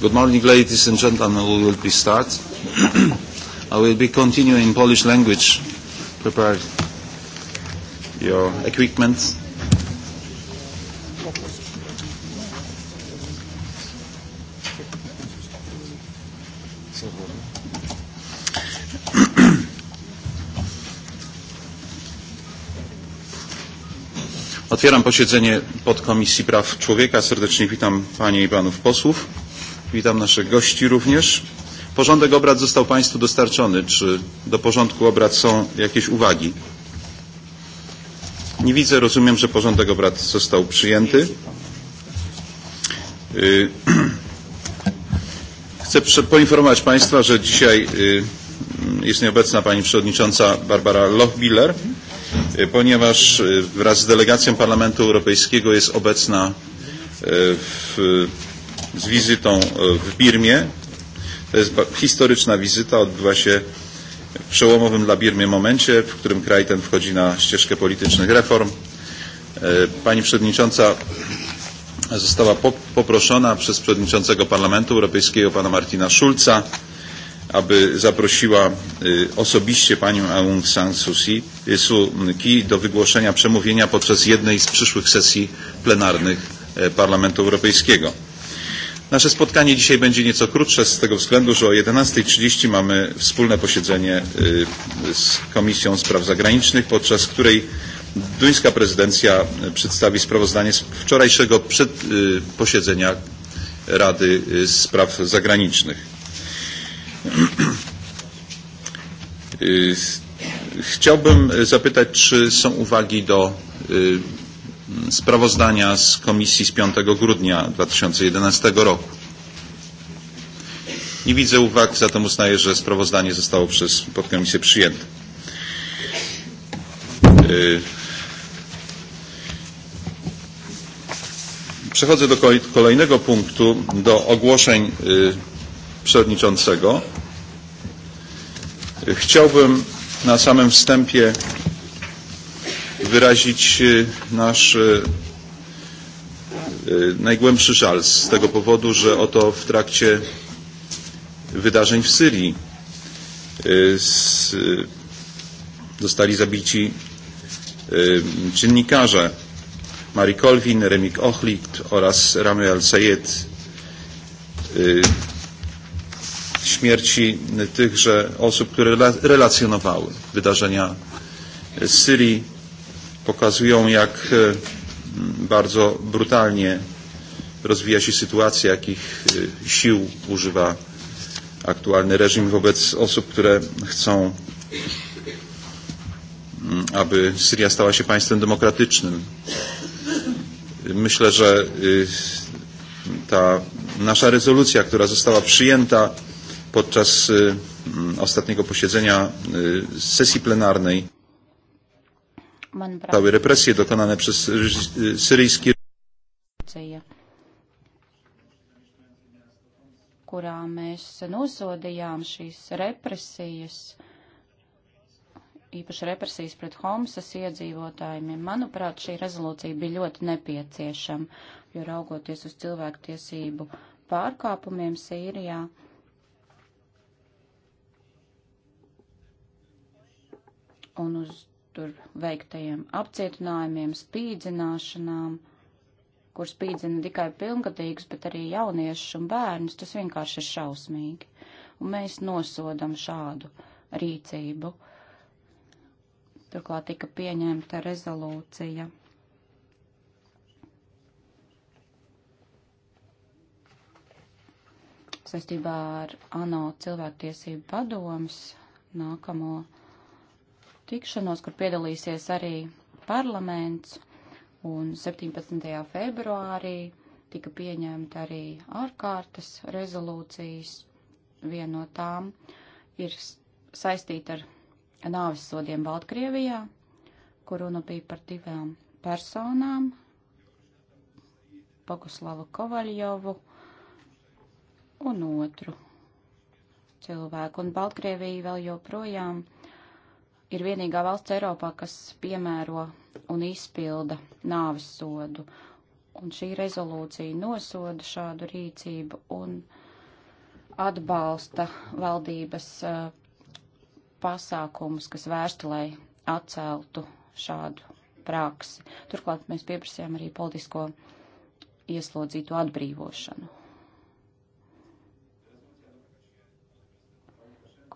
Good morning, ladies and gentlemen. We will be start. I will be continuing in Polish language. Prepare your equipment. Otwieram posiedzenie podkomisji praw człowieka. Serdecznie witam panie i panów posłów. Witam naszych gości również. Porządek obrad został Państwu dostarczony. Czy do porządku obrad są jakieś uwagi? Nie widzę. Rozumiem, że porządek obrad został przyjęty. Chcę poinformować Państwa, że dzisiaj jest nieobecna Pani Przewodnicząca Barbara Lochbiller, ponieważ wraz z delegacją Parlamentu Europejskiego jest obecna w z wizytą e, w Birmie. To jest historyczna wizyta, odbyła się w przełomowym dla Birmy momencie, w którym kraj ten wchodzi na ścieżkę politycznych reform. E, pani przewodnicząca została poproszona przez przewodniczącego Parlamentu Europejskiego pana Martina Schulza, aby zaprosiła osobiście panią Aung San Suu Kyi do wygłoszenia przemówienia podczas jednej z przyszłych sesji plenarnych e, Parlamentu Europejskiego. Nasze spotkanie dzisiaj będzie nieco krótsze z tego względu, że o 11.30 mamy wspólne posiedzenie z Komisją Spraw Zagranicznych, podczas której duńska prezydencja przedstawi sprawozdanie z wczorajszego przed, posiedzenia Rady Spraw Zagranicznych. Chciałbym zapytać, czy są uwagi do sprawozdania z komisji z 5 grudnia 2011 roku. Nie widzę uwag, zatem uznaję, że sprawozdanie zostało przez podkomisję przyjęte. Przechodzę do kolejnego punktu, do ogłoszeń przewodniczącego. Chciałbym na samym wstępie wyrazić nasz najgłębszy żal z tego powodu, że oto w trakcie wydarzeń w Syrii zostali zabici dziennikarze Mari Kolwin, Remik Ochlicht oraz Ramy Al-Sayed. Śmierci tychże osób, które relacjonowały wydarzenia z Syrii pokazują, jak e, bardzo brutalnie rozwija się sytuacja, jakich e, sił używa aktualny reżim wobec osób, które chcą, mm, aby Syria stała się państwem demokratycznym. Myślę, że ta nasza rezolucja, która została przyjęta podczas mm, ostatniego posiedzenia sesji plenarnej, Cały represje dokonane przez syryjski kurā mēs nosodījām šīs represijas, īpaši represijas pret Homsas iedzīvotājiem. Manuprāt, šī rezolūcija bija ļoti nepieciešama, jo raugoties uz cilvēktiesību pārkāpumiem Sīrijā, un uz tur veiktajiem apcietinājumiem, spīdzināšanām, kur spīdzina tikai pilngadīgus, bet arī jauniešus un bērnus, tas vienkārši ir šausmīgi. Un mēs nosodam šādu rīcību. Turklāt tika pieņemta rezolūcija. saistībā ar ANO cilvēktiesību padomus nākamo tikšanos, kur piedalīsies arī parlaments, un 17. februārī tika pieņemta arī ārkārtas rezolūcijas. Viena no tām ir saistīta ar nāvis sodiem Baltkrievijā, kur runa bija par divām personām - Boguslavu Kovaļovu un otru cilvēku. Un Baltkrievija vēl joprojām ir vienīgā valsts Eiropā, kas piemēro un izpilda nāvis sodu. Un šī rezolūcija nosoda šādu rīcību un atbalsta valdības uh, pasākumus, kas vērsti, lai atceltu šādu praksi. Turklāt mēs pieprasījām arī politisko ieslodzītu atbrīvošanu.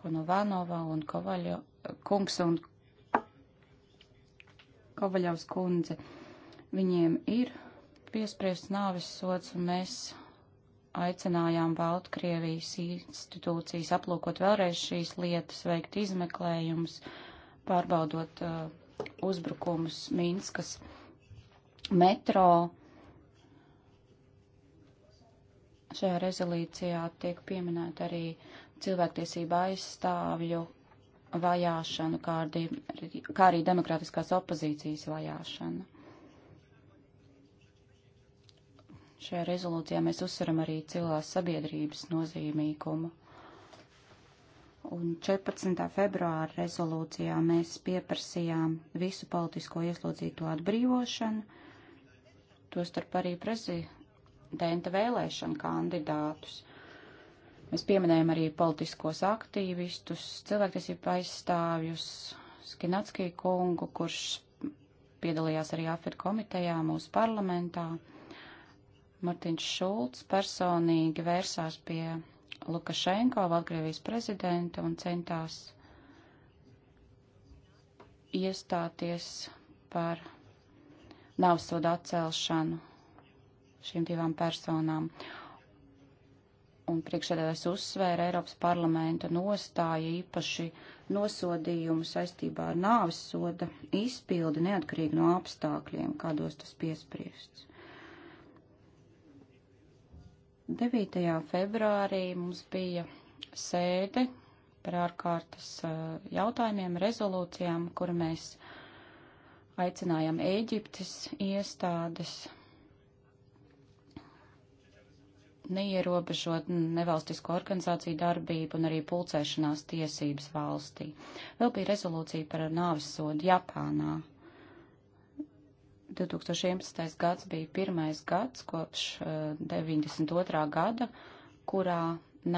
Konovānova un Kovaļo kungs un Kovaļavs kundze, viņiem ir piespriests nāvis sots, un mēs aicinājām Baltkrievijas institūcijas aplūkot vēlreiz šīs lietas, veikt izmeklējumus, pārbaudot uh, uzbrukumus Minskas metro. Šajā rezolīcijā tiek pieminēta arī cilvēktiesība aizstāvju vajāšanu, kā arī, kā arī demokrātiskās opozīcijas vajāšanu. Šajā rezolūcijā mēs uzsveram arī cilvēks sabiedrības nozīmīgumu. Un 14. februāra rezolūcijā mēs pieprasījām visu politisko ieslodzīto atbrīvošanu, tostarp arī prezidenta vēlēšanu kandidātus. Mēs pieminējam arī politiskos aktīvistus, cilvēktiesību aizstāvjus, Skinatskī kungu, kurš piedalījās arī Afrika komitejā mūsu parlamentā. Martins Šulcs personīgi vērsās pie Lukašenko, Valkrievijas prezidenta, un centās iestāties par navsodu atcelšanu šīm divām personām. Uh, un priekšsēdētājs uzsvēra Eiropas parlamenta nostāju īpaši nosodījumu saistībā ar nāvis soda izpildi neatkarīgi no apstākļiem, kādos tas piespriests. 9. februārī mums bija sēde par ārkārtas eh, jautājumiem, rezolūcijām, kur mēs aicinājām Ēģiptes iestādes neierobežot nevalstisko organizāciju darbību un arī pulcēšanās tiesības valstī. Vēl bija rezolūcija par nāvis sodu Japānā. 2011. gads bija pirmais gads kopš uh, eh, 92. gada, kurā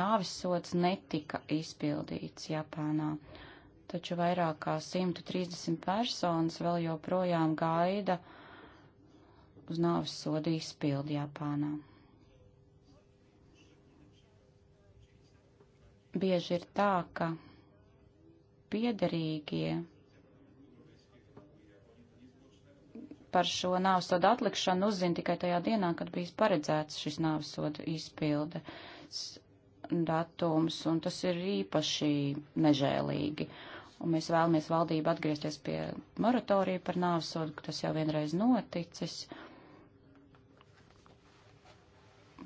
nāvis sods netika izpildīts Japānā. Taču vairāk kā 130 personas vēl joprojām gaida uz nāvis sodu izpildi Japānā. Bieži ir tā, ka piederīgie par šo nāvsodu atlikšanu uzzina tikai tajā dienā, kad bijis paredzēts šis nāvsodu izpildes datums, un tas ir īpaši nežēlīgi. Un mēs vēlamies valdību atgriezties pie moratorija par nāvsodu, kas jau vienreiz noticis. Uh,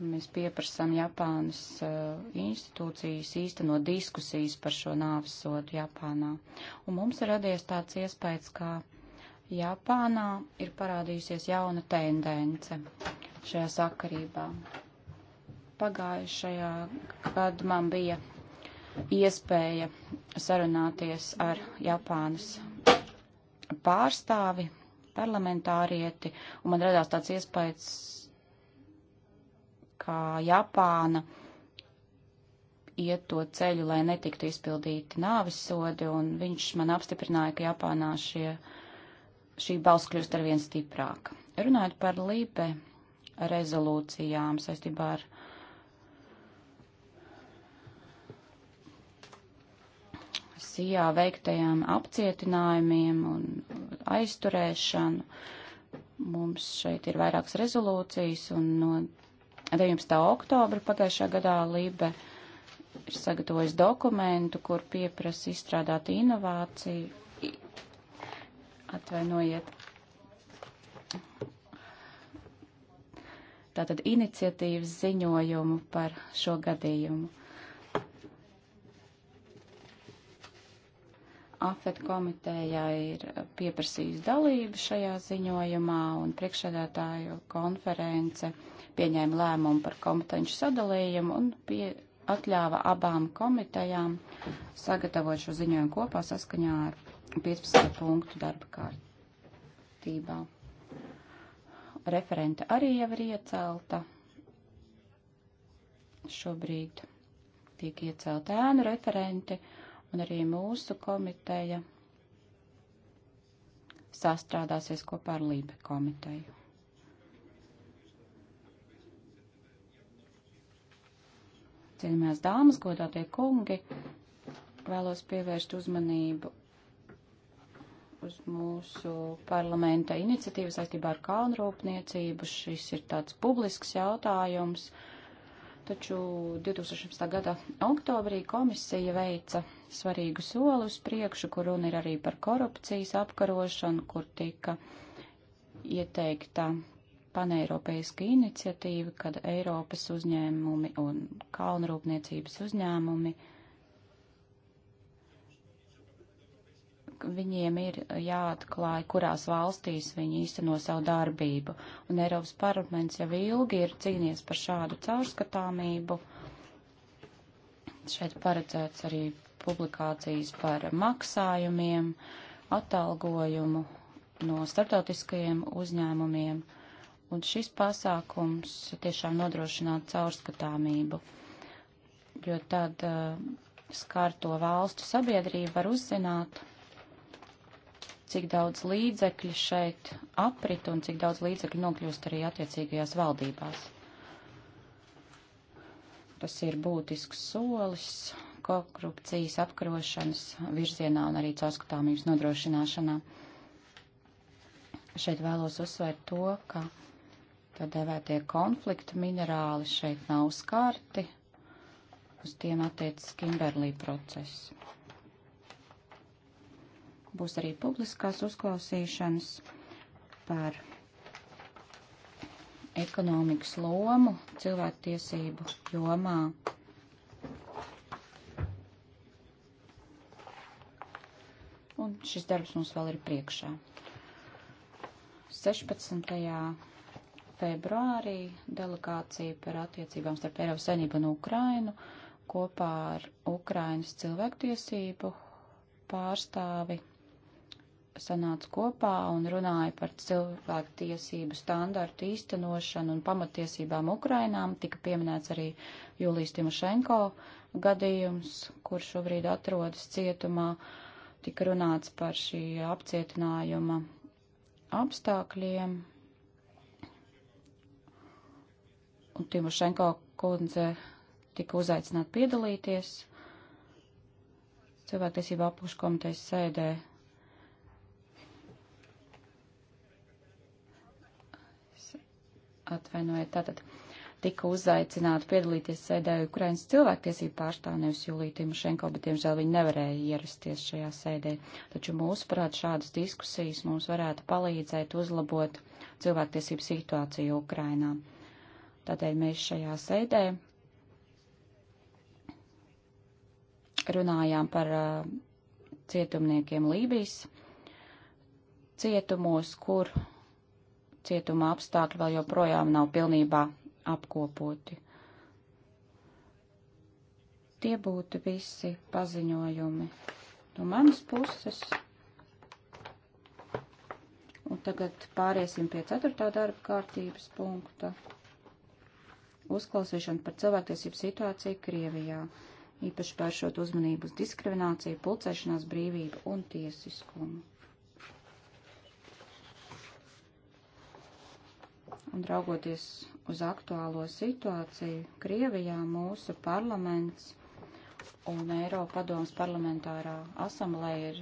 Mēs pieprasām Japānas uh, institūcijas īstenot diskusijas par šo nāvsodu Japānā. Un mums ir radies tāds iespējas, ka Japānā ir parādījusies jauna tendence šajā sakarībā. Pagājušajā, kad man bija iespēja sarunāties ar Japānas pārstāvi, parlamentārieti, un man radās tāds iespējas kā Japāna iet to ceļu, lai netiktu izpildīti nāvis sodi, un viņš man apstiprināja, ka Japānā šie, šī balss kļūst ar vien stiprāka. Runājot par Lībe rezolūcijām saistībā ar Sijā veiktajām apcietinājumiem un aizturēšanu, mums šeit ir vairākas rezolūcijas, un no 19. oktobra pagājušā gadā Lībe ir sagatavojis dokumentu, kur pieprasa izstrādāt inovāciju. Atvainojiet. Tātad iniciatīvas ziņojumu par šo gadījumu. AFET komitējā ir pieprasījis dalību šajā ziņojumā un priekšsēdētāju konference uh, pieņēma lēmumu par kompetenci sadalījumu un pie, atļāva abām komitejām sagatavot šo ziņojumu kopā saskaņā ar 15. punktu darba kārtībā. Referente arī jau ir iecelta. Šobrīd tiek iecelta ēnu referente un arī mūsu komiteja sastrādāsies kopā ar Lībe komiteju. Cienījumās dāmas, godātie kungi, vēlos pievērst uzmanību uz mūsu parlamenta iniciatīvu saistībā ar kalnrūpniecību. Šis ir tāds publisks jautājums, taču 2016. gada oktobrī komisija veica svarīgu soli uz priekšu, kur runa ir arī par korupcijas apkarošanu, kur tika ieteikta paneiropeiska iniciatīva, kad Eiropas uzņēmumi un kalnrūpniecības uzņēmumi viņiem ir jāatklāj, kurās valstīs viņi īsteno savu darbību. Un Eiropas parlaments jau ilgi ir cīnies par šādu caurskatāmību. Šeit paredzēts arī publikācijas par maksājumiem, atalgojumu no starptautiskajiem uzņēmumiem. Uh, Un šis pasākums tiešām nodrošinātu caurskatāmību, jo tad uh, eh, skārto valstu sabiedrība var uzzināt, cik daudz līdzekļu šeit aprit un cik daudz līdzekļu nokļūst arī attiecīgajās valdībās. Tas ir būtisks solis korupcijas apkarošanas virzienā un arī caurskatāmības nodrošināšanā. Šeit vēlos uzsvērt to, ka Tā devētie konfliktu minerāli šeit nav skarti. Uz tiem attiecas Kimberlī process. Būs arī publiskās uzklausīšanas par ekonomikas lomu cilvēktiesību jomā. Un šis darbs mums vēl ir priekšā. 16 februārī delegācija par attiecībām starp Eiropas Savienību un Ukrainu kopā ar Ukrainas cilvēktiesību pārstāvi sanāca kopā un runāja par cilvēku tiesību standartu īstenošanu un pamatiesībām Ukrainām. Tika pieminēts arī Jūlijas Timošenko gadījums, kurš šobrīd atrodas cietumā. Tika runāts par šī apcietinājuma apstākļiem un Timošenko kundze tika uzaicināta piedalīties cilvēktiesību apakškomitejas sēdē. Atvainojiet, tātad tika uzaicināta piedalīties sēdē Ukrainas cilvēktiesību pārstāvnevis Julija Timošenko, bet, diemžēl, viņi nevarēja ierasties šajā sēdē. Taču mūsuprāt šādas diskusijas mums varētu palīdzēt uzlabot cilvēktiesību situāciju Ukrainā. Tādēļ mēs šajā sēdē runājām par uh, cietumniekiem Lībijas cietumos, kur cietuma apstākļi vēl joprojām nav pilnībā apkopoti. Tie būtu visi paziņojumi no manas puses. Un tagad pāriesim pie ceturtā darba kārtības punkta uzklausīšanu par cilvēktiesību situāciju Krievijā, īpaši pēršot uzmanību uz diskrimināciju, pulcēšanās brīvību un tiesiskumu. Un raugoties uz aktuālo situāciju, Krievijā mūsu parlaments un Eiropadomas parlamentārā asamblēja ir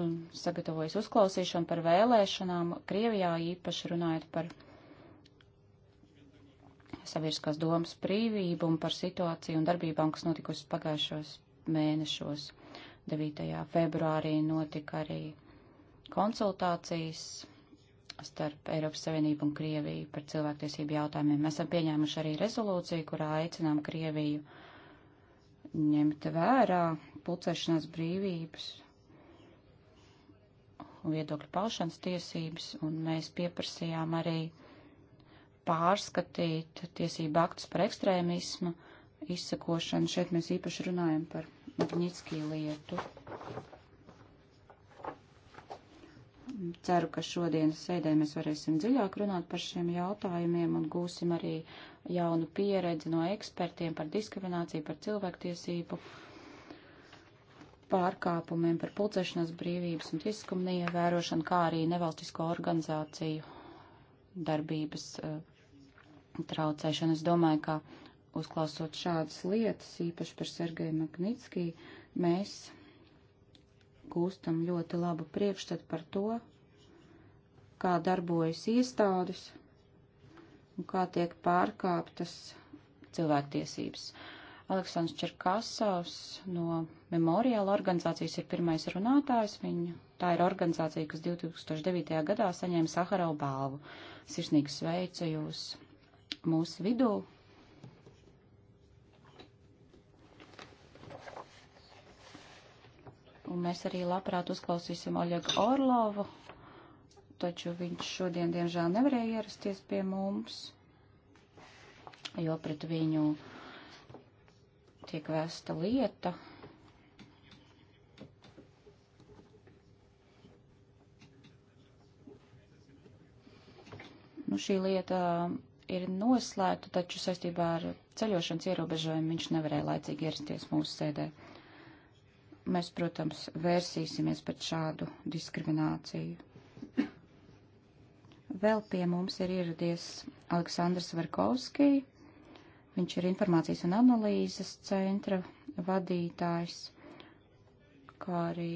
nu, sagatavojis uzklausīšanu par vēlēšanām, Krievijā īpaši runājot par sabiedriskās domas brīvību un par situāciju un darbībām, kas notikusi pagājušos mēnešos. 9. februārī notika arī konsultācijas starp Eiropas Savienību un Krieviju par cilvēktiesību jautājumiem. Mēs esam pieņēmuši arī rezolūciju, kurā aicinām Krieviju ņemt vērā pulcēšanās brīvības un viedokļu paušanas tiesības, un mēs pieprasījām arī uh, pārskatīt tiesību aktus par ekstrēmismu izsekošanu. Šeit mēs īpaši runājam par Magnitskī lietu. Ceru, ka šodienas sēdē mēs varēsim dziļāk runāt par šiem jautājumiem un gūsim arī jaunu pieredzi no ekspertiem par diskrimināciju, par cilvēktiesību pārkāpumiem, par pulcēšanās brīvības un tiesiskumu neievērošanu, kā arī nevalstisko organizāciju darbības eh, traucēšanu. Es domāju, ka uzklausot šādas lietas, īpaši par Sergeju Magnitskī, mēs gūstam ļoti labu priekšstatu par to, kā darbojas iestādes un kā tiek pārkāptas cilvēktiesības. Uh, Aleksandrs Čerkasovs no Memoriāla organizācijas ir pirmais runātājs. Viņa, tā ir organizācija, kas 2009. gadā saņēma Saharau balvu. Sirsnīgi sveicu jūs mūsu vidū. Un mēs arī labprāt uzklausīsim Oļegu Orlovu, taču viņš šodien, diemžēl, nevarēja ierasties pie mums, jo pret viņu uh, tiek vēsta lieta. Nu, šī lieta ir noslēgta, taču saistībā ar ceļošanas ierobežojumu viņš nevarēja laicīgi ierasties mūsu sēdē. Mēs, protams, vērsīsimies pret šādu diskrimināciju. Vēl pie mums ir ieradies Aleksandrs Varkovskijs Viņš ir informācijas un analīzes centra vadītājs, kā arī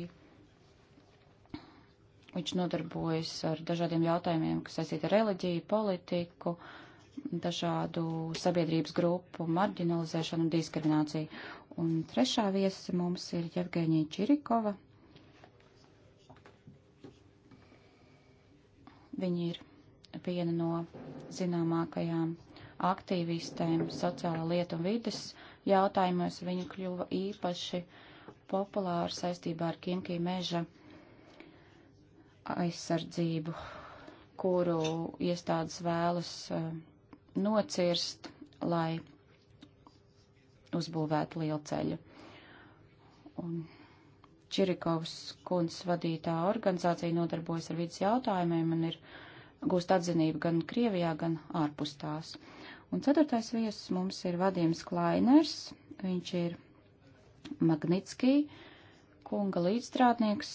viņš nodarbojas ar dažādiem jautājumiem, kas saistīti ar reliģiju, politiku, dažādu sabiedrības grupu marginalizēšanu un diskrimināciju. Un trešā viesa mums ir Jevgeņija Čirikova. Viņa ir viena no zināmākajām aktīvistēm sociālā lieta un vides jautājumos. Viņa kļuva īpaši populāra saistībā ar Kinkī meža aizsardzību, kuru iestādes vēlas eh, nocirst, lai uzbūvētu lielceļu. Un Čirikovs kundzes vadītā organizācija nodarbojas ar vidas jautājumiem un ir gūst atzinību gan Krievijā, gan ārpus tās. Uh, Un ceturtais viesis mums ir Vadims Klainers. Viņš ir Magnitskī kunga līdzstrādnieks.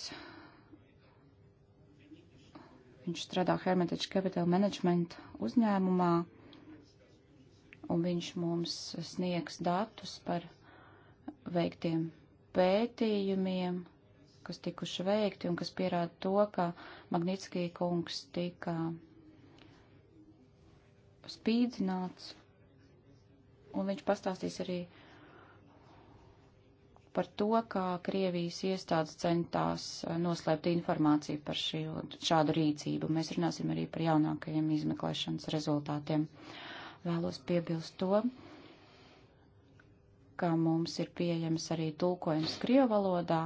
Viņš strādā Hermitage Capital Management uzņēmumā, un viņš mums sniegs datus par veiktiem pētījumiem, kas tikuši veikti un kas pierāda to, ka Magnitskī kungs tika spīdzināts, un viņš pastāstīs arī par to, kā Krievijas iestādes centās eh, noslēpt informāciju par šī, šādu rīcību. Mēs runāsim arī par jaunākajiem izmeklēšanas rezultātiem. Vēlos piebilst to, ka mums ir pieejams arī tulkojums Krievu valodā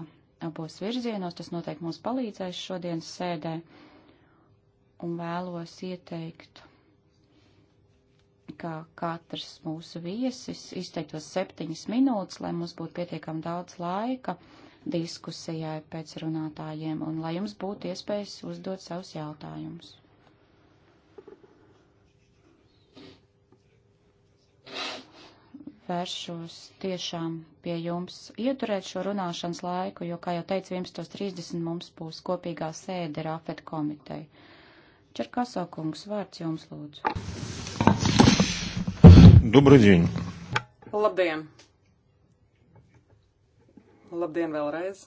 abos virzienos. Tas noteikti mums palīdzēs šodienas sēdē un vēlos ieteikt ka katrs mūsu viesis izteiktos septiņas minūtes, lai mums būtu pietiekami daudz laika diskusijai pēc runātājiem un lai jums būtu iespējas uzdot savus jautājumus. vēršos tiešām pie jums ieturēt šo runāšanas laiku, jo, kā jau teicu, 11.30 mums būs kopīgā sēde ar AFET komiteju. Čerkaso kungs, vārds jums lūdzu. Добрый день. Labdien. Labdien vēlreiz.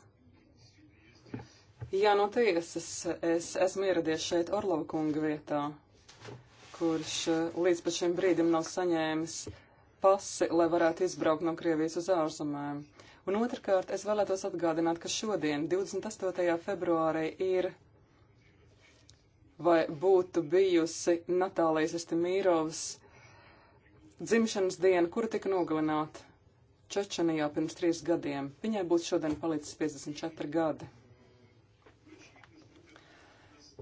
Jā, no tiesas es esmu ieradies šeit Orlova kunga vietā, kurš eh, līdz pat šim brīdim nav saņēmis pasi, lai varētu izbraukt no Krievijas uz ārzemēm. Un otrkārt, es vēlētos atgādināt, ka šodien, 28. februārī, ir vai būtu bijusi Natālijas Estimīrovas dzimšanas diena, kura tika nogalināta Čečenijā pirms trīs gadiem. Viņai būtu šodien palicis 54 gadi.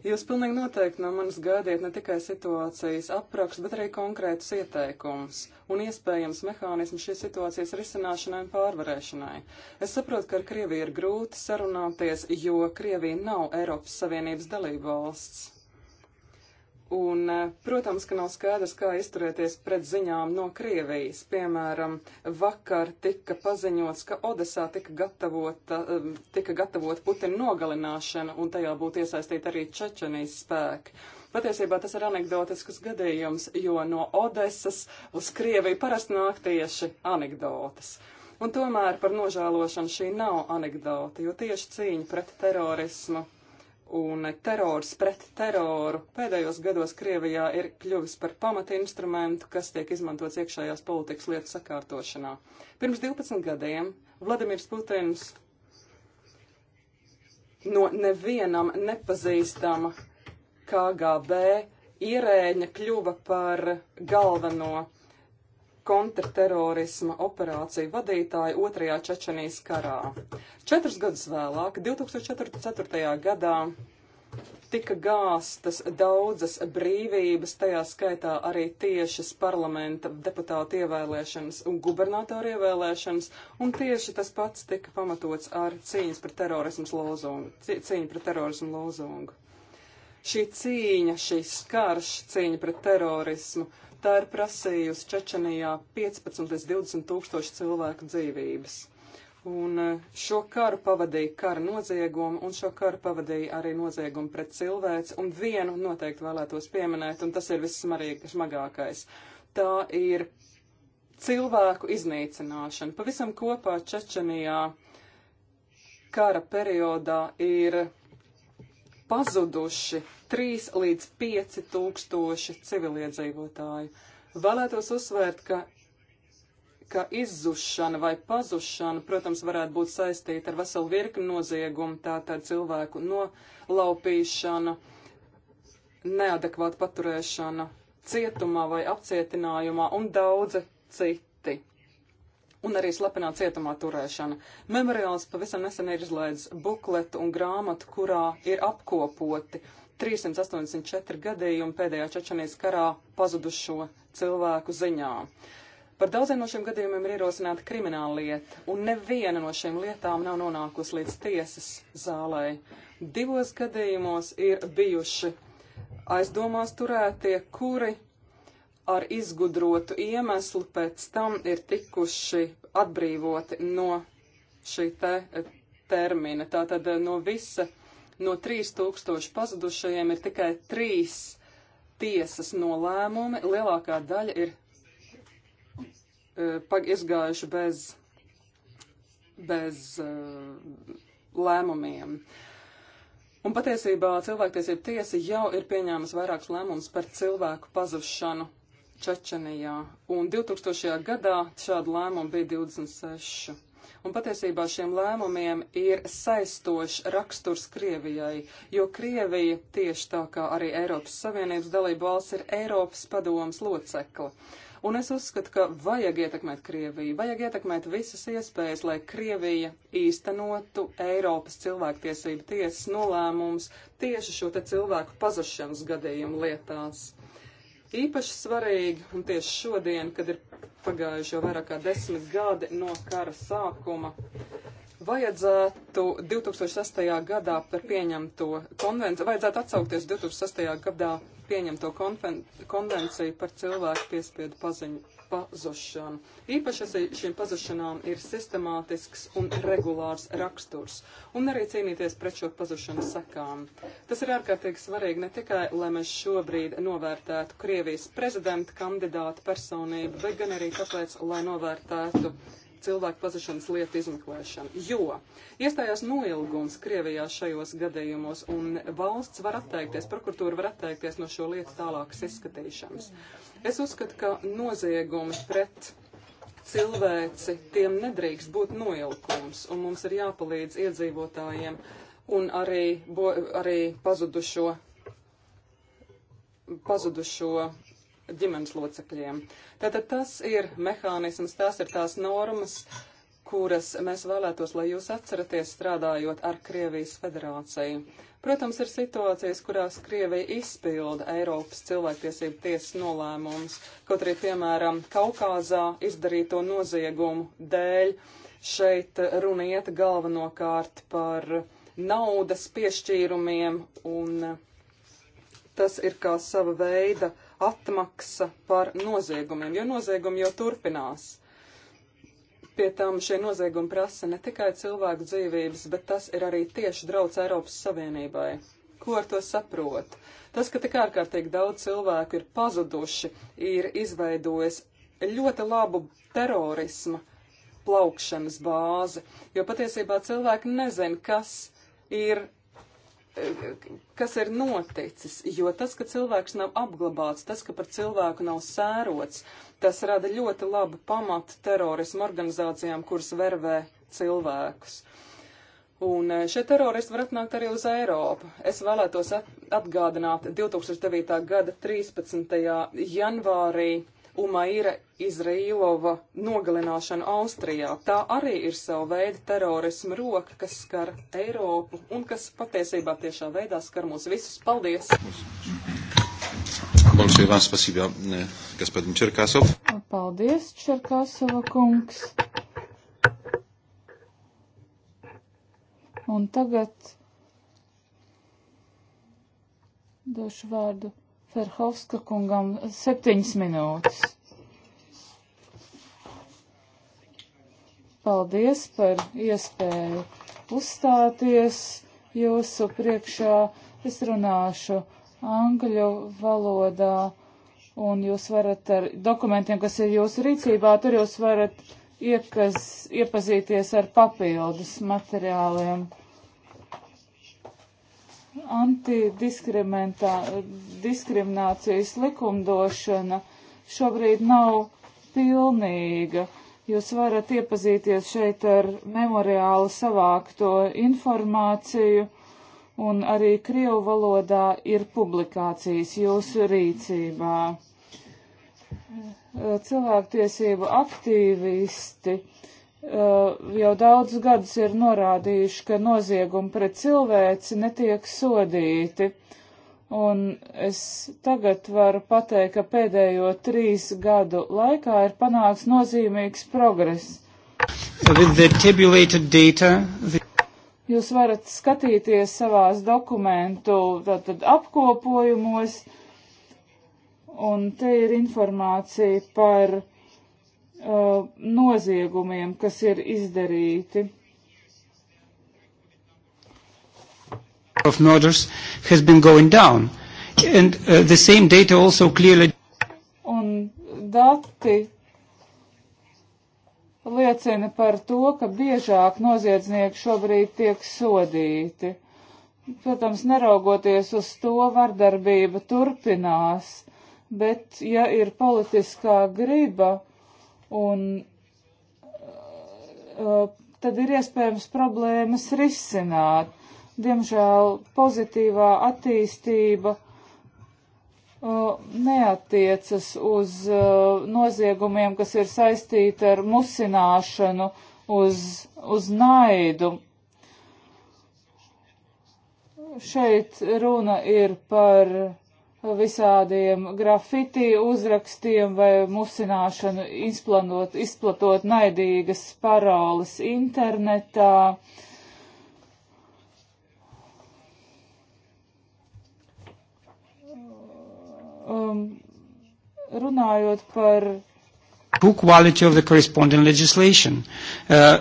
Jūs pilnīgi noteikti no manis gaidiet ne tikai situācijas aprakstu, bet arī konkrētus ieteikumus un iespējams mehānismu šīs situācijas risināšanai un pārvarēšanai. Es saprotu, ka ar Krieviju ir grūti sarunāties, jo Krievija nav Eiropas Savienības dalība valsts. Un, protams, ka nav skaidrs, kā izturēties pret ziņām no Krievijas. Piemēram, vakar tika paziņots, ka Odesā tika gatavota, um, tika gatavota Putina nogalināšana, un tajā būtu iesaistīta arī Čečenijas spēki. Patiesībā tas ir anegdotisks gadījums, jo no Odesas uz Krieviju parasti nāk tieši anegdotas. Un tomēr par nožēlošanu šī nav anegdota, jo tieši cīņa pret terorismu un terors pret teroru pēdējos gados Krievijā ir kļuvis par pamata instrumentu, kas tiek izmantots iekšējās politikas lietu sakārtošanā. Pirms 12 gadiem Vladimirs Putins no nevienam nepazīstama KGB ierēģa kļuva par galveno kontrterorisma operāciju vadītāju otrajā Čečenijas karā. Četrus gadus vēlāk, 2004. gadā, tika gāstas daudzas brīvības, tajā skaitā arī tiešas parlamenta deputāta ievēlēšanas un gubernatoru ievēlēšanas, un tieši tas pats tika pamatots ar cīņas pret terorismu lozungu. Cīņa pret terorismu lozungu. Šī cīņa, šī skarš, cīņa pret terorismu, Tā ir prasījusi Čečenijā 15 līdz 20 tūkstoši cilvēku dzīvības. Un eh, šo karu pavadīja kara noziegumu, un šo karu pavadīja arī noziegumu pret cilvēci, un vienu noteikti vēlētos pieminēt, un tas ir vissmagākais. Tā ir cilvēku iznīcināšana. Pavisam kopā Čečenijā kara periodā ir pazuduši 3 līdz 5 tūkstoši civiliedzīvotāju. Vēlētos uzsvērt, ka, ka izzušana vai pazušana, protams, varētu būt saistīta ar veselu virkni noziegumu, tātad cilvēku nolaupīšana, neadekvāta paturēšana cietumā vai apcietinājumā un daudzi citi un arī slepenā cietumā turēšana. Memoriāls pavisam nesen ir izlaidis bukletu un grāmatu, kurā ir apkopoti 384 gadījumi pēdējā Čečenijas karā pazudušo cilvēku ziņā. Par daudziem no šiem gadījumiem ir ierosināta krimināla lieta, un neviena no šīm lietām nav nonākusi līdz tiesas zālē. Divos gadījumos ir bijuši aizdomās turētie, kuri ar izgudrotu iemeslu pēc tam ir tikuši atbrīvoti no šī te e, termina. Tātad e, no visa, no 3000 pazudušajiem ir tikai 3 tiesas nolēmumi, lielākā daļa ir uh, izgājuši bez, bez uh, lēmumiem. Un patiesībā cilvēktiesība tiesa jau ir pieņēmusi vairākus lēmumus par cilvēku pazušanu Čečenijā, un 2000. gadā šādu lēmumu bija 26. Un patiesībā šiem lēmumiem ir saistošs raksturs Krievijai, jo Krievija, tieši tā kā arī Eiropas Savienības dalība valsts, ir Eiropas padomas locekla. Un es uzskatu, ka vajag ietekmēt Krieviju, vajag ietekmēt visas iespējas, lai Krievija īstenotu Eiropas cilvēktiesību tiesas nolēmums tieši šo te cilvēku pazušanas gadījumu lietās. Īpaši svarīgi, un tieši šodien, kad ir pagājuši jau vairāk kā desmit gadi no kara sākuma, vajadzētu 2008. gadā par pieņemto konvenciju, vajadzētu atsaukties 2008. gadā pieņemto konvenciju par cilvēku piespiedu paziņu pazušanu. Īpaši šīm pazušanām ir sistemātisks un regulārs raksturs, un arī cīnīties pret šo pazušanu sekām. Tas ir ārkārtīgi svarīgi ne tikai, lai mēs šobrīd novērtētu Krievijas prezidenta kandidātu personību, bet gan arī tāpēc, lai novērtētu cilvēku pazušanas lietu izmeklēšanu, jo iestājās noilgums Krievijā šajos gadījumos, un valsts var atteikties, prokuratūra var atteikties no šo lietu tālākas izskatīšanas. Es uzskatu, ka noziegumi pret cilvēci, tiem nedrīkst būt noilgums, un mums ir jāpalīdz iedzīvotājiem un arī, bo, arī pazudušo, pazudušo ģimenes locekļiem. Tātad tas ir mehānisms, tās ir tās normas, kuras mēs vēlētos, lai jūs atceraties strādājot ar Krievijas federāciju. Protams, ir situācijas, kurās Krievija izpilda Eiropas cilvēktiesību tiesas nolēmumus, kaut arī, piemēram, Kaukāzā izdarīto noziegumu dēļ šeit runa iet galvenokārt par naudas piešķīrumiem, un tas ir kā sava veida atmaksa par noziegumiem, jo noziegumi jau turpinās. Pie tam šie noziegumi prasa ne tikai cilvēku dzīvības, bet tas ir arī tieši draudz Eiropas Savienībai. Ko ar to saprot? Tas, ka tik ārkārtīgi daudz cilvēku ir pazuduši, ir izveidojis ļoti labu terorismu plaukšanas bāzi, jo patiesībā cilvēki nezin, kas ir kas ir noticis, jo tas, ka cilvēks nav apglabāts, tas, ka par cilvēku nav sērots, tas rada ļoti labu pamatu terorismu organizācijām, kuras vervē cilvēkus. Un eh, šie teroristi var atnākt arī uz Eiropu. Es vēlētos atgādināt 2009. gada 13. janvārī Umaira Izrailova nogalināšana Austrijā. Tā arī ir sava veida terorisma roka, kas skar Eiropu un kas patiesībā tiešā veidā skar mūs visus. Paldies! Э, Paldies, Čerkāsova kungs! Un tagad došu vārdu Ferhovska kungam septiņas minūtes. Paldies par iespēju uzstāties jūsu priekšā. Es runāšu angļu valodā, un jūs varat ar dokumentiem, kas ir jūsu rīcībā, tur jūs varat iekaz, iepazīties ar papildus materiāliem antidiskriminācijas likumdošana šobrīd nav pilnīga. Jūs varat iepazīties šeit ar memoriālu savākto informāciju, un arī Krievu valodā ir publikācijas jūsu rīcībā. Cilvēktiesību aktīvisti uh, Eh, jau daudz gadus ir norādījuši, ka noziegumi pret cilvēci netiek sodīti. Un es tagad varu pateikt, ka pēdējo trīs gadu laikā ir panāks nozīmīgs progress. Data, the... Jūs varat skatīties savās dokumentu tātad, apkopojumos, un te ir informācija par uh, noziegumiem, kas ir izdarīti. of murders has been going down. And uh, the same data also clearly Un dati liecina par to, ka biežāk noziedznieki šobrīd tiek sodīti. Protams, neraugoties uz to, vardarbība turpinās, bet ja ir politiskā griba, Un uh, uh, tad ir iespējams problēmas risināt. Diemžēl pozitīvā attīstība uh, neatiecas uz noziegumiem, kas ir saistīti ar musināšanu, uz, uz naidu. Šeit runa ir par visādiem grafiti uzrakstiem vai musināšanu, izplanot, izplatot naidīgas paroles internetā. Um, runājot par true quality of the corresponding legislation uh,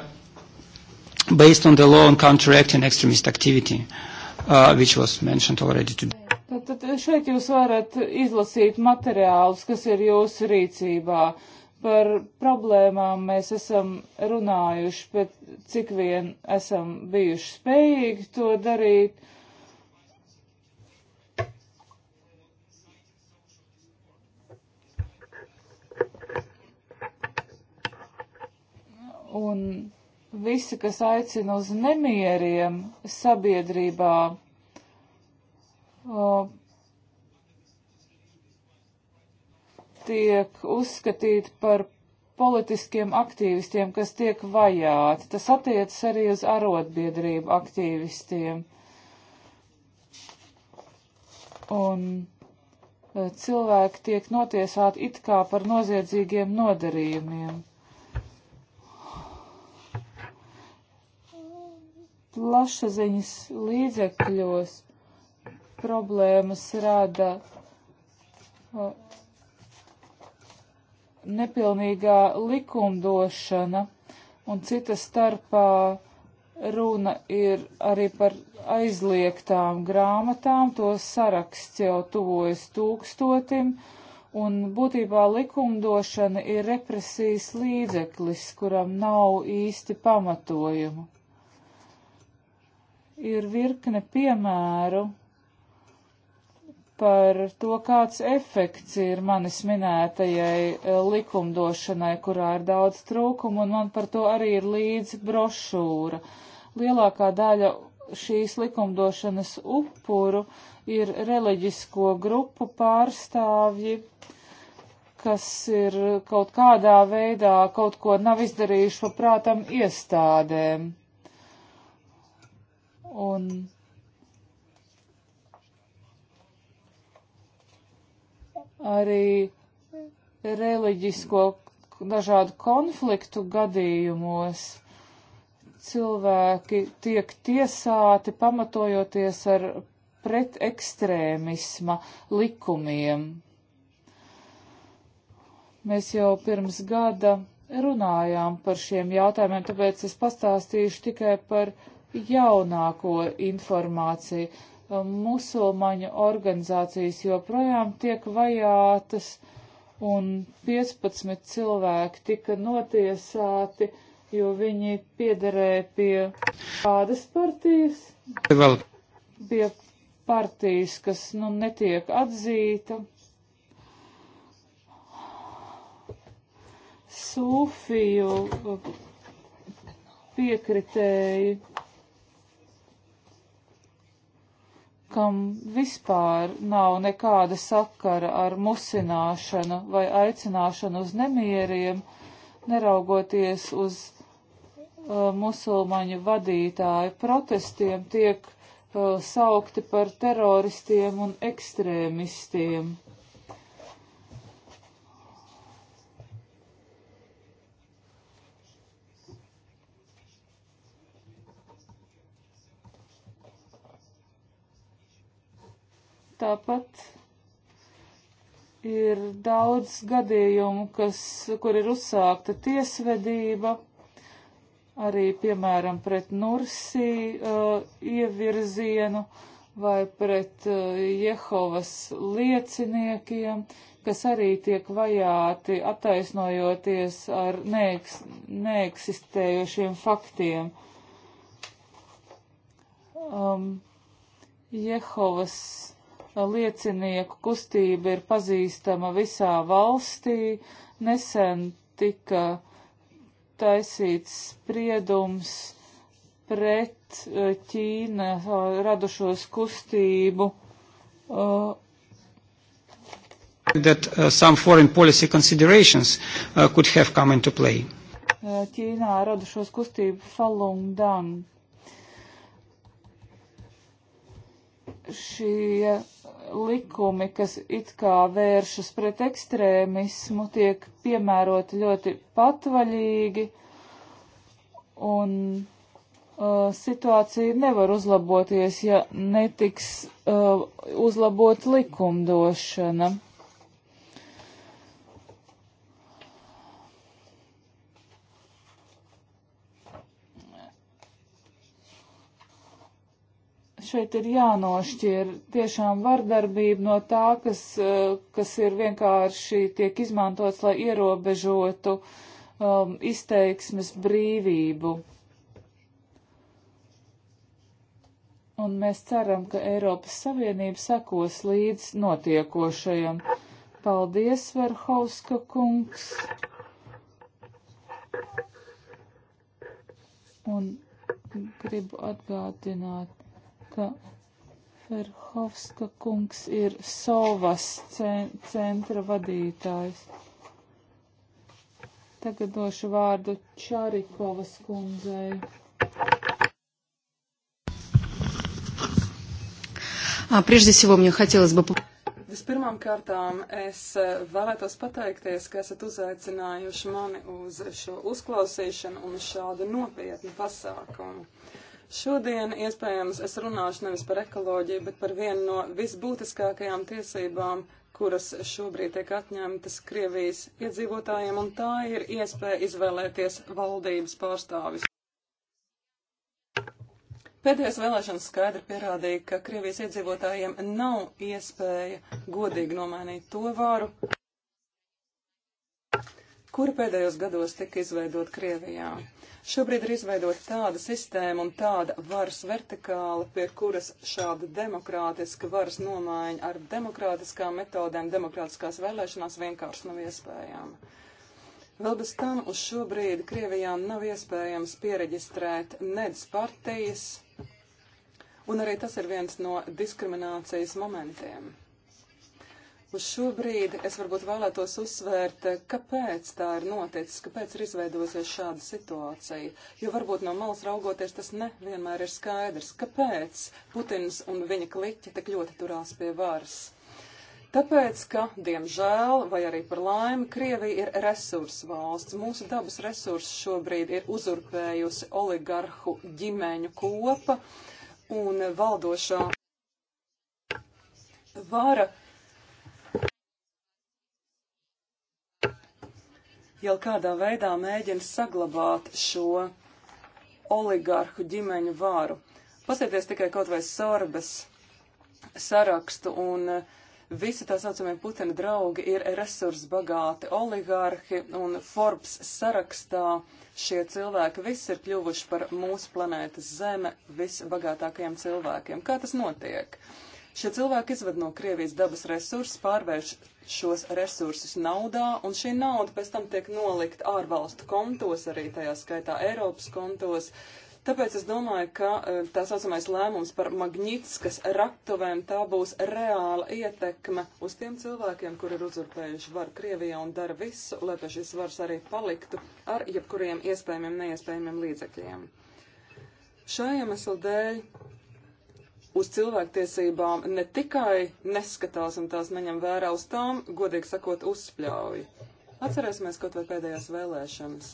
based on the law on counteracting extremist activity. Uh, uh, which was mentioned already today. Tad šeit jūs varat izlasīt materiālus, kas ir jūsu rīcībā. Par problēmām mēs esam runājuši, bet cik vien esam bijuši spējīgi to darīt. Un visi, kas aicina uz nemieriem sabiedrībā, o, tiek uzskatīti par politiskiem aktīvistiem, kas tiek vajāti. Tas attiecas arī uz arotbiedrību aktīvistiem. Un e, cilvēki tiek notiesāti it kā par noziedzīgiem nodarījumiem. plašsaziņas līdzekļos problēmas rada nepilnīgā likumdošana, un cita starpā runa ir arī par aizliegtām grāmatām, to saraksts jau tuvojas tūkstotim, un būtībā likumdošana ir represijas līdzeklis, kuram nav īsti pamatojumu ir virkne piemēru par to, kāds efekts ir manis minētajai eh, likumdošanai, kurā ir daudz trūkumu, un man par to arī ir līdzi brošūra. Lielākā daļa šīs likumdošanas upuru ir reliģisko grupu pārstāvji, kas ir kaut kādā veidā kaut ko nav izdarījuši paprātam iestādēm. Un arī reliģisko dažādu konfliktu gadījumos cilvēki tiek tiesāti pamatojoties ar pretekstrēmisma likumiem. Mēs jau pirms gada runājām par šiem jautājumiem, tāpēc es pastāstīšu tikai par uh, jaunāko informāciju. Musulmaņu organizācijas joprojām tiek vajātas, un 15 cilvēki tika notiesāti, jo viņi piederēja pie kādas partijas? Vēl. Pie partijas, kas nu netiek atzīta. Sūfiju piekritēji kam vispār nav nekāda sakara ar musināšanu vai aicināšanu uz nemieriem, neraugoties uz uh, musulmaņu vadītāju protestiem, tiek uh, saukti par teroristiem un ekstrēmistiem. tāpat ir daudz gadījumu, kas, kur ir uzsākta tiesvedība, arī, piemēram, pret Nursī uh, ievirzienu vai pret uh, Jehovas lieciniekiem, kas arī tiek vajāti attaisnojoties ar neeks, neeksistējošiem faktiem. Um, Jehovas liecinieku kustība ir pazīstama visā valstī. Nesen tika taisīts spriedums pret eh, Ķīna eh, radušos kustību. Eh, That uh, some foreign policy considerations uh, could have come into play. Ķīnā radušos kustību Falun Dang. Šie likumi, kas it kā vēršas pret ekstrēmismu, tiek piemēroti ļoti patvaļīgi, un uh, situācija nevar uzlaboties, ja netiks uh, uzlabot likumdošana. šeit ir jānošķir tiešām vardarbība no tā, kas, eh, kas ir vienkārši tiek izmantots, lai ierobežotu um, izteiksmes brīvību. Un mēs ceram, ka Eiropas Savienība sekos līdz notiekošajam. Paldies, Verhauska kungs! Un gribu atgādināt ka Ferhovska kungs ir Sovas centra vadītājs. Tagad došu vārdu Čarikovas kundzei. Прежде всего, мне хотелось бы... Vispirmām kārtām es э, vēlētos pateikties, ka esat uzaicinājuši mani uz šo uzklausīšanu un šādu nopietnu pasākumu. Šodien, iespējams, es runāšu nevis par ekoloģiju, bet par vienu no visbūtiskākajām tiesībām, kuras šobrīd tiek atņemtas Krievijas iedzīvotājiem, un tā ir iespēja izvēlēties valdības pārstāvis. Pēdējais vēlēšanas skaidri pierādīja, ka Krievijas iedzīvotājiem nav iespēja godīgi nomainīt to varu, kuru pēdējos gados tika izveidot Krievijā. Šobrīd ir izveidot tāda sistēma un tāda varas vertikāla, pie kuras šāda demokrātiska varas nomaiņa ar demokrātiskām metodēm, demokrātiskās vēlēšanās vienkārši nav iespējama. Vēl bez tam uz šobrīd Krievijā nav iespējams pieregistrēt nedz partijas, un arī tas ir viens no diskriminācijas momentiem. Uz šo brīdi es varbūt vēlētos uzsvērt, kāpēc tā ir noticis, kāpēc ir izveidojusies šāda situācija. Jo varbūt no malas raugoties tas nevienmēr ir skaidrs, kāpēc Putins un viņa kliķi tik ļoti turās pie varas. Tāpēc, ka, diemžēl, vai arī par laimi, Krievija ir resursu valsts. Mūsu dabas resursi šobrīd ir uzurpējusi oligarhu ģimeņu kopa un valdošā vara jau kādā veidā mēģina saglabāt šo oligarhu ģimeņu varu. Pasieties tikai kaut vai sorbes sarakstu un eh, visi tā saucamie Putina draugi ir resursu bagāti oligarhi un Forbes sarakstā šie cilvēki visi ir kļuvuši par mūsu planētas zeme visbagātākajiem cilvēkiem. Kā tas notiek? Uh, Šie cilvēki izved no Krievijas dabas resursus, pārvērš šos resursus naudā, un šī nauda pēc tam tiek nolikt ārvalstu kontos, arī tajā skaitā Eiropas kontos. Tāpēc es domāju, ka e, tā saucamais lēmums par Magnitskas raktuvēm tā būs reāla ietekme uz tiem cilvēkiem, kuri ir uzurpējuši varu Krievijā un dara visu, lai pie šīs varas arī paliktu ar jebkuriem iespējamiem, neiespējamiem līdzekļiem. Šā iemesla dēļ uz cilvēktiesībām ne tikai neskatās un tās neņem vērā, uz tām, godīgi sakot, uzspļauj. Atcerēsimies kaut vai pēdējās vēlēšanas.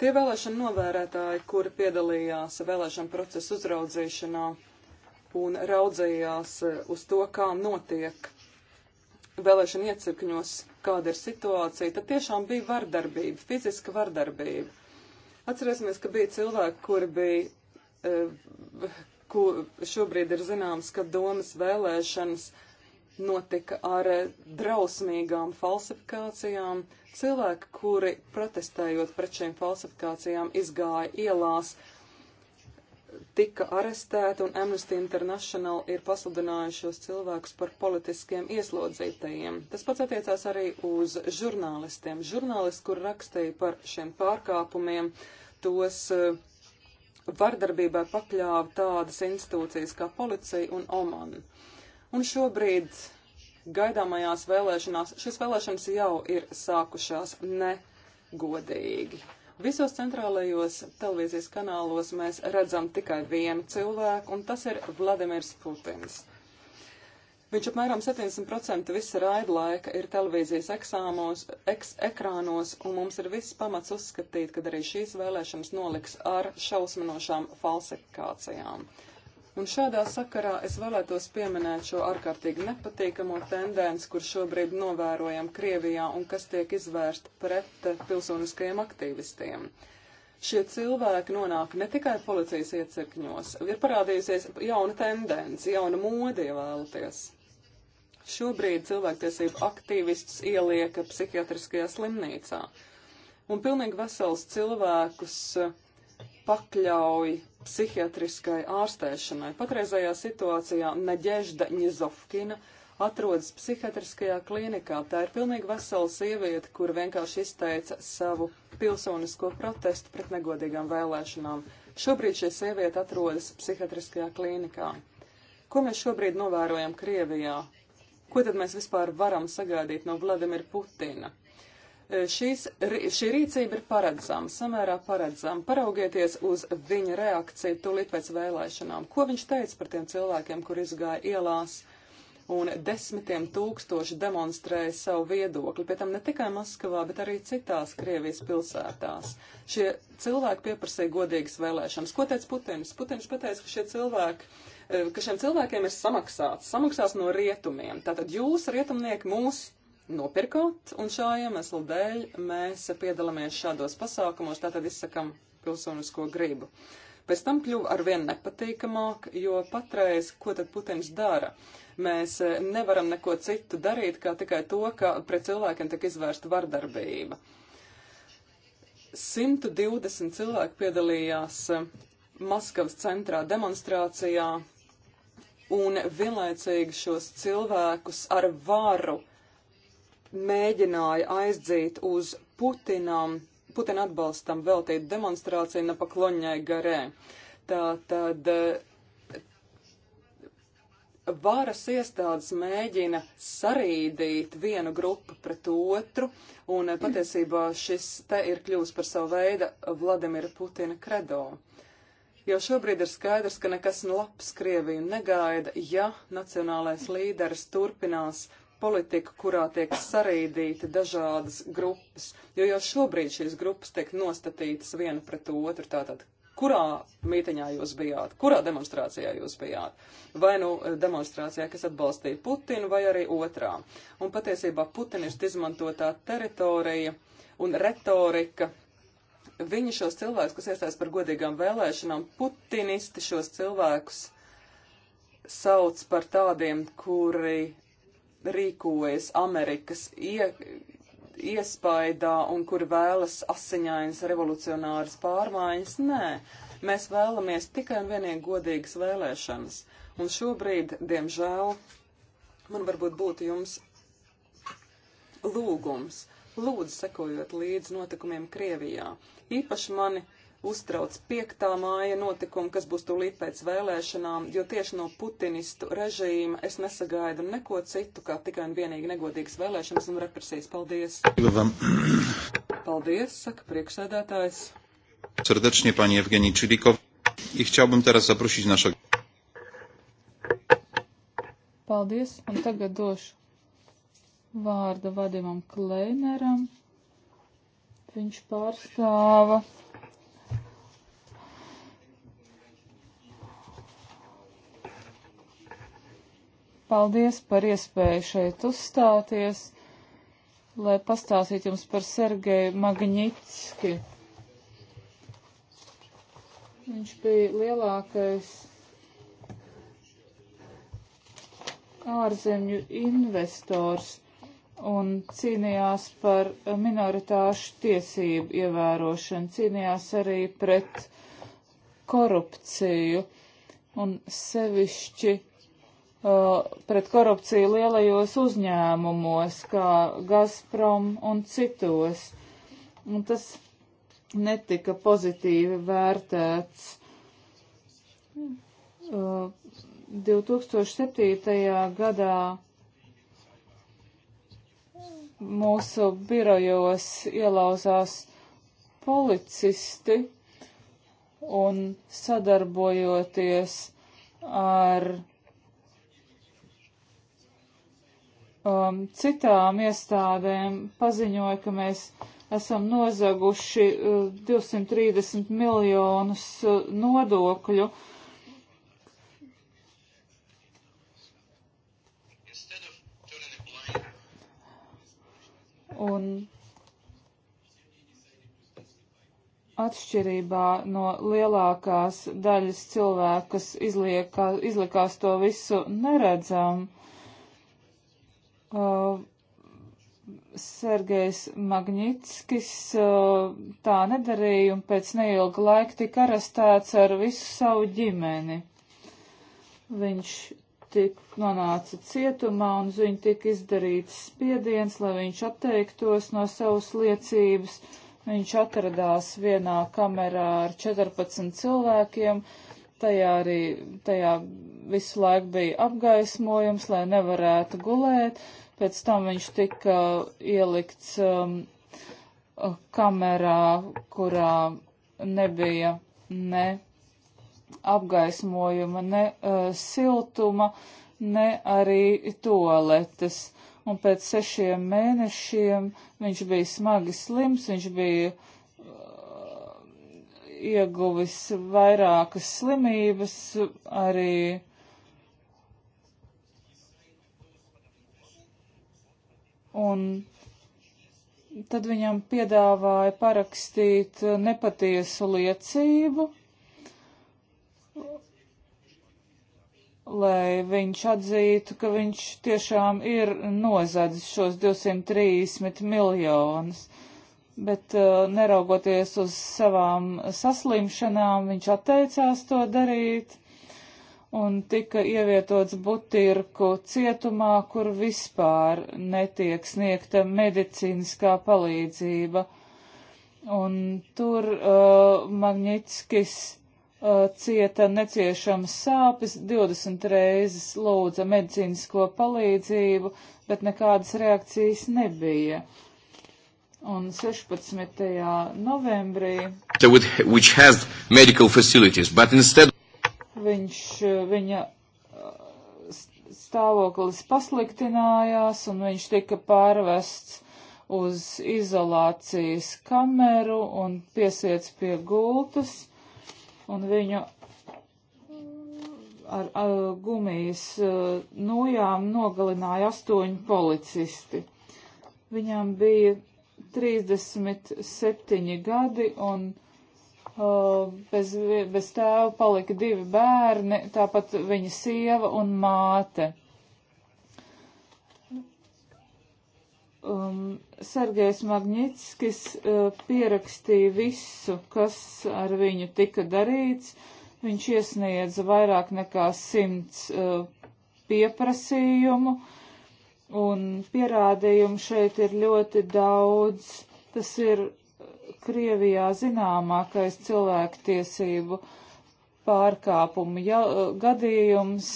Tie vēlēšana novērētāji, kuri piedalījās vēlēšana procesa uzraudzīšanā un raudzījās eh, uz to, kā notiek vēlēšana iecirkņos, kāda ir situācija, tad tiešām bija vardarbība, fiziska vardarbība. Atcerēsimies, ka bija cilvēki, kuri bija eh, ko šobrīd ir zināms, ka domas vēlēšanas notika ar drausmīgām falsifikācijām. Cilvēki, kuri protestējot pret šīm falsifikācijām, izgāja ielās, tika arestēti, un Amnesty International ir pasludinājušos cilvēkus par politiskiem ieslodzītajiem. Tas pats attiecās arī uz žurnālistiem. Žurnālisti, kur rakstīja par šiem pārkāpumiem, tos uh, vardarbībai pakļāva tādas institūcijas kā policija un Oman. Un šobrīd gaidāmajās vēlēšanās, šīs vēlēšanas jau ir sākušās negodīgi. Visos centrālajos televīzijas kanālos mēs redzam tikai vienu cilvēku, un tas ir Vladimirs Putins. Viņš apmēram 70% visa raidlaika ir televīzijas eksāmos, eks ekrānos, un mums ir viss pamats uzskatīt, ka arī šīs vēlēšanas noliks ar šausminošām falsifikācijām. Un šādā sakarā es vēlētos pieminēt šo ārkārtīgi nepatīkamo tendenci, kur šobrīd novērojam Krievijā un kas tiek izvērst pret pilsoniskajiem aktīvistiem. Šie cilvēki nonāk ne tikai policijas iecirkņos, ir parādījusies jauna tendence, jauna mode, ja vēlaties. Šobrīd cilvēktiesību aktīvistus ielieka psihiatriskajā slimnīcā. Un pilnīgi vesels cilvēkus eh, pakļauj psihiatriskai ārstēšanai. Patreizajā situācijā Neģežda Ņizovkina atrodas psihiatriskajā klīnikā. Tā ir pilnīgi vesela sieviete, kur vienkārši izteica savu pilsonisko protestu pret negodīgām vēlēšanām. Šobrīd šie sieviete atrodas psihiatriskajā klīnikā. Ko mēs šobrīd novērojam Krievijā? Ko tad mēs vispār varam sagaidīt no Vladimira Putina? E, šīs, šī rīcība ir paredzama, samērā paredzama. Paraugieties uz viņa reakciju tūlīt pēc vēlēšanām. Ko viņš teica par tiem cilvēkiem, kur izgāja ielās? un desmitiem tūkstoši demonstrēja savu viedokli, pie tam ne tikai Maskavā, bet arī citās Krievijas pilsētās. Šie cilvēki pieprasīja godīgas vēlēšanas. Ko teica Putins? Putins pateica, ka šie cilvēki E, ka šiem cilvēkiem ir samaksāts, samaksās no rietumiem. Tātad jūs, rietumnieki, mūs nopirkot, un šā iemesla dēļ mēs piedalāmies šādos pasākumos, tātad izsakam pilsonisko gribu. Pēc tam kļuva arvien nepatīkamāk, jo patreiz, ko tad Putins dara? Mēs e, nevaram neko citu darīt, kā tikai to, ka pret cilvēkiem tiek izvērsta vardarbība. 120 cilvēki piedalījās e, Maskavas centrā demonstrācijā, un vienlaicīgi šos cilvēkus ar varu mēģināja aizdzīt uz Putinam, Putina atbalstam veltīt demonstrāciju Napakloņai garē. Tā tad eh, varas iestādes mēģina sarīdīt vienu grupu pret otru, un eh, patiesībā šis te ir kļūst par savu veidu Vladimira Putina kredo. Jo šobrīd ir skaidrs, ka nekas labs Krieviju negaida, ja nacionālais līderis turpinās politiku, kurā tiek sarīdīti dažādas grupas, jo jau šobrīd šīs grupas tiek nostatītas viena pret otru, tātad kurā mītiņā jūs bijāt, kurā demonstrācijā jūs bijāt. Vai nu demonstrācijā, kas atbalstīja Putinu, vai arī otrā. Un patiesībā Putinist izmantotā teritorija un retorika viņi šos cilvēkus, kas iestājas par godīgām vēlēšanām, putinisti šos cilvēkus sauc par tādiem, kuri rīkojas Amerikas ie, iespaidā un kuri vēlas asiņainas revolucionāras pārmaiņas. Nē, mēs vēlamies tikai un vienīgi godīgas vēlēšanas. Un šobrīd, diemžēl, man varbūt būtu jums lūgums. Uh, lūdzu sekojot līdz notikumiem Krievijā. Īpaši mani uztrauc 5. māja notikumi, kas būs tūlīt pēc vēlēšanām, jo tieši no putinistu režīma es nesagaidu neko citu, kā tikai un vienīgi negodīgas vēlēšanas un represijas. Paldies! Paldies, saka priekšsēdētājs. Serdecznie pani Evgenija Čilikov i chciałbym teraz zaprosić naszego. Paldies, un tagad došu vārdu Vadimam Kleineram. Viņš pārstāva. Paldies par iespēju šeit uzstāties, lai pastāstītu jums par Sergeju Magņitski. Viņš bija lielākais ārzemju investors un cīnījās par minoritāšu tiesību ievērošanu, cīnījās arī pret korupciju un sevišķi uh, pret korupciju lielajos uzņēmumos, kā Gazprom un citos. Un tas netika pozitīvi vērtēts. Uh, 2007. gadā mūsu birojos ielauzās policisti un sadarbojoties ar um, citām iestādēm paziņoja, ka mēs esam nozaguši uh, 230 miljonus uh, nodokļu uh, Un atšķirībā no lielākās daļas cilvēku, kas izlieka, izlikās to visu neredzam, uh, Sergejs Magnitskis uh, tā nedarīja un pēc neilga laika tika arestēts ar visu savu ģimeni. Viņš tik nonāca cietumā un uz viņu tika izdarīts spiediens, lai viņš atteiktos no savas liecības. Viņš atradās vienā kamerā ar 14 cilvēkiem, tajā arī tajā visu laiku bija apgaismojums, lai nevarētu gulēt, pēc tam viņš tika ielikts um, kamerā, kurā nebija ne apgaismojuma, ne uh, siltuma, ne arī toaletes. Un pēc sešiem mēnešiem viņš bija smagi slims, viņš bija uh, ieguvis vairākas slimības, arī un tad viņam piedāvāja parakstīt nepatiesu liecību lai viņš atzītu, ka viņš tiešām ir nozadzis šos 230 miljonus. Bet uh, neraugoties uz savām saslimšanām, viņš atteicās to darīt un tika ievietots Butirku cietumā, kur vispār netiek sniegta medicīniskā palīdzība. Un tur uh, Magnitskis cieta neciešams sāpes, 20 reizes lūdza medicīnisko palīdzību, bet nekādas reakcijas nebija. Un 16. novembrī instead... viņš, viņa uh, stāvoklis pasliktinājās un viņš tika pārvests uz izolācijas kameru un piesiets pie gultas un viņu ar, ar gumijas eh, nojām nogalināja astoņi policisti. Viņam bija 37 gadi un uh, bez, bez tēva palika divi bērni, tāpat viņa sieva un māte. um, Sergejs Magnitskis uh, pierakstīja visu, kas ar viņu tika darīts. Viņš iesniedza vairāk nekā simts uh, pieprasījumu, un pierādījumu šeit ir ļoti daudz. Tas ir Krievijā zināmākais cilvēktiesību pārkāpumu ja, uh, gadījums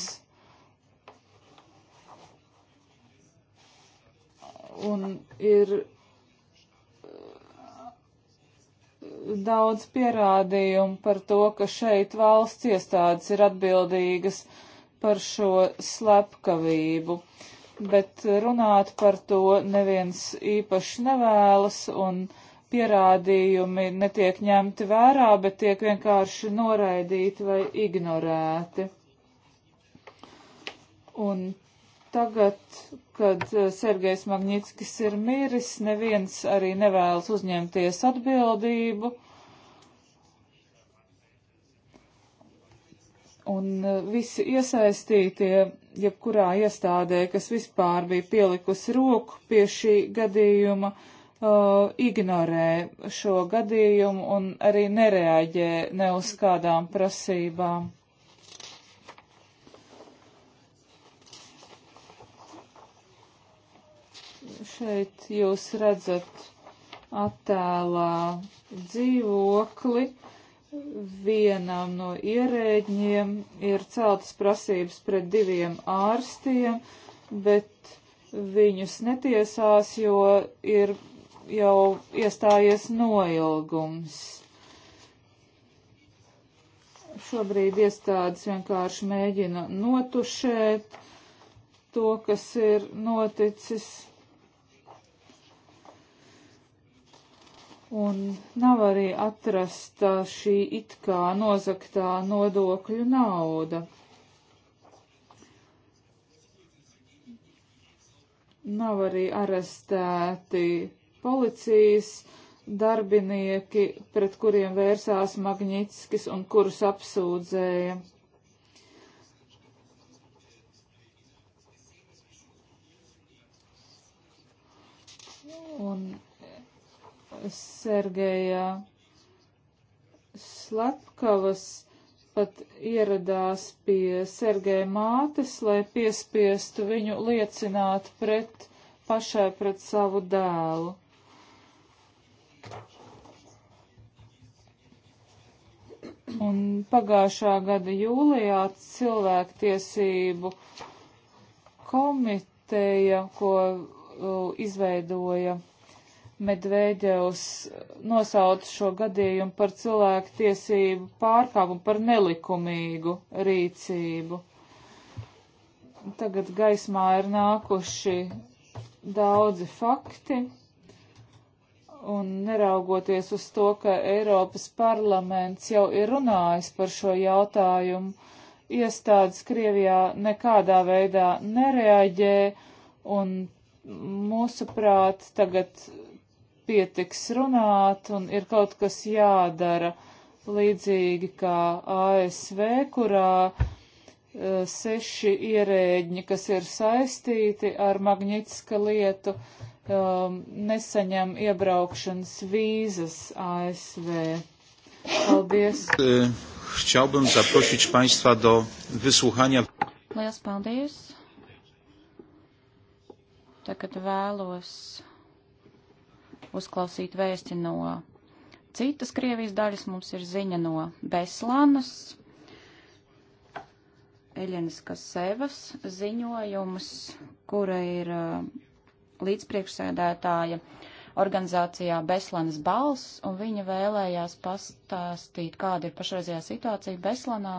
Un ir uh, daudz pierādījumu par to, ka šeit valsts iestādes ir atbildīgas par šo slepkavību. Bet runāt par to neviens īpaši nevēlas un pierādījumi netiek ņemti vērā, bet tiek vienkārši noraidīti vai ignorēti. Un Tagad, kad Sergejs Magnitskis ir miris, neviens arī nevēlas uzņemties atbildību. Un e, visi iesaistītie, jebkurā iestādē, kas vispār bija pielikusi roku pie šī gadījuma, uh, ignorē šo gadījumu un arī nereaģē ne uz kādām prasībām. Šeit jūs redzat attēlā dzīvokli. Vienam no ierēģiem ir celtas prasības pret diviem ārstiem, bet viņus netiesās, jo ir jau iestājies noilgums. Šobrīd iestādes vienkārši mēģina notušēt to, kas ir noticis Un nav arī atrasta šī it kā nozaktā nodokļu nauda. Nav arī arestēti policijas darbinieki, pret kuriem vērsās Magnitskis un kurus apsūdzēja. Un Sergeja Slepkavas pat ieradās pie Sergeja mātes, lai piespiestu viņu liecināt pret pašai pret savu dēlu. Un pagājušā gada jūlijā cilvēktiesību komiteja, ko uh, izveidoja Medvēdevs nosauca šo gadījumu par cilvēku tiesību pārkāpumu, par nelikumīgu rīcību. Tagad gaismā ir nākuši daudzi fakti, un neraugoties uz to, ka Eiropas parlaments jau ir runājis par šo jautājumu, iestādes Krievijā nekādā veidā nereaģē, un mūsuprāt, tagad pietiks runāt un ir kaut kas jādara, līdzīgi kā ASV, kurā uh, seši ierēģi, kas ir saistīti ar Magnitska lietu, um, nesaņem iebraukšanas vīzas ASV. Paldies. E, chciałbym zaprosić Państwa do wysłuchania. Lielas paldies. Tagad vēlos uzklausīt vēsti no citas Krievijas daļas. Mums ir ziņa no Beslānas, Eļenas Kasevas ziņojums, kura ir uh, līdzpriekšsēdētāja organizācijā Beslanas balss, un viņa vēlējās pastāstīt, kāda ir pašreizējā situācija Beslanā,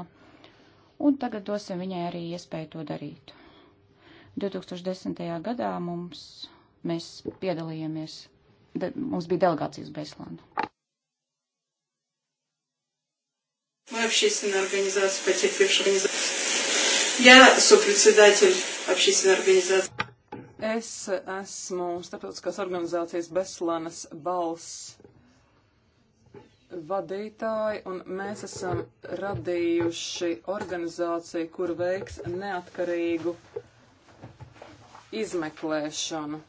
un tagad dosim viņai arī iespēju to darīt. 2010. gadā mums mēs piedalījāmies de, mums bija delegācija uz Beislandu. Мы общественная организация потерпевших организаций. Я сопредседатель общественной организации. Es esmu starptautiskās organizācijas Beslanas balss vadītāji, un mēs esam radījuši organizāciju, kur veiks neatkarīgu izmeklēšanu.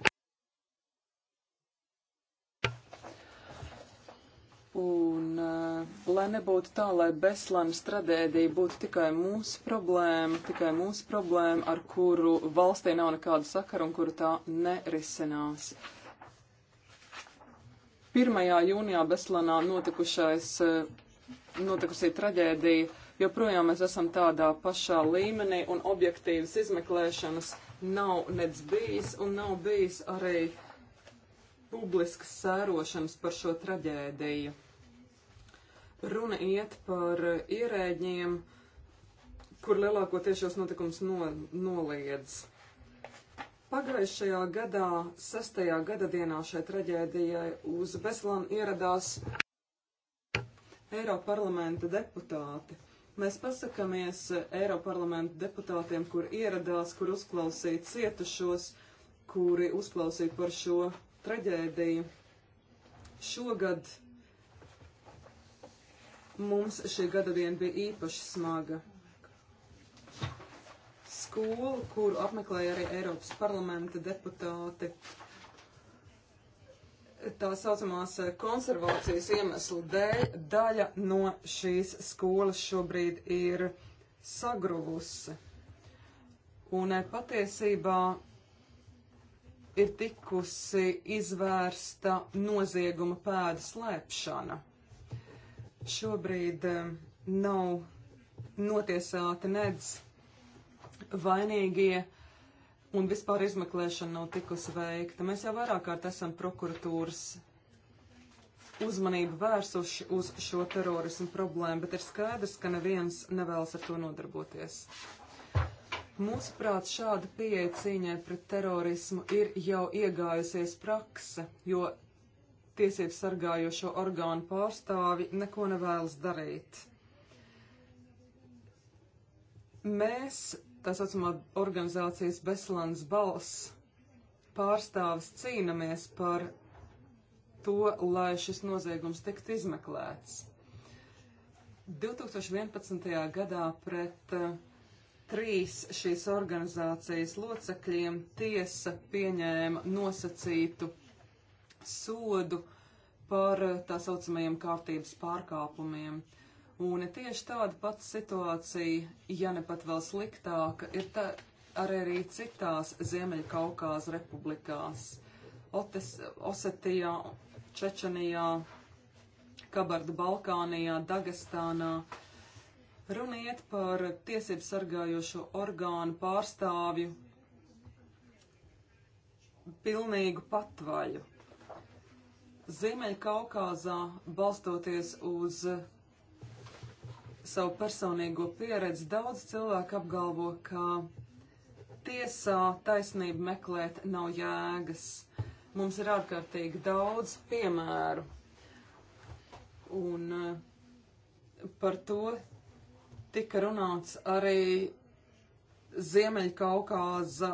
Un, eh, lai nebūtu tā, lai bezslēmas tragēdija būtu tikai mūsu problēma, tikai mūsu problēma, ar kuru valstī nav nekāda sakara un kuru tā nerisinās. 1. jūnijā Beslanā notikušais, eh, notikusī traģēdija, joprojām mēs esam tādā pašā līmenī un objektīvas izmeklēšanas nav nedz bijis un nav bijis arī publiskas sērošanas par šo traģēdiju. Runa iet par ierēģiem, kur lielākoties šos notikumus no, noliedz. Pagājušajā gadā, sestajā gada dienā šai traģēdijai uz Beslānu ieradās Eiroparlamenta deputāti. Mēs pasakāmies Eiroparlamenta deputātiem, kur ieradās, kur uzklausīja cietušos, kuri uzklausīja par šo traģēdiju. Šogad mums šī gada diena bija īpaši smaga. Skolu, kuru apmeklēja arī Eiropas parlamenta deputāti, tā saucamās konservācijas iemeslu dēļ, daļa no šīs skolas šobrīd ir sagruvusi. Un eh, patiesībā ir tikusi izvērsta nozieguma pēda slēpšana šobrīd eh, nav notiesāti nedz vainīgie un vispār izmeklēšana nav tikusi veikta. Mēs jau vairāk kārt esam prokuratūras uzmanību vērsuši uz šo terorismu problēmu, bet ir skaidrs, ka neviens nevēlas ar to nodarboties. Mūsuprāt, šāda pieeja cīņai pret terorismu ir jau iegājusies prakse, jo tiesību sargājošo orgānu pārstāvi neko nevēlas darīt. Mēs, tā saucamā organizācijas Beslans balss pārstāvis, cīnamies par to, lai šis noziegums tiktu izmeklēts. 2011. gadā pret uh, trīs šīs organizācijas locekļiem tiesa pieņēma nosacītu sodu par tā saucamajiem kārtības pārkāpumiem. Un tieši tāda pati situācija, ja ne pat vēl sliktāka, ir tā, ar arī citās Ziemeļkaukās republikās - Otes, Osetijā, Čečenijā, Kabarda Balkānijā, Dagestānā. Runa iet par tiesību sargājošo orgānu pārstāvju pilnīgu patvaļu Ziemeļkaukāzā, balstoties uz savu personīgo pieredzi, daudz cilvēku apgalvo, ka tiesā taisnību meklēt nav jēgas. Mums ir ārkārtīgi daudz piemēru. Un eh, par to tika runāts arī Ziemeļkaukāza,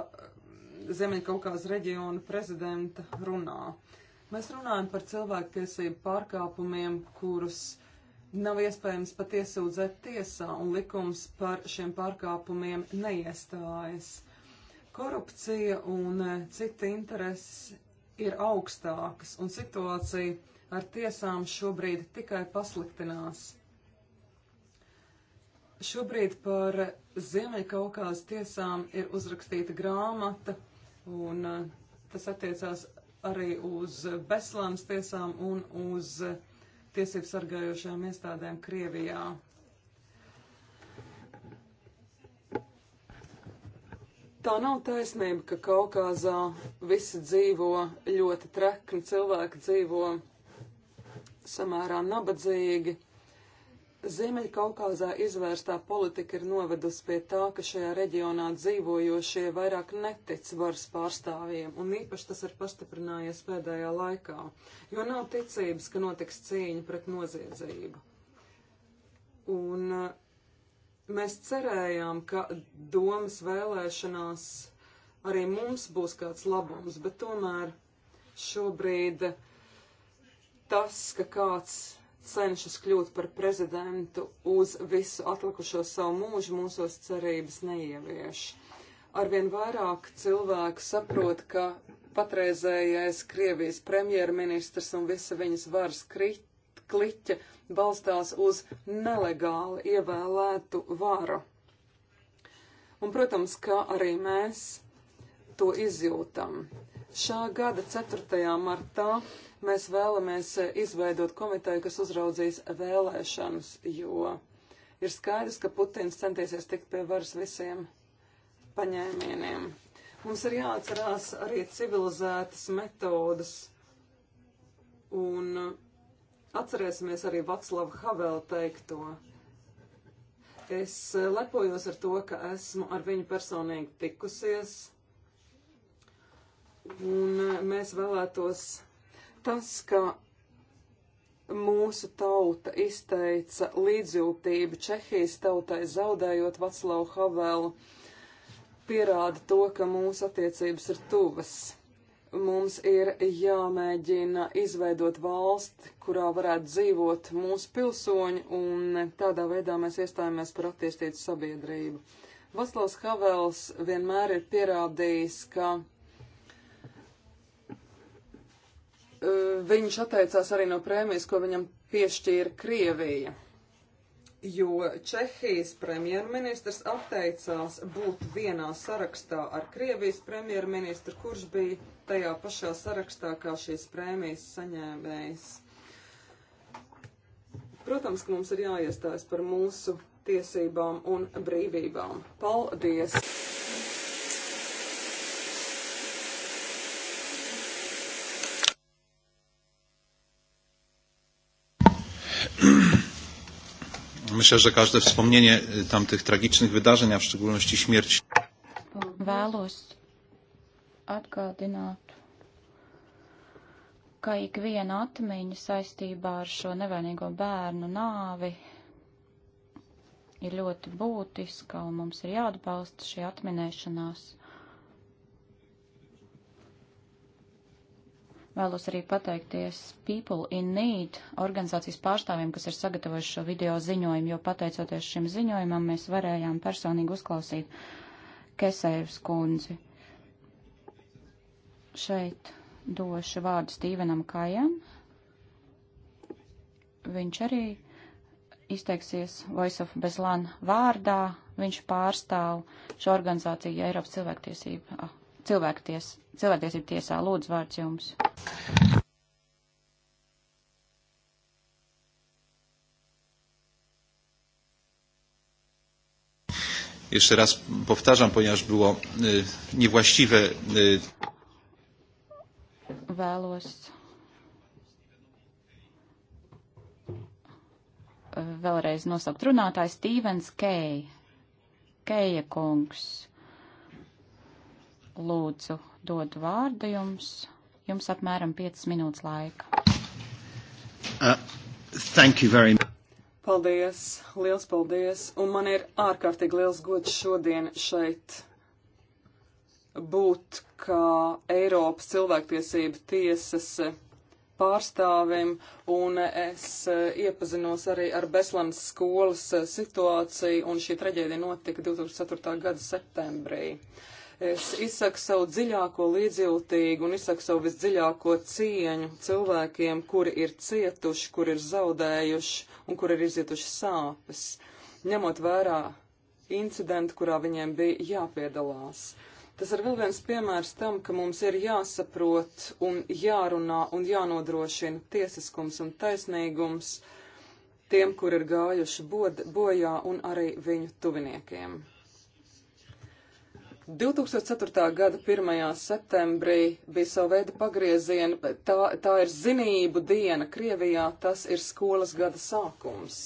Ziemeļkaukāza reģiona prezidenta runā. Uh, Mēs runājam par cilvēktiesību pārkāpumiem, kurus nav iespējams pat iesūdzēt tiesā, un likums par šiem pārkāpumiem neiestājas. Korupcija un eh, citi intereses ir augstākas, un situācija ar tiesām šobrīd tikai pasliktinās. Šobrīd par Ziemeļkaukās tiesām ir uzrakstīta grāmata, un eh, tas attiecās arī uz bezslēmas tiesām un uz tiesību sargājošajām iestādēm Krievijā. Tā nav taisnība, ka Kaukazā visi dzīvo ļoti trekni, cilvēki dzīvo samērā nabadzīgi, Ziemeļkaukāzā izvērstā politika ir novedusi pie tā, ka šajā reģionā dzīvojošie vairāk netic varas pārstāvjiem, un īpaši tas ir pastiprinājies pēdējā laikā, jo nav ticības, ka notiks cīņa pret noziedzību. Un eh, mēs cerējām, ka domas vēlēšanās arī mums būs kāds labums, bet tomēr šobrīd tas, ka kāds cenšas kļūt par prezidentu uz visu atlikušo savu mūžu, mūsos cerības neievieš. Arvien vairāk cilvēku saprot, ka patreizējais Krievijas premjerministrs un visa viņas varas krit, kliķa balstās uz nelegāli ievēlētu varu. Un, protams, ka arī mēs to izjūtam. Šā gada 4. martā mēs vēlamies izveidot komiteju, kas uzraudzīs vēlēšanas, jo ir skaidrs, ka Putins centīsies tikt pie varas visiem paņēmieniem. Mums ir jāatcerās arī civilizētas metodas, un atcerēsimies arī Vaclavu Havelu teikto. Es lepojos ar to, ka esmu ar viņu personīgi tikusies Un mēs vēlētos tas, ka mūsu tauta izteica līdzjūtību Čehijas tautai zaudējot Vaclavu Havelu, pierāda to, ka mūsu attiecības ir tuvas. Mums ir jāmēģina izveidot valsti, kurā varētu dzīvot mūsu pilsoņi, un tādā veidā mēs iestājāmies par attīstītu sabiedrību. Vaslavs Havels vienmēr ir pierādījis, ka viņš atteicās arī no prēmijas, ko viņam piešķīra Krievija. Jo Čehijas premjerministrs atteicās būt vienā sarakstā ar Krievijas premjerministru, kurš bija tajā pašā sarakstā kā šīs prēmijas saņēmējs. Protams, ka mums ir jāiestājas par mūsu tiesībām un brīvībām. Paldies! Myślę, że każde wspomnienie tamtych tragicznych wydarzeń, a w szczególności śmierci. Vēlos atgādināt, ka ikviena atmiņa saistībā ar šo nevainīgo bērnu nāvi ir ļoti būtiska un mums ir jāatbalsta šī atminēšanās. Vēlos arī pateikties People in Need organizācijas pārstāvjiem, kas ir sagatavojuši šo video ziņojumu, jo pateicoties šim ziņojumam mēs varējām personīgi uzklausīt Kesēvs kundzi. Šeit došu vārdu Stīvenam Kajam. Viņš arī izteiksies Voice of Bezlan vārdā. Viņš pārstāv šo organizāciju Eiropas cilvēktiesību cilvēkties, cilvēktiesību tiesā. Lūdzu, vārds jums. Jeszcze raz powtarzam, ponieważ było y, niewłaściwe. Y... Vēlos vēlreiz nosaukt runātājs Stīvens Keija. Keija kungs lūdzu dod vārdu jums. Jums apmēram 5 minūtes laika. Uh, thank you very much. Paldies, liels paldies, un man ir ārkārtīgi liels gods šodien šeit būt kā Eiropas cilvēktiesība tiesas pārstāvim, un es uh, iepazinos arī ar Beslans skolas uh, situāciju, un šī traģēdija notika 2004. gada septembrī. Es izsaku savu dziļāko līdzjūtību un izsaku savu visdziļāko cieņu cilvēkiem, kuri ir cietuši, kuri ir zaudējuši un kuri ir izjutuši sāpes, ņemot vērā incidentu, kurā viņiem bija jāpiedalās. Tas ir vēl viens piemērs tam, ka mums ir jāsaprot un jārunā un jānodrošina tiesiskums un taisnīgums tiem, kur ir gājuši bod, bojā un arī viņu tuviniekiem. 2004. gada 1. septembrī bija savu veidu pagrieziena. Tā, tā ir zinību diena Krievijā, tas ir skolas gada sākums.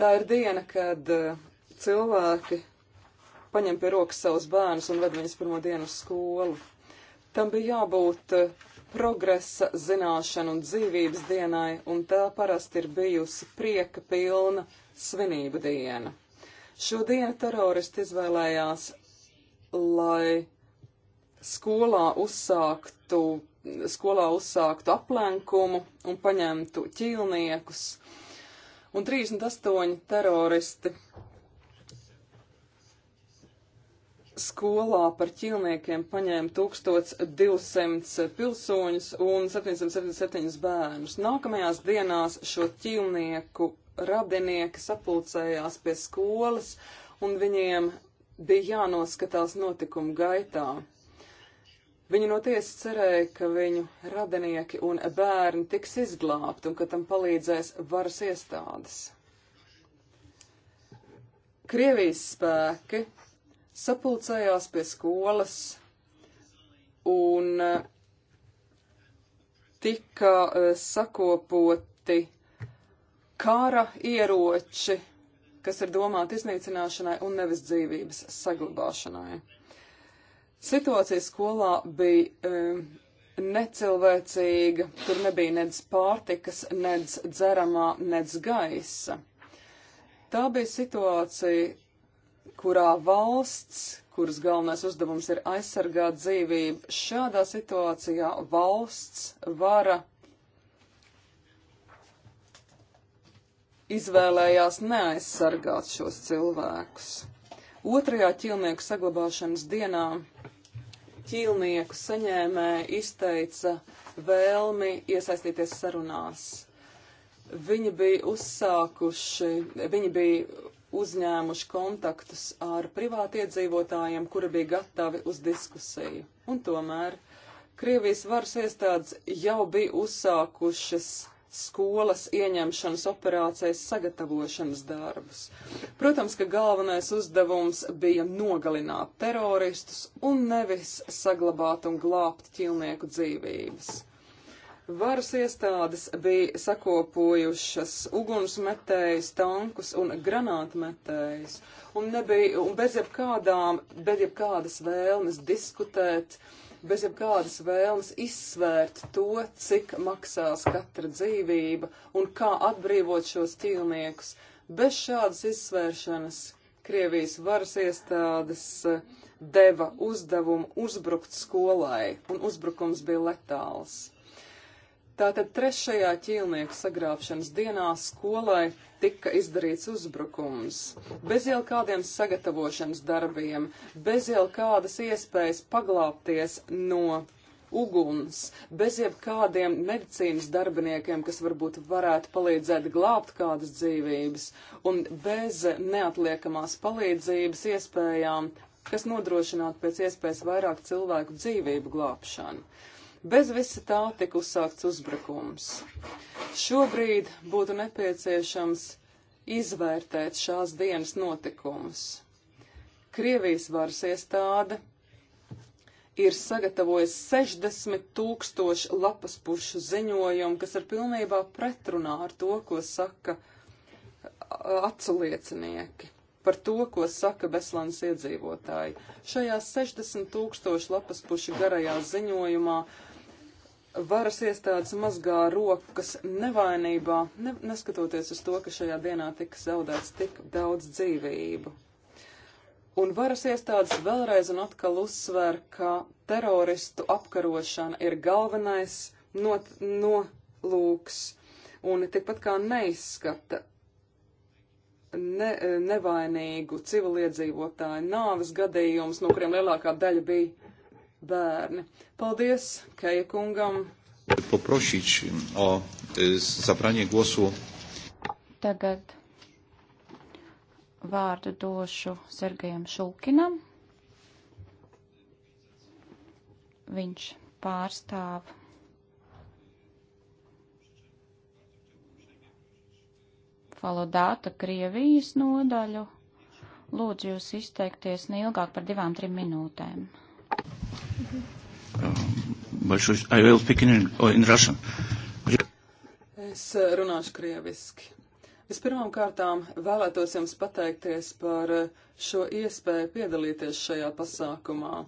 Tā ir diena, kad eh, cilvēki paņem pie rokas savus bērnus un ved viņus pirmo dienu uz skolu. Tam bija jābūt eh, progresa zināšanu un dzīvības dienai, un tā parasti ir bijusi prieka pilna svinību diena. Šodien teroristi izvēlējās lai skolā uzsāktu, skolā uzsāktu aplenkumu un paņemtu ķīlniekus. Un 38 teroristi skolā par ķīlniekiem paņēma 1200 pilsoņus un 777 bērnus. Nākamajās dienās šo ķīlnieku radinieki sapulcējās pie skolas un viņiem bija jānoskatās notikumu gaitā. Viņi no tiesas cerēja, ka viņu radinieki un bērni tiks izglābti un ka tam palīdzēs varas iestādes. Krievijas spēki sapulcējās pie skolas un eh, tika eh, sakopoti kara ieroči kas ir domāti iznīcināšanai un nevis dzīvības saglabāšanai. Situācija skolā bija e, necilvēcīga, tur nebija nedz pārtikas, nedz dzeramā, nedz gaisa. Tā bija situācija, kurā valsts, kuras galvenais uzdevums ir aizsargāt dzīvību, šādā situācijā valsts vara izvēlējās neaizsargāt šos cilvēkus. Otrajā ķilnieku saglabāšanas dienā ķīlnieku saņēmēji izteica vēlmi iesaistīties sarunās. Viņi bija uzsākuši, viņi bija uzņēmuši kontaktus ar privātiedzīvotājiem, kuri bija gatavi uz diskusiju. Un tomēr Krievijas varas iestādes jau bija uzsākušas skolas ieņemšanas operācijas sagatavošanas darbus. Protams, ka galvenais uzdevums bija nogalināt teroristus un nevis saglabāt un glābt ķilnieku dzīvības. Varas iestādes bija sakopojušas ugunsmetējus, tankus un granātmetējus, un, nebija, un bez jebkādām, bez jebkādas vēlmes diskutēt uh, bez jebkādas vēlmes izsvērt to, cik maksās katra dzīvība un kā atbrīvot šos ķīlniekus. Bez šādas izsvēršanas Krievijas varas iestādes eh, deva uzdevumu uzbrukt skolai, un uzbrukums bija letāls. Tātad trešajā ķīlnieku sagrābšanas dienā skolai tika izdarīts uzbrukums. Bez jau kādiem sagatavošanas darbiem, bez jau kādas iespējas paglāpties no uguns, bez jau kādiem medicīnas darbiniekiem, kas varbūt varētu palīdzēt glābt kādas dzīvības, un bez neatliekamās palīdzības iespējām, kas nodrošinātu pēc iespējas vairāk cilvēku dzīvību glābšanu. Bez visa tā tika uzsākts uzbrukums. Šobrīd būtu nepieciešams izvērtēt šās dienas notikumus. Krievijas varas iestāde ir sagatavojis 60 tūkstoši lapas pušu ziņojumu, kas ir pilnībā pretrunā ar to, ko saka atsaliecinieki, par to, ko saka Beslans iedzīvotāji. Šajā 60 tūkstoši lapas pušu garajā ziņojumā uh, varas iestādes mazgā rokas nevainībā, ne, neskatoties uz to, ka šajā dienā tika zaudēts tik daudz dzīvību. Un varas iestādes vēlreiz un atkal uzsver, ka teroristu apkarošana ir galvenais not, nolūks un tikpat kā neizskata ne, nevainīgu civiliedzīvotāju nāves gadījumus, no kuriem lielākā daļa bija bērni. Paldies Keikungam. Poprosić o e, zabranie głosu. Tagad vārdu došu Sergejam Šulkinam. Viņš pārstāv Falodāta Krievijas nodaļu. Lūdzu jūs izteikties neilgāk par divām, trim minūtēm. Um, I will speak in, oh, in Russian. Es uh, runāšu krieviski. Vispirmām kārtām vēlētos jums pateikties par uh, šo iespēju piedalīties šajā pasākumā.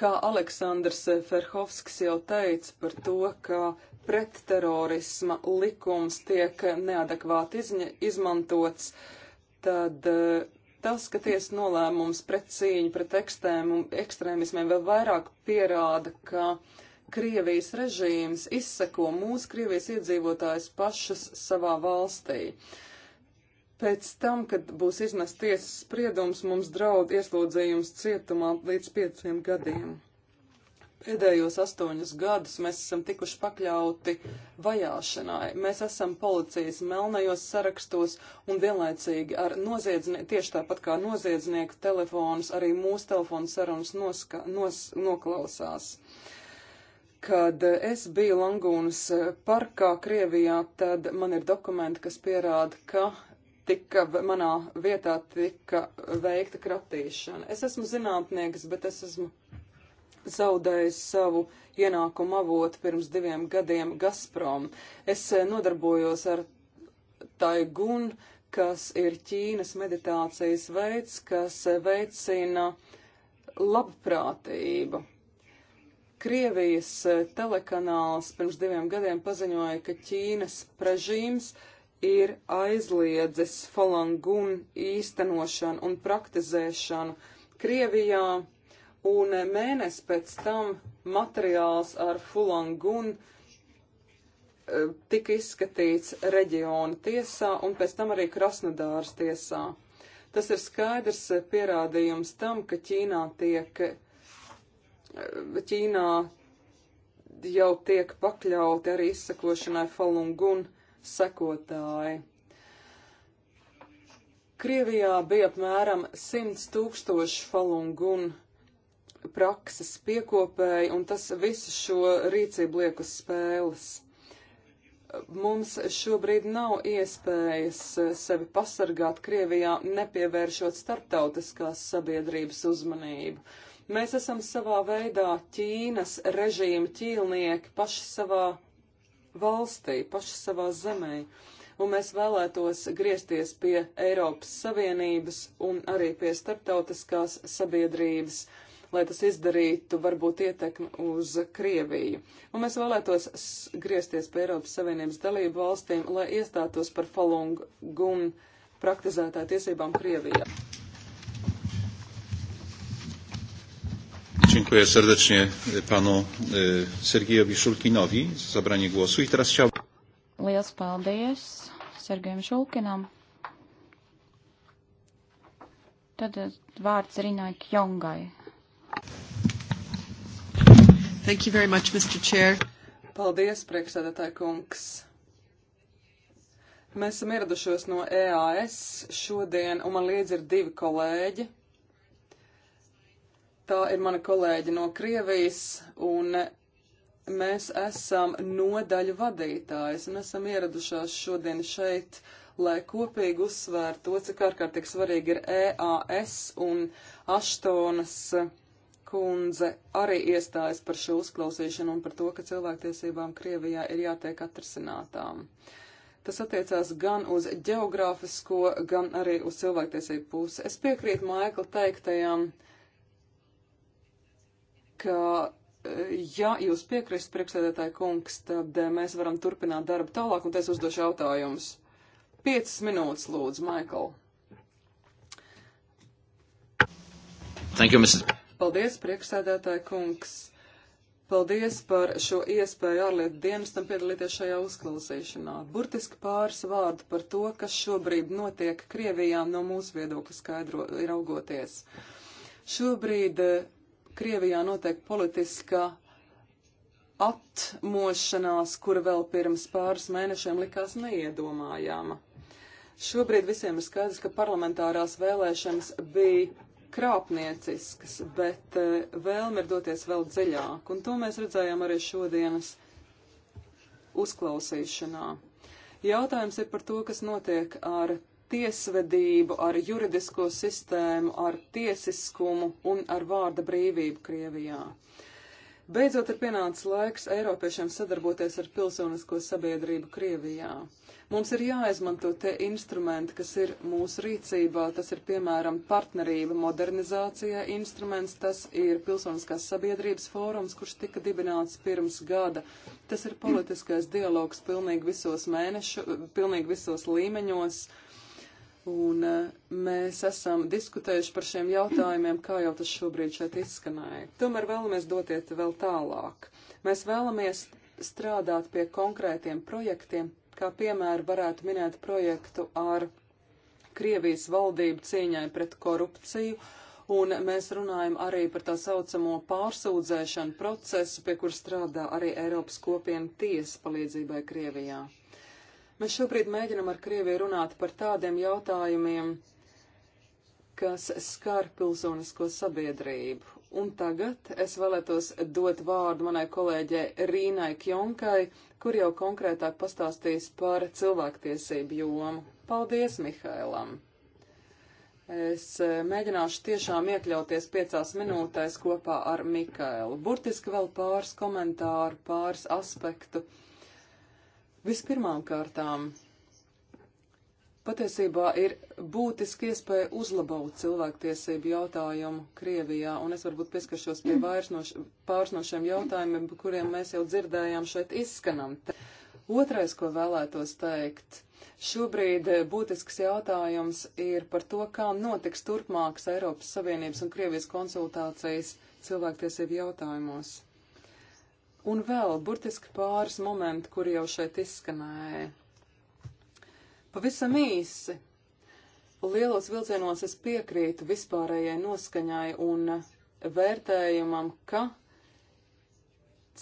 Kā Aleksandrs Ferhovskis jau teica par to, ka pretterorisma likums tiek neadekvāti izmantots, tad uh, Tas, ka tiesas nolēmums pret cīņu pret ekstrēmismiem vēl vairāk pierāda, ka Krievijas režīms izseko mūsu Krievijas iedzīvotājus pašas savā valstī. Pēc tam, kad būs izmests tiesas spriedums, mums draud ieslodzījums cietumā līdz pieciem gadiem. Pēdējos astoņus gadus mēs esam tikuši pakļauti vajāšanai. Mēs esam policijas melnajos sarakstos un vienlaicīgi ar noziedznieku, tieši tāpat kā noziedznieku telefonus, arī mūsu telefonu sarunas noska, nos, noklausās. Kad es biju Langūnas parkā Krievijā, tad man ir dokumenti, kas pierāda, ka tika manā vietā tika veikta kratīšana. Es esmu zinātnieks, bet es esmu zaudējis savu ienākumu avotu pirms diviem gadiem Gazprom. Es eh, nodarbojos ar Taigun, kas ir Ķīnas meditācijas veids, kas eh, veicina labprātību. Krievijas eh, telekanāls pirms diviem gadiem paziņoja, ka Ķīnas režīms ir aizliedzis falangun īstenošanu un praktizēšanu Krievijā un mēnesi pēc tam materiāls ar fulangun e, tika izskatīts reģiona tiesā un pēc tam arī Krasnodāras tiesā. Tas ir skaidrs pierādījums tam, ka Ķīnā tiek, e, Ķīnā jau tiek pakļauti arī izsakošanai Falungun sekotāji. Krievijā bija apmēram 100 tūkstoši Falungun sekotāji prakses piekopēji, un tas visu šo rīcību liek uz spēles. Mums šobrīd nav iespējas sevi pasargāt Krievijā, nepievēršot starptautiskās sabiedrības uzmanību. Mēs esam savā veidā Ķīnas režīma ķīlnieki paši savā valstī, paši savā zemē un mēs vēlētos griezties pie Eiropas Savienības un arī pie starptautiskās sabiedrības, lai tas izdarītu varbūt ietekmi uz Krieviju. Un mēs vēlētos griezties pie Eiropas Savienības dalību valstīm, lai iestātos par Falung Gun praktizētā tiesībām Krievijā. Dziękuję serdecznie panu y, e, Sergiejowi Szulkinowi za zabranie głosu. I teraz chciałbym. Liels paldies Sergejam Šulkinam. Tad e, vārds Rinai Kjongai. Thank you very much, Mr. Chair. Paldies, priekšsēdētāji kungs. Mēs esam ieradušos no EAS šodien, un man līdzi ir divi kolēģi. Tā ir mana kolēģi no Krievijas, un mēs esam nodaļu vadītājs, un esam ieradušās šodien šeit lai kopīgi uzsvērtu to, cik ārkārtīgi svarīgi ir EAS un Aštonas kundze arī iestājas par šo uzklausīšanu un par to, ka cilvēktiesībām Krievijā ir jātiek atrisinātām. Tas attiecās gan uz geogrāfisko, gan arī uz cilvēktiesību pusi. Es piekrītu Maikla teiktajam, ka, e, ja jūs piekrist priekšsēdētāji kungs, tad e, mēs varam turpināt darbu tālāk, un es uzdošu jautājumus. Piecas minūtes, lūdzu, Maikl. Thank you, Mrs. Paldies, priekšsēdētāji kungs! Paldies par šo iespēju ārlietu dienestam piedalīties šajā uzklausīšanā. Burtiski pāris vārdu par to, kas šobrīd notiek Krievijā no mūsu viedokļa skaidro raugoties. Šobrīd eh, Krievijā notiek politiska atmošanās, kura vēl pirms pāris mēnešiem likās neiedomājama. Šobrīd visiem ir skaidrs, ka parlamentārās vēlēšanas bija krāpnieciskas, bet eh, vēlme ir doties vēl dziļāk, un to mēs redzējām arī šodienas uzklausīšanā. Jautājums ir par to, kas notiek ar tiesvedību, ar juridisko sistēmu, ar tiesiskumu un ar vārda brīvību Krievijā. Beidzot ir pienācis laiks Eiropiešiem sadarboties ar pilsonisko sabiedrību Krievijā. Mums ir jāizmanto tie instrumenti, kas ir mūsu rīcībā. Tas ir, piemēram, partnerība modernizācija instruments, tas ir pilsoniskās sabiedrības fórums, kurš tika dibināts pirms gada. Tas ir politiskais dialogs pilnīgi visos mēnešu, pilnīgi visos līmeņos. Un eh, mēs esam diskutējuši par šiem jautājumiem, kā jau tas šobrīd šeit izskanēja. Tomēr vēlamies doties vēl tālāk. Mēs vēlamies strādāt pie konkrētiem projektiem Kā piemēru varētu minēt projektu ar Krievijas valdību cīņai pret korupciju, un mēs runājam arī par tā saucamo pārsūdzēšanu procesu, pie kur strādā arī Eiropas kopiena tiesa palīdzībai Krievijā. Mēs šobrīd mēģinam ar Krieviju runāt par tādiem jautājumiem, kas skar pilsonisko sabiedrību, Un tagad es vēlētos dot vārdu manai kolēģei Rīnai Kjonkai, kur jau konkrētāk pastāstīs par cilvēktiesību jomu. Paldies, Mihailam! Es eh, mēģināšu tiešām iekļauties piecās minūtēs kopā ar Mikailu. Burtiski vēl pāris komentāru, pāris aspektu. Vispirmām kārtām Patiesībā ir būtiski iespēja uzlabot cilvēktiesību jautājumu Krievijā, un es varbūt pieskaršos pie no š, pāris no šiem jautājumiem, kuriem mēs jau dzirdējām šeit izskanam. Otrais, ko vēlētos teikt, šobrīd būtisks jautājums ir par to, kā notiks turpmākas Eiropas Savienības un Krievijas konsultācijas cilvēktiesību jautājumos. Un vēl burtiski pāris momenti, kuri jau šeit izskanēja. Pavisam īsi. Lielos vilcienos es piekrītu vispārējai noskaņai un vērtējumam, ka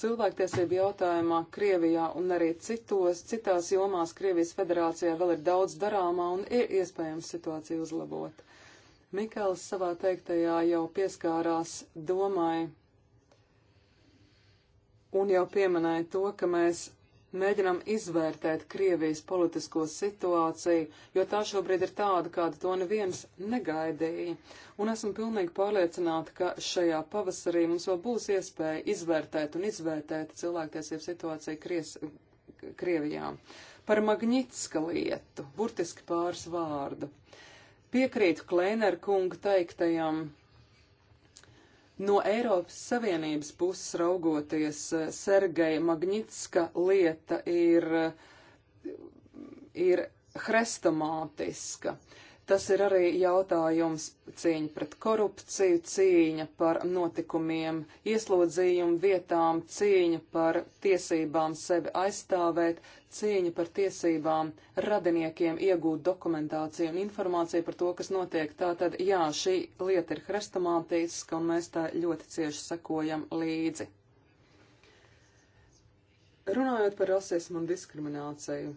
cilvēktiesību jautājumā Krievijā un arī citos, citās jomās Krievijas federācijā vēl ir daudz darāmā un ir iespējams situāciju uzlabot. Mikēls savā teiktajā jau pieskārās domai un jau pieminēja to, ka mēs mēģinam izvērtēt Krievijas politisko situāciju, jo tā šobrīd ir tāda, kāda to neviens negaidīja. Un esmu pilnīgi pārliecināta, ka šajā pavasarī mums vēl būs iespēja izvērtēt un izvērtēt cilvēktiesību situāciju Kries, Krievijā. Par Magnitska lietu, burtiski pāris vārdu. Piekrītu Klēner kunga teiktajam, No Eiropas Savienības puses raugoties, eh, Sergeja Magnitska lieta ir, eh, ir hrestomātiska. Tas ir arī jautājums cīņa pret korupciju, cīņa par notikumiem, ieslodzījumu vietām, cīņa par tiesībām sevi aizstāvēt, cīņa par tiesībām radiniekiem iegūt dokumentāciju un informāciju par to, kas notiek. Tātad, jā, šī lieta ir hrestomātiska un mēs tā ļoti cieši sekojam līdzi. Runājot par rasismu un diskrimināciju,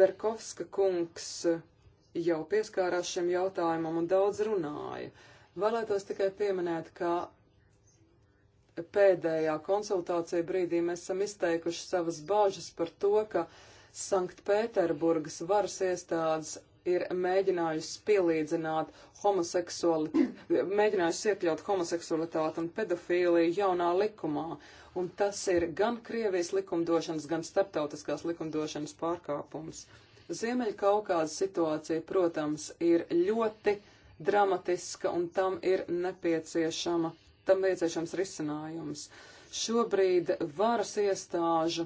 Berkovska kungs jau pieskārās šim jautājumam un daudz runāja. Vēlētos tikai pieminēt, ka pēdējā konsultācija brīdī mēs esam izteikuši savas bāžas par to, ka Sanktpēterburgas varas iestādes ir mēģinājusi pielīdzināt homoseksualitāti, mēģinājusi iekļaut homoseksualitāti un pedofīliju jaunā likumā. Un tas ir gan Krievijas likumdošanas, gan starptautiskās likumdošanas pārkāpums. Uh, Ziemeļkaukāza situācija, protams, ir ļoti dramatiska un tam ir nepieciešama, tam nepieciešams risinājums. Šobrīd varas iestāžu,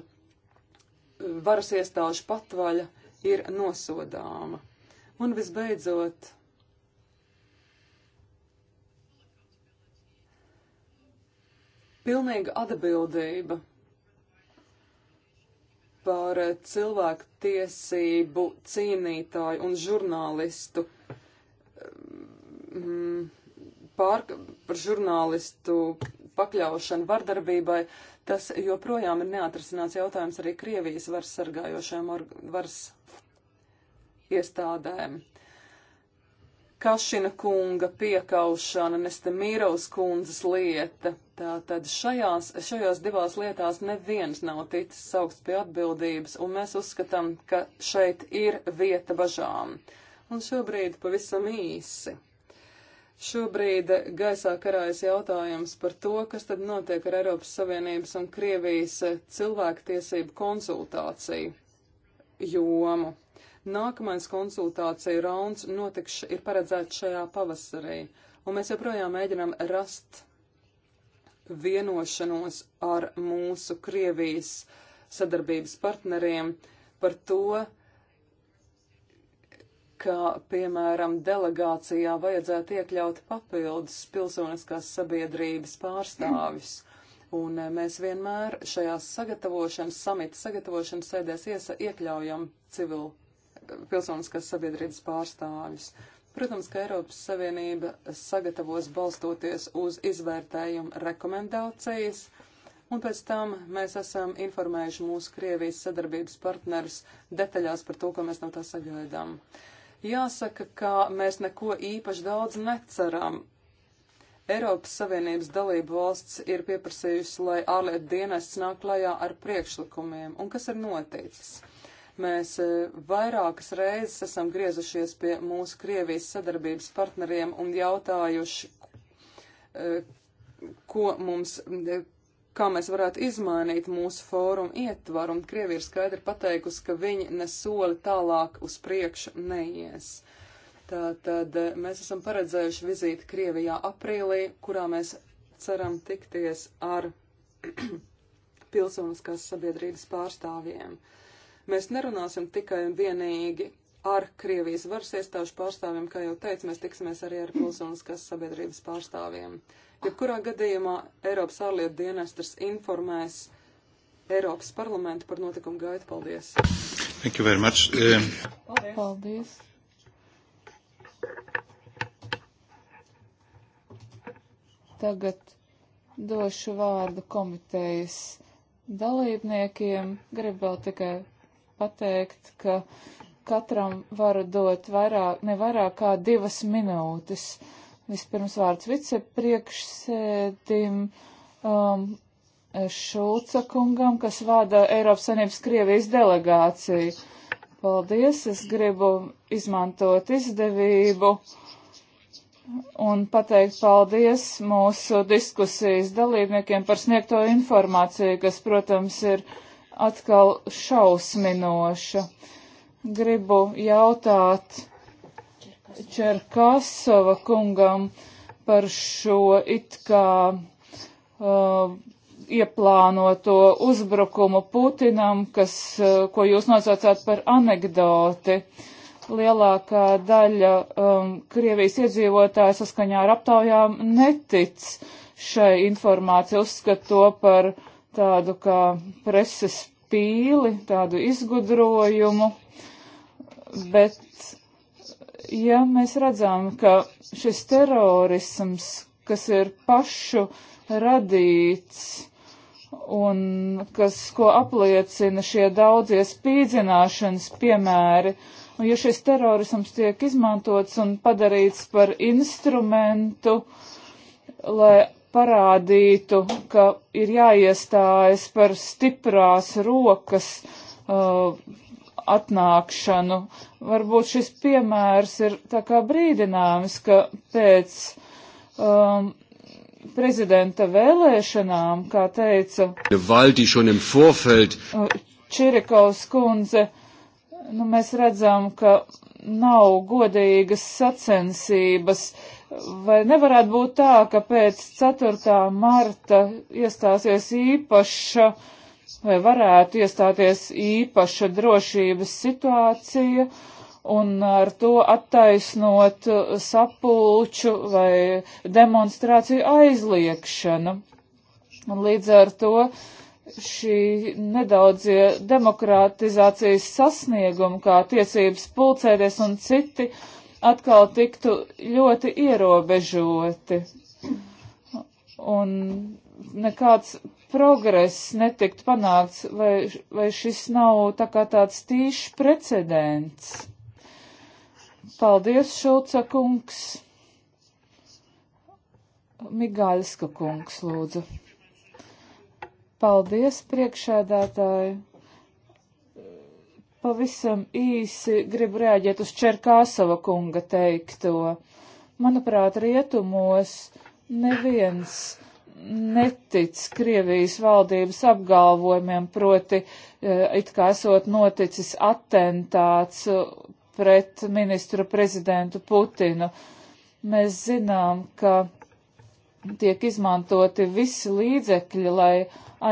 varas iestāžu patvaļa ir nosodāma. Un visbeidzot, pilnīga atbildība par eh, cilvēku tiesību cīnītāju un žurnālistu, mm, pār, par žurnālistu pakļaušanu vardarbībai, tas joprojām ir neatrisināts jautājums arī Krievijas varas sargājošajām varas iestādēm. Kašina kunga piekaušana, Nestamīros kundzes lieta. Tātad šajās, šajās divās lietās neviens nav ticis saukts pie atbildības, un mēs uzskatām, ka šeit ir vieta bažām. Un šobrīd pavisam īsi. Šobrīd gaisā karājas jautājums par to, kas tad notiek ar Eiropas Savienības un Krievijas cilvēktiesību konsultāciju jomu Nākamais konsultācija rauns notiks, ir paredzēts šajā pavasarī, un mēs joprojām mēģinām rast vienošanos ar mūsu Krievijas sadarbības partneriem par to, ka, piemēram, delegācijā vajadzētu iekļaut papildus pilsoniskās sabiedrības pārstāvis. Un eh, mēs vienmēr šajās sagatavošanas, samita sagatavošanas sēdēs iesa iekļaujam civilu pilsoniskās sabiedrības pārstāvis. Protams, ka Eiropas Savienība sagatavos balstoties uz izvērtējumu rekomendācijas, un pēc tam mēs esam informējuši mūsu Krievijas sadarbības partnerus detaļās par to, ko mēs no tā sagaidām. Jāsaka, ka mēs neko īpaši daudz neceram. Eiropas Savienības dalību valsts ir pieprasījusi, lai ārlietu dienests nāk klajā ar priekšlikumiem, un kas ir noticis? Mēs e, vairākas reizes esam griezušies pie mūsu Krievijas sadarbības partneriem un jautājuši, e, ko mums, e, kā mēs varētu izmainīt mūsu fórumu ietvaru, un Krievija ir skaidri pateikusi, ka viņi nesoli tālāk uz priekšu neies. Tātad mēs esam paredzējuši vizīti Krievijā aprīlī, kurā mēs ceram tikties ar pilsoniskās sabiedrības pārstāvjiem. Uh, Mēs nerunāsim tikai un vienīgi ar Krievijas varas iestāžu pārstāvjiem, kā jau teicu, mēs tiksimies arī ar pilsoniskās sabiedrības pārstāvjiem. Jebkurā gadījumā Eiropas ārlietu dienestas informēs Eiropas parlamentu par notikumu gaitu. Paldies! Thank you very much. Um... Eh, Paldies! Paldies. Tagad došu vārdu komitejas dalībniekiem. Gribu vēl tikai pateikt, ka katram varu dot vairāk, ne vairāk kā divas minūtes. Vispirms vārds vicepriekšsēdim um, Šulca kungam, kas vada Eiropas Sanības Krievijas delegāciju. Paldies, es gribu izmantot izdevību un pateikt paldies mūsu diskusijas dalībniekiem par sniegto informāciju, kas, protams, ir atkal šausminoša. Gribu jautāt Čerkasova kungam par šo it kā uh, ieplānoto uzbrukumu Putinam, kas, uh, ko jūs nosaucāt par anegdoti. Lielākā daļa um, Krievijas iedzīvotāja saskaņā ar aptaujām netic šai informācijai, uzskata to par uh, tādu kā preses pīli, tādu izgudrojumu, bet ja mēs redzam, ka šis terorisms, kas ir pašu radīts un kas, ko apliecina šie daudzie spīdzināšanas piemēri, un ja šis terorisms tiek izmantots un padarīts par instrumentu, lai parādītu, ka ir jāiestājas par stiprās rokas uh, atnākšanu. Varbūt šis piemērs ir tā kā brīdinājums, ka pēc um, prezidenta vēlēšanām, kā teica uh, Čirikovs kundze, nu, mēs redzam, ka nav godīgas sacensības. Uh, Vai nevarētu būt tā, ka pēc 4. marta iestāsies īpaša, vai varētu iestāties īpaša drošības situācija un ar to attaisnot sapulču vai demonstrāciju aizliekšanu? Un līdz ar to šī nedaudzie demokratizācijas sasniegumi, kā tiesības pulcēties un citi, uh, atkal tiktu ļoti ierobežoti. Un nekāds progress netiktu panākts, vai, vai šis nav tā kā tāds tīšs precedents. Paldies, Šulca kungs. Migāļska kungs, lūdzu. Paldies, priekšēdētāji. Pavisam īsi gribu rēģēt uz Čerkāsova kunga teikto. Manuprāt, rietumos neviens netic Krievijas valdības apgalvojumiem, proti, eh, it kā esot noticis attentāts eh, pret ministru prezidentu Putinu. Mēs zinām, ka tiek izmantoti visi līdzekļi, lai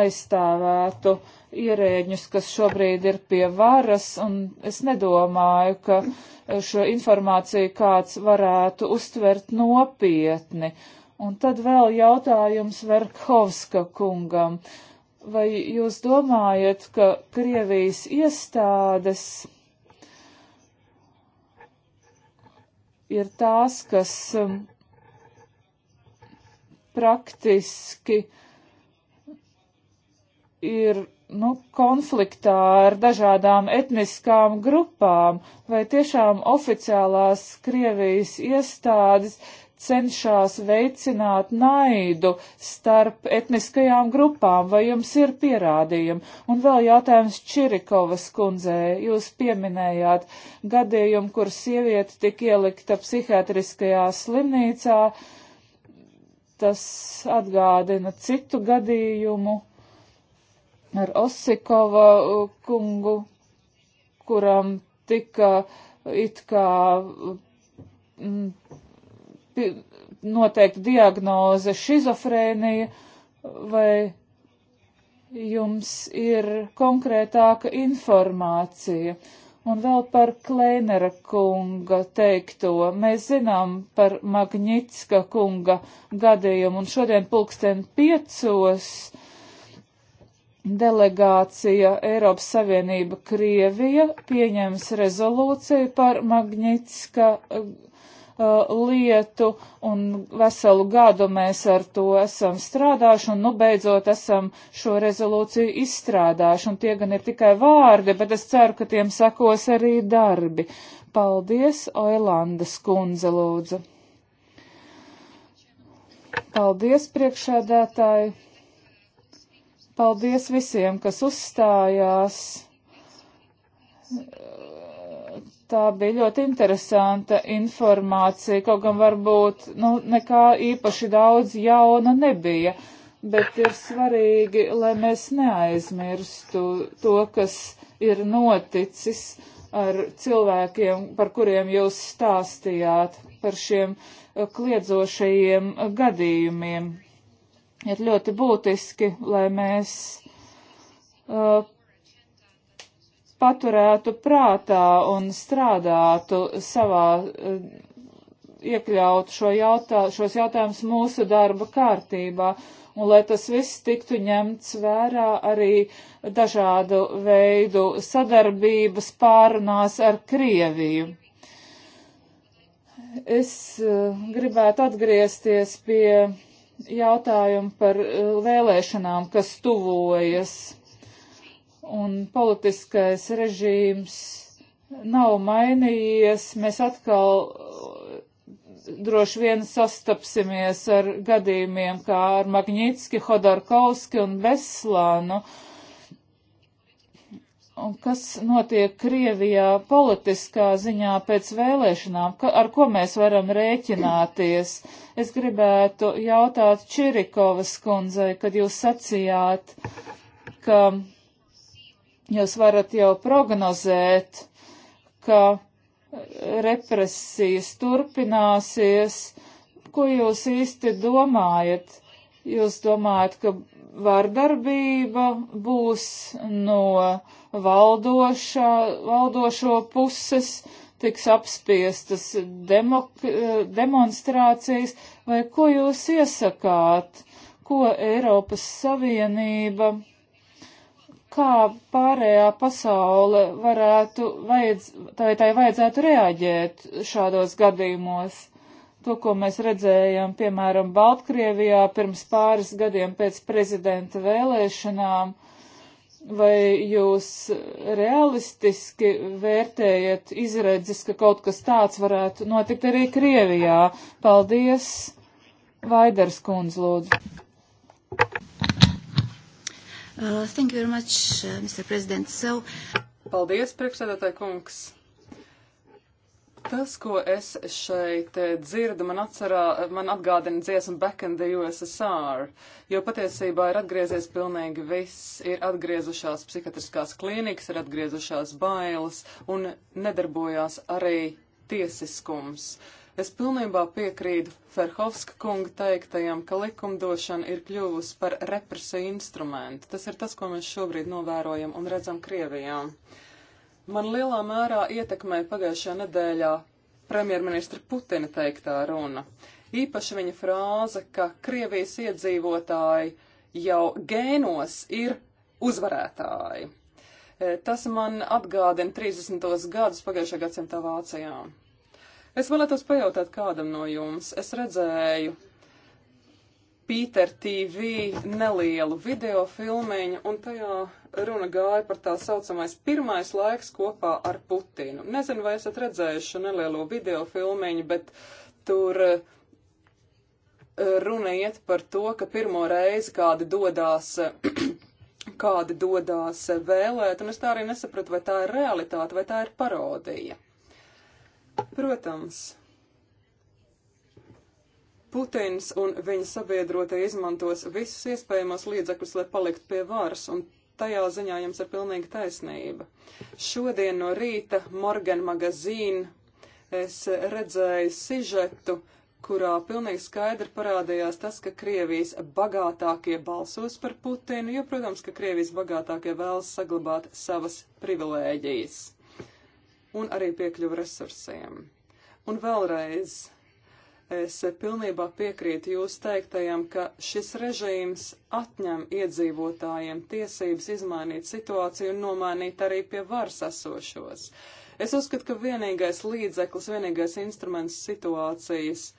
aizstāvētu uh, ierēģus, kas šobrīd ir pie varas, un es nedomāju, ka šo informāciju kāds varētu uztvert nopietni. Un tad vēl jautājums Verkovska kungam. Vai jūs domājat, ka Krievijas iestādes ir tās, kas um, praktiski ir nu, konfliktā ar dažādām etniskām grupām, vai tiešām oficiālās Krievijas iestādes cenšas veicināt naidu starp etniskajām grupām, vai jums ir pierādījumi? Un vēl jautājums Čirikovas kundzē. Jūs pieminējāt gadījumu, kur sieviete tika ielikta psihiatriskajā slimnīcā. Tas atgādina citu gadījumu ar Osikova kungu, kuram tika it kā noteikti diagnoze šizofrēnija, vai jums ir konkrētāka informācija? Un vēl par Kleinera kunga teikto. Mēs zinām par Magnitska kunga gadījumu, un šodien pulksten piecos uh, delegācija Eiropas Savienība Krievija pieņems rezolūciju par Magnitska uh, uh, lietu un veselu gadu mēs ar to esam strādājuši un nu beidzot esam šo rezolūciju izstrādājuši un tie gan ir tikai vārdi, bet es ceru, ka tiem sekos arī darbi. Paldies, Oilandas kundze lūdzu. Paldies, priekšādātāji. Paldies visiem, kas uzstājās. Tā bija ļoti interesanta informācija, kaut gan varbūt nu, nekā īpaši daudz jauna nebija, bet ir svarīgi, lai mēs neaizmirstu to, kas ir noticis ar cilvēkiem, par kuriem jūs stāstījāt, par šiem kliedzošajiem gadījumiem ir ļoti būtiski, lai mēs uh, paturētu prātā un strādātu savā, uh, iekļautu šo jautā, šos jautājumus mūsu darba kārtībā. Un lai tas viss tiktu ņemts vērā arī dažādu veidu sadarbības pārunās ar Krieviju es gribētu atgriezties pie jautājumu par eh, vēlēšanām, kas tuvojas, un politiskais režīms nav mainījies. Mēs atkal eh, droši vien sastapsimies ar gadījumiem kā ar Magnitski, Hodorkovski un Beslānu. No kas notiek Krievijā politiskā ziņā pēc vēlēšanām, ka, ar ko mēs varam rēķināties. Es gribētu jautāt Čirikovas kundzei, kad jūs sacījāt, ka jūs varat jau prognozēt, ka represijas turpināsies. Ko jūs īsti domājat? Jūs domājat, ka vardarbība būs no valdošā, valdošo puses tiks apspiestas demok, demonstrācijas, vai ko jūs iesakāt, ko Eiropas Savienība, kā pārējā pasaule varētu, vajadz, tai, tai vajadzētu reaģēt šādos gadījumos. To, ko mēs redzējām, piemēram, Baltkrievijā pirms pāris gadiem pēc prezidenta vēlēšanām, vai jūs realistiski vērtējat izredzes, ka kaut kas tāds varētu notikt arī Krievijā? Paldies, Vaiders kundz, lūdzu. Uh, thank you very much, uh, Mr. President. So... Paldies, priekšsēdētāji kungs. Tas, ko es šeit eh, dzirdu, man, atcerā, eh, man atgādina dziesmu Back in the USSR, jo patiesībā ir atgriezies pilnīgi viss. Ir atgriezušās psihiatriskās klīnikas, ir atgriezušās bailes un nedarbojās arī tiesiskums. Es pilnībā piekrītu Ferhovska kunga teiktajam, ka likumdošana ir kļuvusi par represiju instrumentu. Tas ir tas, ko mēs šobrīd novērojam un redzam Krievijām. Uh, Man lielā mērā ietekmēja pagājušajā nedēļā premjerministra Putina teiktā runa. Īpaši viņa frāze, ka Krievijas iedzīvotāji jau gēnos ir uzvarētāji. E, tas man atgādina 30. gadus pagājušā gadsimta Vācijā. Es vēlētos pajautāt kādam no jums. Es redzēju Pīter TV nelielu video filmiņu, un tajā runa gāja par tā saucamais pirmais laiks kopā ar Putinu. Nezinu, vai esat redzējuši šo nelielo video filmiņu, bet tur eh, runa iet par to, ka pirmo reizi kādi dodās, kādi dodās vēlēt, un es tā arī nesapratu, vai tā ir realitāte, vai tā ir parodija. Protams. Putins un viņa sabiedrotie izmantos visus iespējamos līdzekļus, lai paliktu pie varas, un tajā ziņā jums ir pilnīga taisnība. Šodien no rīta Morgan magazīna es redzēju sižetu, kurā pilnīgi skaidri parādījās tas, ka Krievijas bagātākie balsos par Putinu, jo, protams, ka Krievijas bagātākie vēlas saglabāt savas privilēģijas un arī piekļuvu resursiem. Un vēlreiz Es pilnībā piekrītu jūs teiktajam, ka šis režīms atņem iedzīvotājiem tiesības izmainīt situāciju un nomainīt arī pie varas esošos. Es uzskatu, ka vienīgais līdzeklis, vienīgais instruments situācijas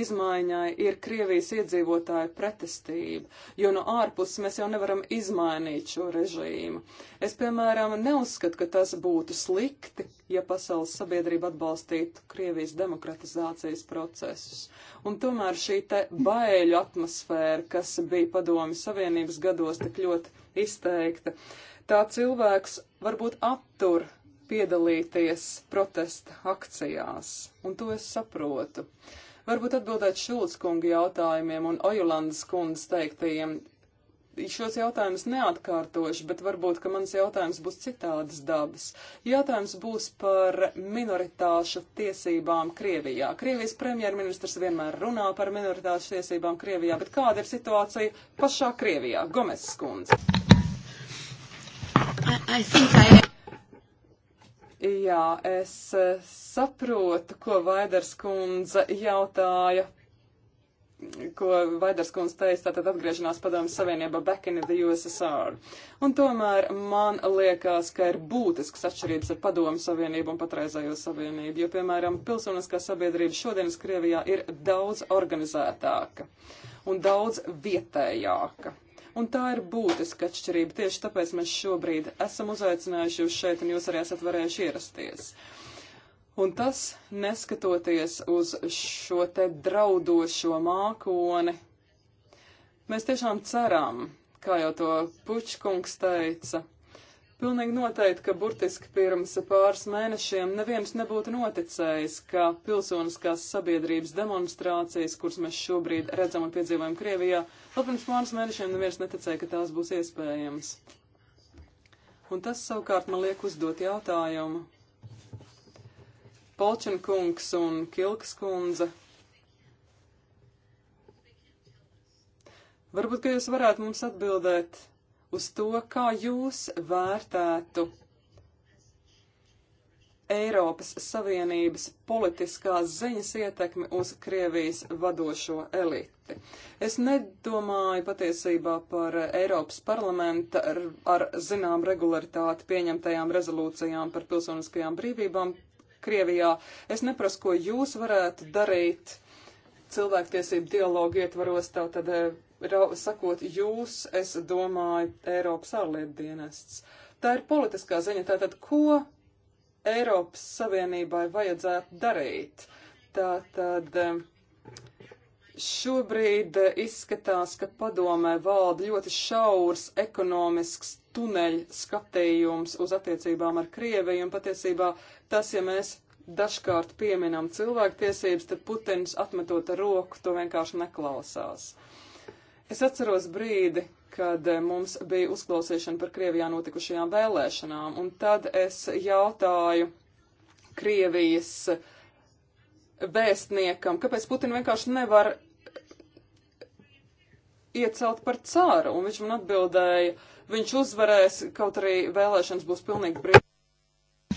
izmaiņai ir Krievijas iedzīvotāju pretestība, jo no ārpuses mēs jau nevaram izmainīt šo režīmu. Es, piemēram, neuzskatu, ka tas būtu slikti, ja pasaules sabiedrība atbalstītu Krievijas demokratizācijas procesus. Un tomēr šī te baiļu atmosfēra, kas bija padomi Savienības gados tik ļoti izteikta, tā cilvēks varbūt aptur piedalīties protesta akcijās, un to es saprotu. Uh, Varbūt atbildēt Šulc kunga jautājumiem un Ojulandas kundas teiktajiem. Šos jautājumus neatkārtošu, bet varbūt, ka mans jautājums būs citādas dabas. Jautājums būs par minoritāšu tiesībām Krievijā. Krievijas premjerministrs vienmēr runā par minoritāšu tiesībām Krievijā, bet kāda ir situācija pašā Krievijā? Gomes skundze. I, I Jā, es saprotu, ko Vaiders kundze jautāja, ko Vaiders kundze teica, tātad atgriešanās padomjas Savienībā back in the USSR. Un tomēr man liekas, ka ir būtisks atšķirības ar padomu Savienību un patreizējo Savienību, jo, piemēram, pilsoniskā sabiedrība šodienas Krievijā ir daudz organizētāka un daudz vietējāka un tā ir būtiska atšķirība. Tieši tāpēc mēs šobrīd esam uzaicinājuši jūs šeit, un jūs arī esat varējuši ierasties. Un tas, neskatoties uz šo te draudošo mākoni, mēs tiešām ceram, kā jau to Pučkungs teica, Pilnīgi noteikti, ka burtiski pirms pāris mēnešiem neviens nebūtu noticējis, ka pilsoniskās sabiedrības demonstrācijas, kuras mēs šobrīd redzam un piedzīvojam Krievijā, vēl pirms pāris mēnešiem neviens neticēja, ka tās būs iespējams. Un tas savukārt man liek uzdot jautājumu. Polčenkungs un Kilkas kundze, Varbūt, ka jūs varētu mums atbildēt, uz to, kā jūs vērtētu Eiropas Savienības politiskās ziņas ietekmi uz Krievijas vadošo eliti. Es nedomāju patiesībā par Eiropas parlamenta ar, ar zinām regularitāti pieņemtajām rezolūcijām par pilsoniskajām brīvībām Krievijā. Es neprasu, ko jūs varētu darīt cilvēktiesību dialogu ietvaros, tātad sakot jūs, es domāju Eiropas ārlietu dienests. Tā ir politiskā ziņa. Tātad, ko Eiropas Savienībai vajadzētu darīt? Tātad, šobrīd izskatās, ka padomē valda ļoti šaurs ekonomisks tuneļ skatījums uz attiecībām ar Krieviju, un patiesībā tas, ja mēs dažkārt pieminam cilvēktiesības, tad Putins atmetot ar roku to vienkārši neklausās. Uh, Es atceros brīdi, kad mums bija uzklausīšana par Krievijā notikušajām vēlēšanām, un tad es jautāju Krievijas vēstniekam, kāpēc Putina vienkārši nevar iecelt par cāru, un viņš man atbildēja, viņš uzvarēs, kaut arī vēlēšanas būs pilnīgi brīvas.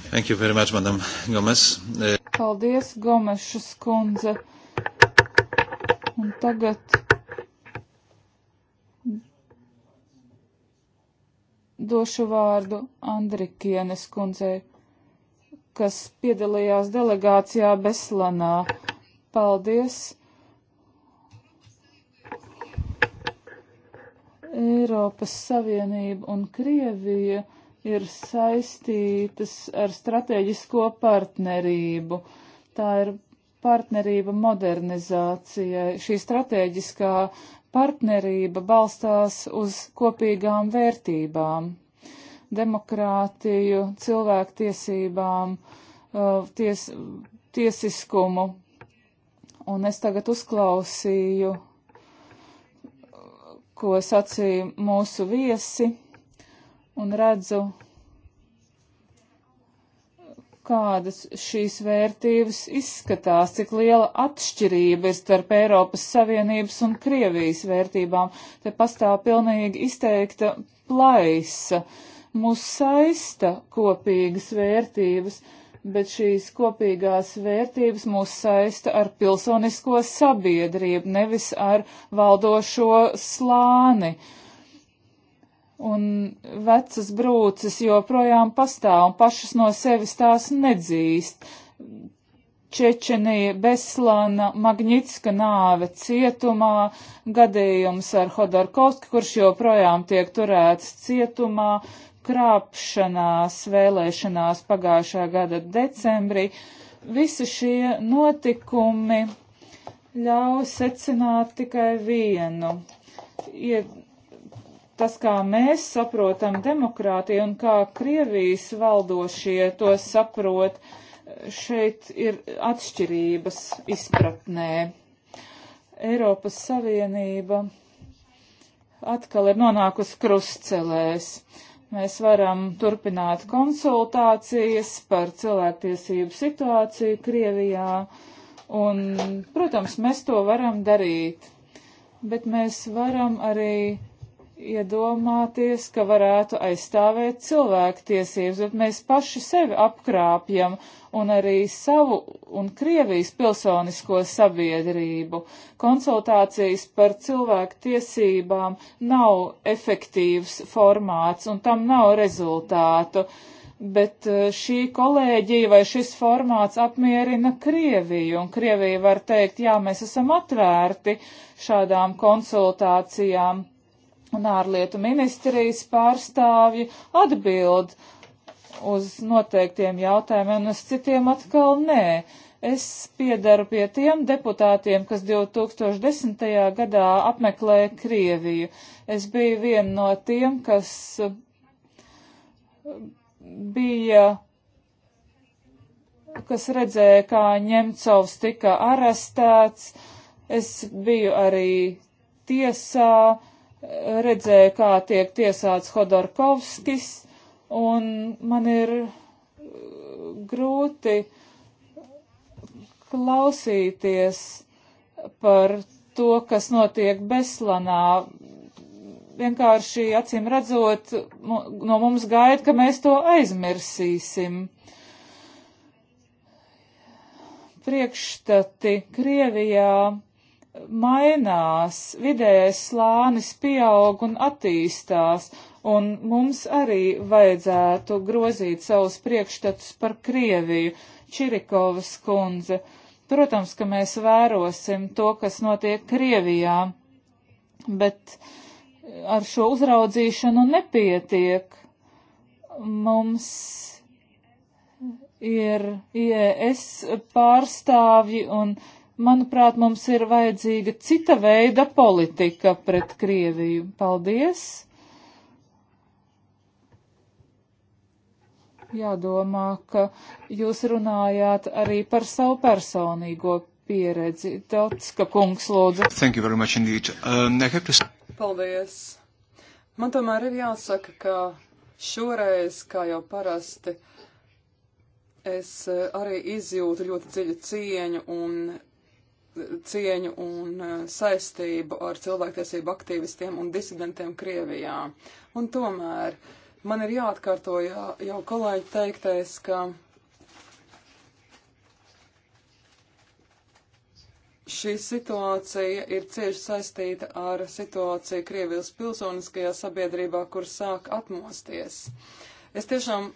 Thank you very much, madam Gomes. Eh, Paldies, Gomeša skundze. Un tagad došu vārdu Andrikienes kundzei, kas piedalījās delegācijā Beslanā. Paldies! Eiropas Savienība un Krievija ir saistītas ar strateģisko partnerību. Tā ir partnerība modernizācijai. Šī strateģiskā uh, Partnerība balstās uz kopīgām vērtībām - demokrātiju, cilvēktiesībām, uh, ties, tiesiskumu. Un es tagad uzklausīju, ko sacīja mūsu viesi, un redzu, kādas šīs vērtības izskatās, cik liela atšķirība ir starp Eiropas Savienības un Krievijas vērtībām. Te pastāv pilnīgi izteikta plaisa. Mūs saista kopīgas vērtības, bet šīs kopīgās vērtības mūs saista ar pilsonisko sabiedrību, nevis ar valdošo slāni. Uh, un vecas brūces joprojām pastāv un pašas no sevis tās nedzīst. Čečenija, Beslana, Magnitska nāve cietumā, gadījums ar Hodorkovski, kurš joprojām tiek turēts cietumā, krāpšanās vēlēšanās pagājušā gada decembrī. Visi šie notikumi ļauj secināt tikai vienu. Ied tas, kā mēs saprotam demokrātiju un kā Krievijas valdošie to saprot, šeit ir atšķirības izpratnē. Eiropas Savienība atkal ir nonākusi krustcelēs. Mēs varam turpināt konsultācijas par cilvēktiesību situāciju Krievijā, un, protams, mēs to varam darīt, bet mēs varam arī iedomāties, ka varētu aizstāvēt cilvēktiesības, bet mēs paši sevi apkrāpjam un arī savu un Krievijas pilsonisko sabiedrību. Konsultācijas par cilvēktiesībām nav efektīvs formāts un tam nav rezultātu, bet eh, šī kolēģija vai šis formāts apmierina Krieviju, un Krievija var teikt, jā, mēs esam atvērti šādām konsultācijām un ārlietu ministrijas pārstāvji atbild uz noteiktiem jautājumiem, un uz citiem atkal nē. Es piedaru pie tiem deputātiem, kas 2010. gadā apmeklēja Krieviju. Es biju viena no tiem, kas uh, bija kas redzēja, kā Ņemcovs tika arestēts. Es biju arī tiesā, redzēju, kā tiek tiesāts Hodorkovskis, un man ir uh, grūti klausīties par to, kas notiek Beslanā. Vienkārši, acīm redzot, no mums gaida, ka mēs to aizmirsīsim priekšstati Krievijā mainās, vidējais slānis pieaug un attīstās, un mums arī vajadzētu grozīt savus priekšstatus par Krieviju, Čirikovas kundze. Protams, ka mēs vērosim to, kas notiek Krievijā, bet ar šo uzraudzīšanu nepietiek. Mums ir IES pārstāvji un Manuprāt, mums ir vajadzīga cita veida politika pret Krieviju. Paldies! Jādomā, ka jūs runājāt arī par savu personīgo pieredzi. Tautska kungs, lūdzu. Thank you very much indeed. Um, uh, to... Paldies. Man tomēr ir jāsaka, ka šoreiz, kā jau parasti, es eh, arī izjūtu ļoti dziļu cieņu un cieņu un e, saistību ar cilvēktiesību aktīvistiem un disidentiem Krievijā. Un tomēr man ir jāatkārto jā, jau kolēģi teiktais, ka šī situācija ir cieši saistīta ar situāciju Krievijas pilsoniskajā sabiedrībā, kur sāk atmosties. Es tiešām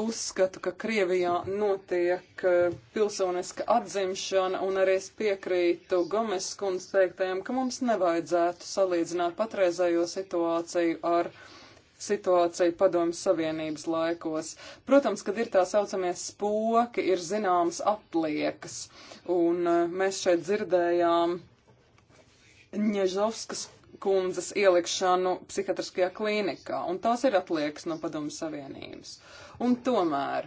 uzskatu, ka Krievijā notiek e, pilsoniska atzimšana, un arī es piekrītu Gomes kundas teiktajam, ka mums nevajadzētu salīdzināt patreizējo situāciju ar situāciju padomjas Savienības laikos. Protams, kad ir tā saucamie spoki, ir zināmas apliekas, un e, mēs šeit dzirdējām Ņežovskas kundzes ielikšanu psihiatriskajā klīnikā, un tās ir atliekas no padomjas Savienības. Uh, Un tomēr,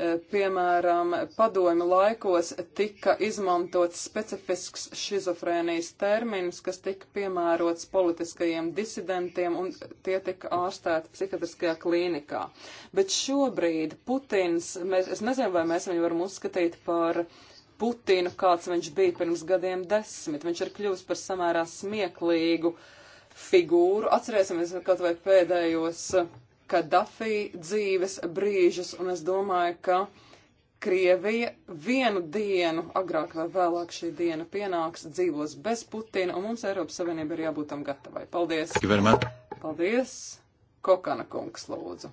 e, piemēram, padomi laikos tika izmantots specifisks šizofrēnijas termins, kas tika piemērots politiskajiem disidentiem un tie tika ārstēti psihiatriskajā klīnikā. Bet šobrīd Putins, mēs, es nezinu, vai mēs viņu varam uzskatīt par Putinu, kāds viņš bija pirms gadiem desmit. Viņš ir kļuvis par samērā smieklīgu figūru. Atcerēsimies kaut vai pēdējos Kadafi dzīves brīžus, un es domāju, ka Krievija vienu dienu, agrāk vai vēlāk šī diena pienāks, dzīvos bez Putina, un mums Eiropas Savienība ir jābūt tam gatavai. Paldies! Paldies! Kokana kungs, lūdzu!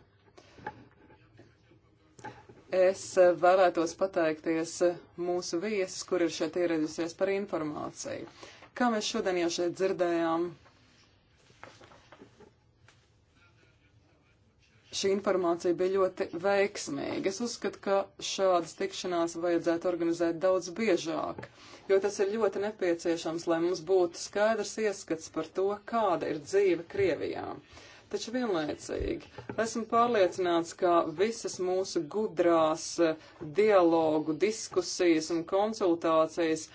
Es vēlētos pateikties mūsu viesis, kur ir šeit ieradusies par informāciju. Kā mēs šodien jau šeit dzirdējām, šī informācija bija ļoti veiksmīga. Es uzskatu, ka šādas tikšanās vajadzētu organizēt daudz biežāk, jo tas ir ļoti nepieciešams, lai mums būtu skaidrs ieskats par to, kāda ir dzīve Krievijā. Taču vienlaicīgi esmu pārliecināts, ka visas mūsu gudrās eh, dialogu, diskusijas un konsultācijas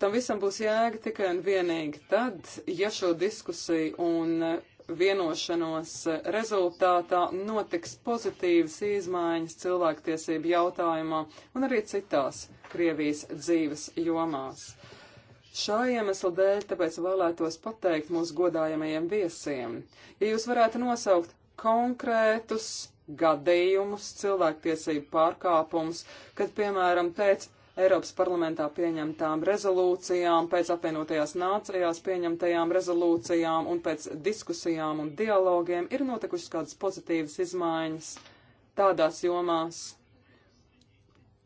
tam visam būs jēga tikai un vienīgi tad, ja šo diskusiju un eh, vienošanos rezultātā notiks pozitīvas izmaiņas cilvēktiesību jautājumā un arī citās Krievijas dzīves jomās. Šā iemesla dēļ tāpēc vēlētos pateikt mūsu godājamajiem viesiem, ja jūs varētu nosaukt konkrētus gadījumus, cilvēktiesību pārkāpumus, kad, piemēram, pēc Eiropas parlamentā pieņemtām rezolūcijām, pēc apvienotajās nācijās pieņemtajām rezolūcijām un pēc diskusijām un dialogiem ir notikušas kādas pozitīvas izmaiņas tādās jomās,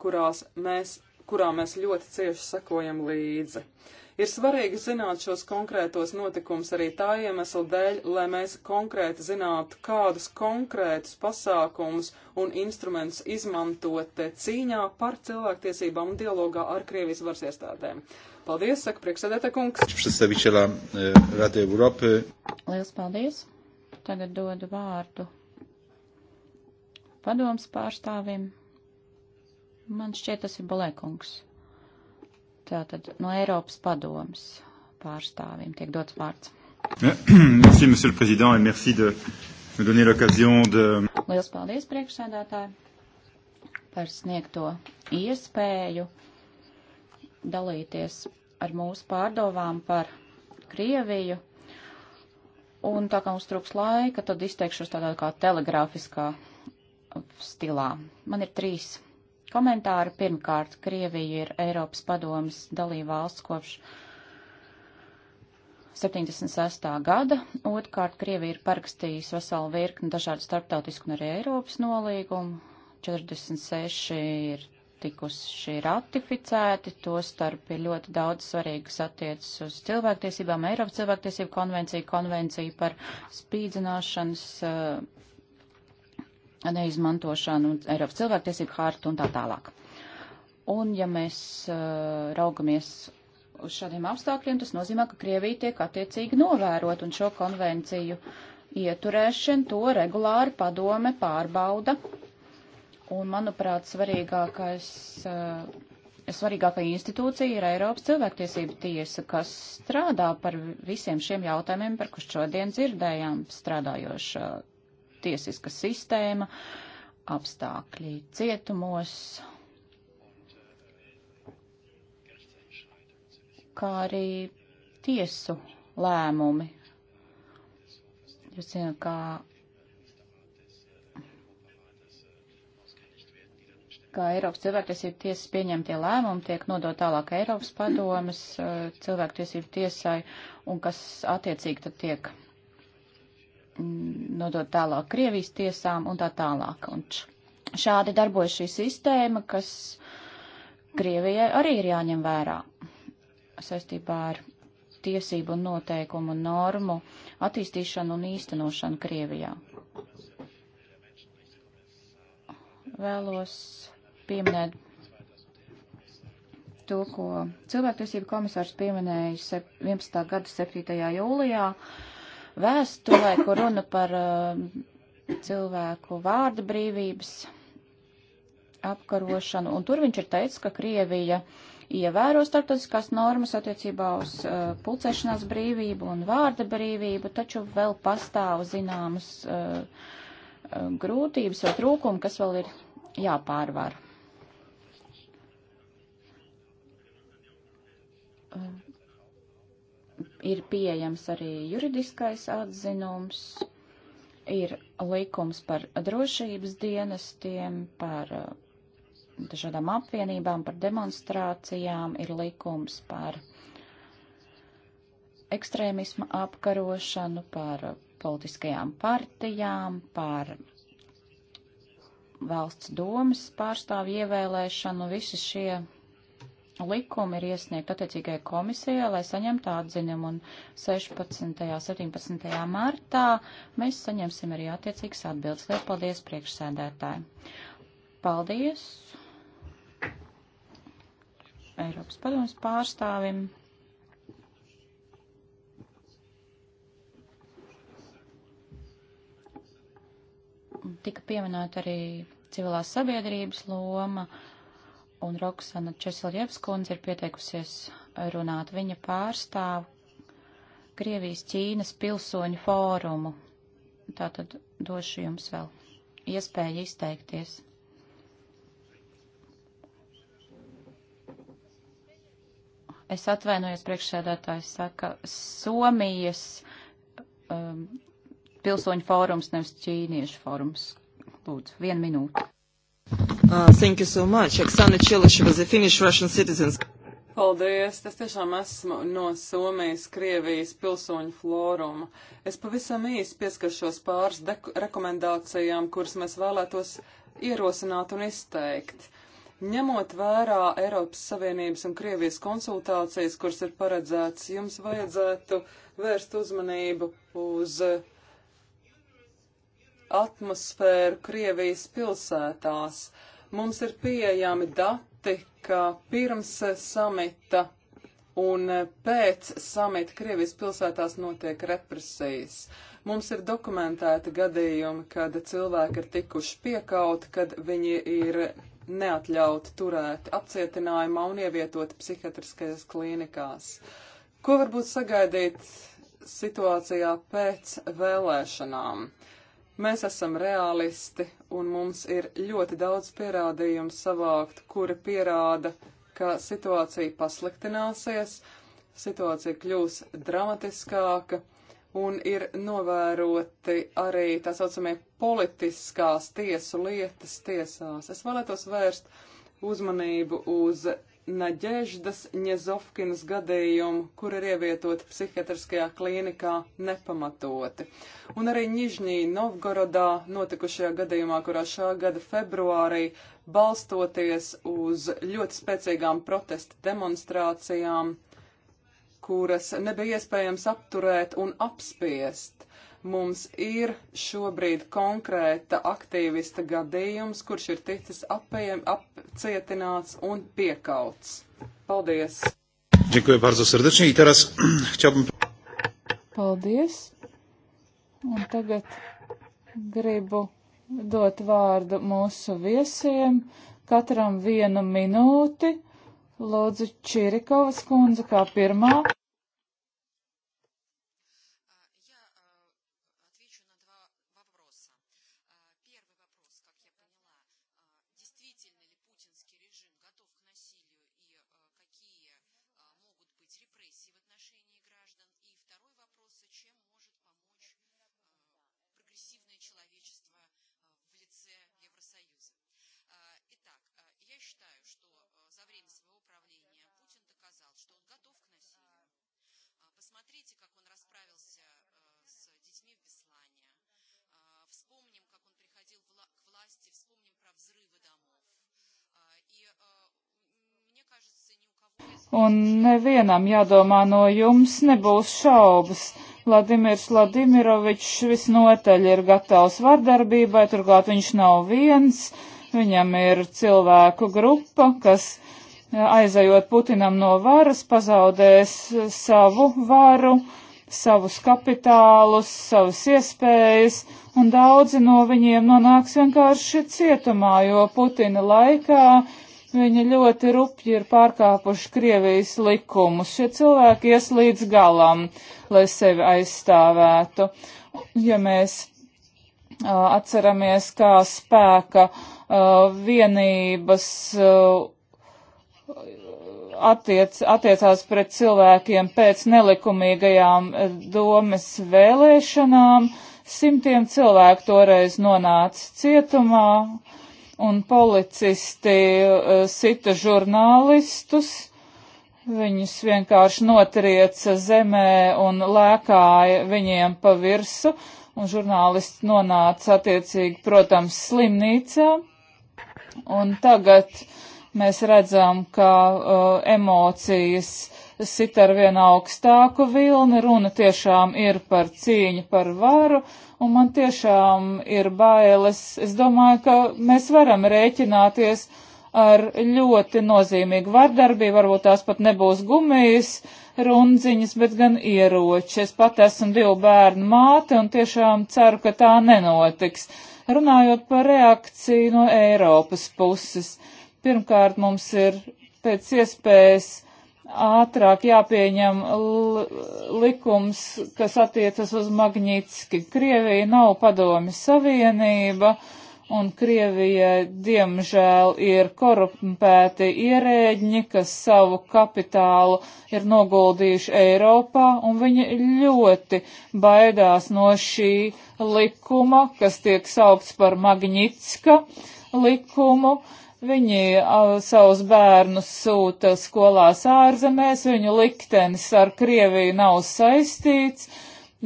kurās mēs, kurā mēs ļoti cieši sekojam līdzi. Uh, Ir svarīgi zināt šos konkrētos notikumus arī tā iemesla dēļ, lai mēs konkrēti zinātu, kādus konkrētus pasākumus un instrumentus izmantot cīņā par cilvēktiesībām un dialogā ar Krievijas varas iestādēm. Paldies, saka priekšsēdētā kungs. Eh, Liels paldies. Tagad dodu vārdu padoms pārstāvim. Man šķiet, tas ir Balēkungs. Tātad no Eiropas padomas pārstāvjiem tiek dots vārds. Merci, monsieur le président, et merci de me donner l'occasion de. Liels paldies, priekšsēdētāji, par sniegto iespēju dalīties ar mūsu pārdomām par Krieviju. Un tā kā mums trūks laika, tad izteikšos tādā kā telegrāfiskā stilā. Man ir trīs komentāri. Pirmkārt, Krievija ir Eiropas padomas dalība valsts kopš 76. gada. Otkārt, Krievija ir parakstījusi veselu virkni dažādu starptautisku un arī Eiropas nolīgumu. 46 ir tikuši ratificēti, to starp ir ļoti daudz svarīgas attiecas uz cilvēktiesībām, Eiropas cilvēktiesību konvenciju, konvenciju par spīdzināšanas uh, neizmantošanu, Eiropas cilvēktiesību hārtu un tā tālāk. Un ja mēs uh, raugamies uz šādiem apstākļiem, tas nozīmē, ka Krievija tiek attiecīgi novērot un šo konvenciju ieturēšanu to regulāri padome pārbauda. Un, manuprāt, svarīgākais, eh, svarīgākā institūcija ir Eiropas cilvēktiesība tiesa, kas strādā par visiem šiem jautājumiem, par kur šodien dzirdējām, strādājoša tiesiska sistēma, apstākļi cietumos, kā arī tiesu lēmumi. Jūs zināt, kā, kā Eiropas cilvēktiesību tiesas pieņemtie lēmumi tiek nodot tālāk Eiropas padomas eh, cilvēktiesību tiesai un kas attiecīgi tad tiek nodot nu, tālāk Krievijas tiesām un tā tālāk. Un šādi darbojas šī sistēma, kas Krievijai arī ir jāņem vērā saistībā ar tiesību un noteikumu un normu attīstīšanu un īstenošanu Krievijā. Vēlos pieminēt to, ko cilvēktiesību komisārs pieminēja 11. gada 7. jūlijā. Uh, vēstulē, kur runa par uh, cilvēku vārda brīvības apkarošanu, un tur viņš ir teicis, ka Krievija ievēro starptautiskās normas attiecībā uz uh, pulcēšanās brīvību un vārda brīvību, taču vēl pastāv zināmas uh, grūtības vai trūkumi, kas vēl ir jāpārvar. Uh ir pieejams arī juridiskais atzinums, ir likums par drošības dienestiem, par uh, dažādām apvienībām, par demonstrācijām, ir likums par ekstrēmisma apkarošanu, par politiskajām partijām, par valsts domas pārstāvju ievēlēšanu, visi šie likumi ir iesniegt attiecīgai komisijai, lai saņemtu atziņumu. Un 16. 17. martā mēs saņemsim arī attiecīgas atbildes. Liels paldies priekšsēdētāji. Paldies Eiropas padomus pārstāvim. Tika pieminēta arī civilās sabiedrības loma. Uh, un Roksana Česeljevskundze ir pieteikusies runāt. Viņa pārstāv Krievijas Ķīnas pilsoņu fórumu. Tātad došu jums vēl iespēju izteikties. Es atvainojos priekšsēdētājs saka, Somijas um, pilsoņu fórums, nevis ķīniešu fórums. Lūdzu, vienu minūti. Uh, thank you so much. Oksana Čiliša was a Finnish Russian citizen. Paldies! Tas tiešām esmu no Somijas, Krievijas pilsoņu floruma. Es pavisam īsi pieskaršos pāris rekomendācijām, kuras mēs vēlētos ierosināt un izteikt. Ņemot vērā Eiropas Savienības un Krievijas konsultācijas, kuras ir paredzētas, jums vajadzētu vērst uzmanību uz uh, atmosfēru Krievijas pilsētās. Mums ir pieejami dati, ka pirms samita un pēc samita Krievijas pilsētās notiek represijas. Mums ir dokumentēti gadījumi, kad cilvēki ir tikuši piekauti, kad viņi ir neatļauti turēt apcietinājumā un ievietoti psihiatriskajās klīnikās. Ko varbūt sagaidīt situācijā pēc vēlēšanām? Mēs esam realisti, un mums ir ļoti daudz pierādījumu savākt, kuri pierāda, ka situācija pasliktināsies, situācija kļūs dramatiskāka, un ir novēroti arī tā saucamie politiskās tiesu lietas tiesās. Es vēlētos vērst uzmanību uz Nadeždas Ņezovkins gadījumu, kur ir ievietota psihiatriskajā klīnikā nepamatoti. Un arī Ņižņī Novgorodā notikušajā gadījumā, kurā šā gada februārī, balstoties uz ļoti spēcīgām protesta demonstrācijām, kuras nebija iespējams apturēt un apspiest. Mums ir šobrīd konkrēta aktīvista gadījums, kurš ir ticis apējiem, apcietināts un piekauts. Paldies! Dziękuję bardzo serdecznie i teraz chciałbym... Paldies! Un tagad gribu dot vārdu mūsu viesiem, katram vienu minūti. Lūdzu, Čirikovas kundze kā pirmā. Un nevienam jādomā no jums nebūs šaubas. Vladimirs Vladimirovičs visnotaļ ir gatavs vardarbībai, turklāt viņš nav viens, viņam ir cilvēku grupa, kas eh, aizējot Putinam no varas, pazaudēs savu varu, savus kapitālus, savas iespējas, un daudzi no viņiem nonāks vienkārši cietumā, jo Putina laikā Viņi ļoti rupji ir pārkāpuši Krievijas likumus. Šie cilvēki ies līdz galam, lai sevi aizstāvētu. Ja mēs uh, atceramies, kā spēka uh, vienības uh, attiec, attiecās pret cilvēkiem pēc nelikumīgajām domas vēlēšanām, simtiem cilvēku toreiz nonāca cietumā un policisti e, sita žurnālistus. Viņus vienkārši notrieca zemē un lēkāja viņiem pa virsu, un žurnālisti nonāca attiecīgi, protams, slimnīcā. Un tagad mēs redzam, ka uh, emocijas sit ar vien augstāku vilni, runa tiešām ir par cīņu par varu, un man tiešām ir bailes. Es domāju, ka mēs varam rēķināties ar ļoti nozīmīgu vardarbību, varbūt tās pat nebūs gumijas rundziņas, bet gan ieroči. Es pat esmu divu bērnu māte un tiešām ceru, ka tā nenotiks. Runājot par reakciju no Eiropas puses, pirmkārt mums ir pēc iespējas ātrāk jāpieņem likums, kas attiecas uz Magnitski. Krievija nav padomi savienība, un Krievijai, diemžēl, ir korumpēti ierēģi, kas savu kapitālu ir noguldījuši Eiropā, un viņi ļoti baidās no šī likuma, kas tiek saukts par Magnitska likumu. Uh, Viņi uh, savus bērnus sūta skolās ārzemēs, viņu liktenis ar Krieviju nav saistīts,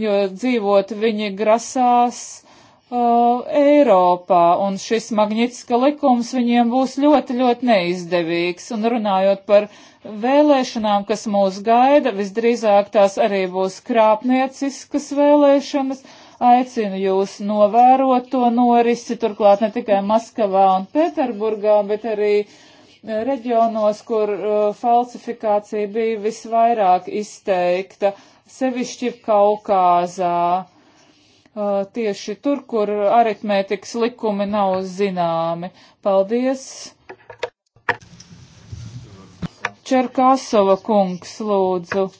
jo dzīvot viņi grasās uh, Eiropā, un šis magnitiska likums viņiem būs ļoti, ļoti neizdevīgs. Un runājot par vēlēšanām, kas mūs gaida, visdrīzāk tās arī būs krāpnieciskas vēlēšanas Aicinu jūs novērot to norisi, turklāt ne tikai Maskavā un Pēterburgā, bet arī e, reģionos, kur uh, falsifikācija bija visvairāk izteikta, sevišķi Kaukāzā, uh, tieši tur, kur aritmētikas likumi nav zināmi. Paldies! Čerkasova kungs, lūdzu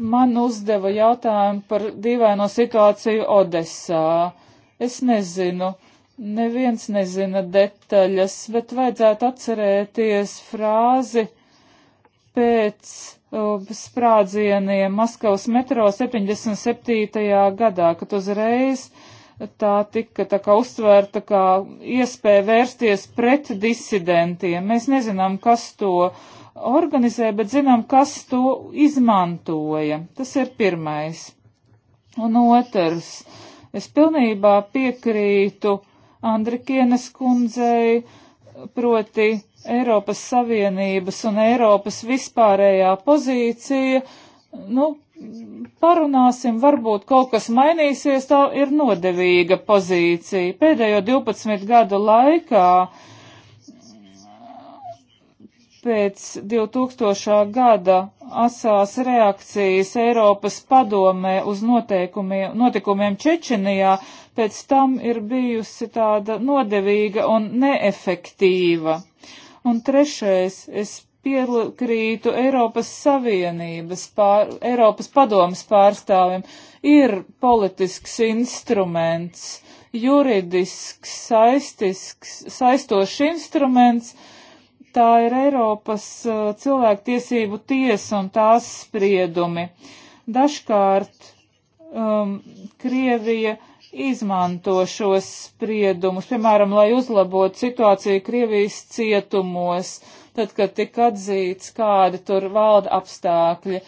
man uzdeva jautājumu par dīvaino situāciju Odesā. Es nezinu, neviens nezina detaļas, bet vajadzētu atcerēties frāzi pēc uh, sprādzieniem Maskavas metro 77. gadā, kad uzreiz tā tika tā kā uztvērta kā iespēja vērsties pret disidentiem. Mēs nezinām, kas to uh, organizē, bet zinām, kas to izmantoja. Tas ir pirmais. Un otrs, es pilnībā piekrītu Andrikienes kundzei, proti Eiropas Savienības un Eiropas vispārējā pozīcija. Nu, parunāsim, varbūt kaut kas mainīsies, tā ir nodevīga pozīcija. Pēdējo 12 gadu laikā uh, pēc 2000. gada asās reakcijas Eiropas padomē uz notikumiem Čečenijā, pēc tam ir bijusi tāda nodevīga un neefektīva. Un trešais, es piekrītu Eiropas Savienības, pār, Eiropas padomas pārstāvim, ir politisks instruments, juridisks, saistisks, saistošs instruments, uh, tā ir Eiropas cilvēktiesību tiesa un tās spriedumi. Dažkārt um, Krievija izmanto šos spriedumus, piemēram, lai uzlabotu situāciju Krievijas cietumos, tad, kad tika atzīts, kādi tur valda apstākļi.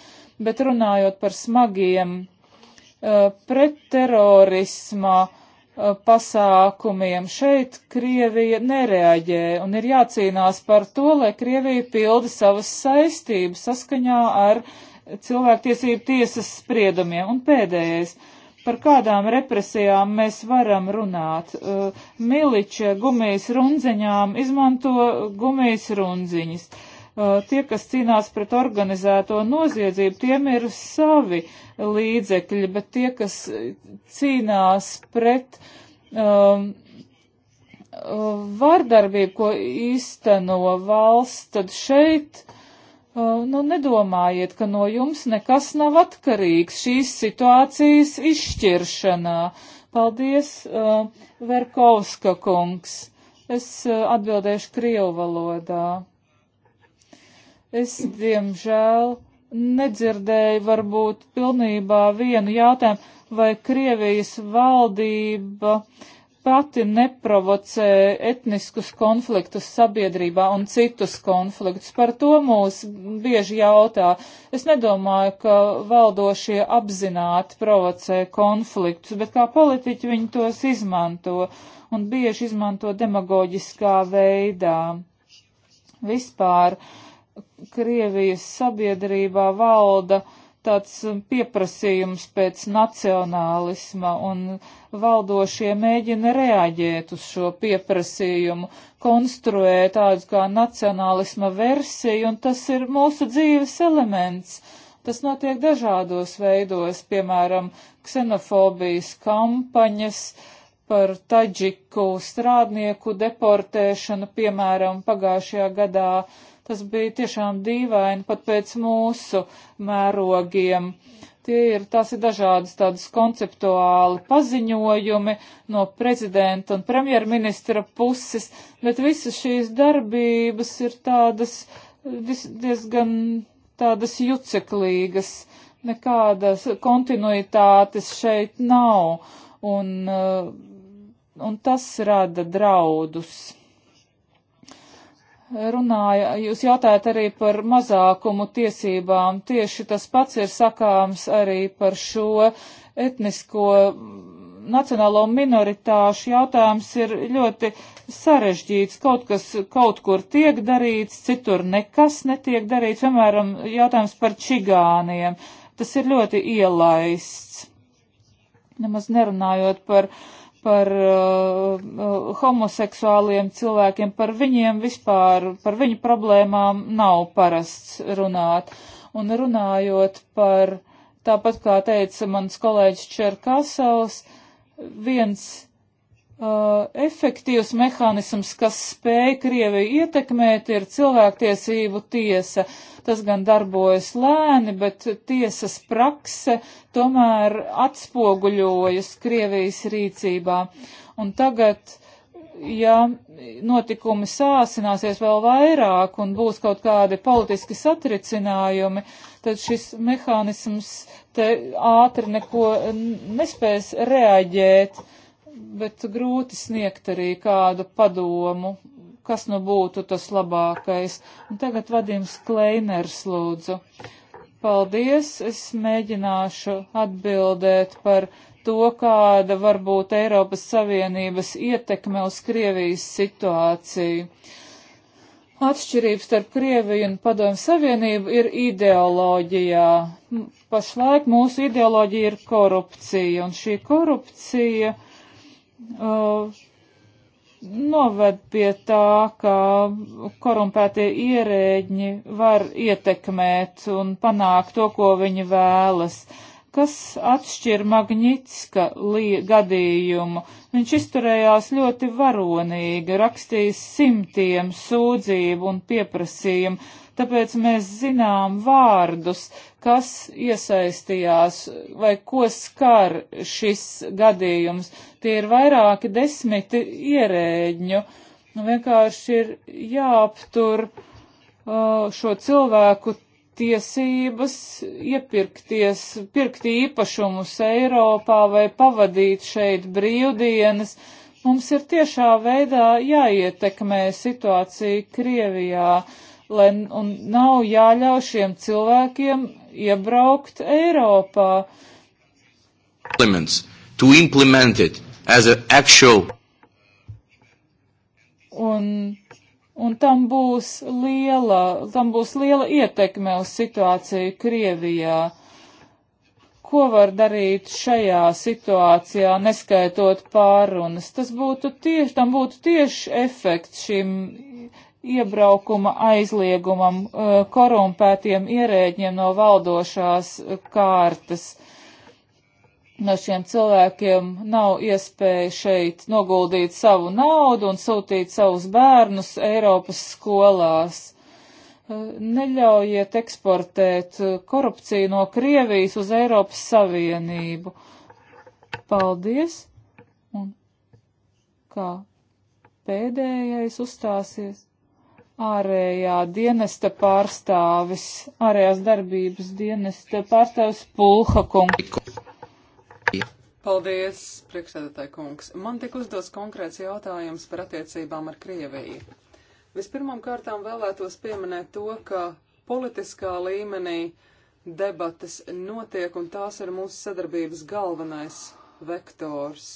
Bet runājot par smagiem uh, pretterorisma uh, pasākumiem. Šeit Krievija nereaģē un ir jācīnās par to, lai Krievija pilda savas saistības saskaņā ar cilvēktiesību tiesas spriedumiem. Un pēdējais, par kādām represijām mēs varam runāt. Uh, Miliča gumijas rundziņām izmanto gumijas rundziņas. Uh, tie, kas cīnās pret organizēto noziedzību, tiem ir savi līdzekļi, bet tie, kas cīnās pret um, vardarbību, ko īsteno valsts, tad šeit uh, nu, nedomājiet, ka no jums nekas nav atkarīgs šīs situācijas izšķiršanā. Paldies, uh, Verkovska kungs. Es uh, atbildēšu Krievu valodā. Es, diemžēl, nedzirdēju varbūt pilnībā vienu jautājumu, vai Krievijas valdība pati neprovocē etniskus konfliktus sabiedrībā un citus konfliktus. Par to mūs bieži jautā. Es nedomāju, ka valdošie apzināti provocē konfliktus, bet kā politiķi viņi tos izmanto un bieži izmanto demagoģiskā veidā. Vispār uh, Krievijas sabiedrībā valda tāds pieprasījums pēc nacionālisma, un valdošie mēģina reaģēt uz šo pieprasījumu, konstruē tādu kā nacionālisma versiju, un tas ir mūsu dzīves elements. Tas notiek dažādos veidos, piemēram, ksenofobijas kampaņas par taģiku strādnieku deportēšanu, piemēram, pagājušajā gadā uh, Tas bija tiešām dīvaini pat pēc mūsu mērogiem. Tie ir, tās ir dažādas tādas konceptuāli paziņojumi no prezidenta un premjerministra puses, bet visas šīs darbības ir tādas diezgan tādas juceklīgas, nekādas kontinuitātes šeit nav, un, eh, un tas rada draudus runāja, jūs jautājat arī par mazākumu tiesībām. Tieši tas pats ir sakāms arī par šo etnisko nacionālo minoritāšu jautājums ir ļoti sarežģīts. Kaut kas kaut kur tiek darīts, citur nekas netiek darīts. Piemēram, jautājums par čigāniem. Tas ir ļoti ielaists. Nemaz nerunājot par uh, par uh, uh, homoseksuāliem cilvēkiem, par viņiem vispār, par viņu problēmām nav parasts runāt. Un runājot par, tāpat kā teica mans kolēģis Čerkasovs, viens uh, efektīvs mehānisms, kas spēja Krieviju ietekmēt, ir cilvēktiesību tiesa. Uh, Tas gan darbojas lēni, bet tiesas prakse tomēr atspoguļojas Krievijas rīcībā. Un tagad ja notikumi sāsināsies vēl vairāk un būs kaut kādi politiski satricinājumi, tad šis mehānisms te ātri neko nespēs reaģēt, bet grūti sniegt arī kādu padomu kas nu būtu tas labākais. Un tagad Vadims Kleiners lūdzu. Paldies, es mēģināšu atbildēt par to, kāda var būt Eiropas Savienības ietekme uz Krievijas situāciju. Atšķirības starp Krieviju un Padomu Savienību ir ideoloģijā. Pašlaik mūsu ideoloģija ir korupcija, un šī korupcija uh, noved pie tā, ka korumpētie ierēģi var ietekmēt un panākt to, ko viņi vēlas. Kas atšķir Magnitska gadījumu? Viņš izturējās ļoti varonīgi, rakstījis simtiem sūdzību un pieprasījumu, tāpēc mēs zinām vārdus, kas iesaistījās vai ko skar šis gadījums. Tie ir vairāki desmiti ierēģņu. Nu, vienkārši ir jāaptur uh, šo cilvēku tiesības iepirkties, pirkt īpašumus Eiropā vai pavadīt šeit brīvdienas. Mums ir tiešā veidā jāietekmē situācija Krievijā. Uh, lai nav jāļauj šiem cilvēkiem iebraukt Eiropā. Elements to implement it as an actual. Un, un tam būs liela, tam būs liela ietekme uz situāciju Krievijā. Ko var darīt šajā situācijā, neskaitot pārunas? Tas būtu tieši, tam būtu tieši efekts šim iebraukuma aizliegumam e, korumpētiem ierēģiem no valdošās kārtas. No šiem cilvēkiem nav iespēja šeit noguldīt savu naudu un sūtīt savus bērnus Eiropas skolās. E, neļaujiet eksportēt korupciju no Krievijas uz Eiropas Savienību. Paldies! Un kā pēdējais uzstāsies? ārējā dienesta pārstāvis, ārējās darbības dienesta pārstāvis Pulha kungs. Paldies, priekšsēdētāji kungs. Man tik uzdos konkrēts jautājums par attiecībām ar Krieviju. Vispirmām kārtām vēlētos pieminēt to, ka politiskā līmenī debatas notiek un tās ir mūsu sadarbības galvenais vektors.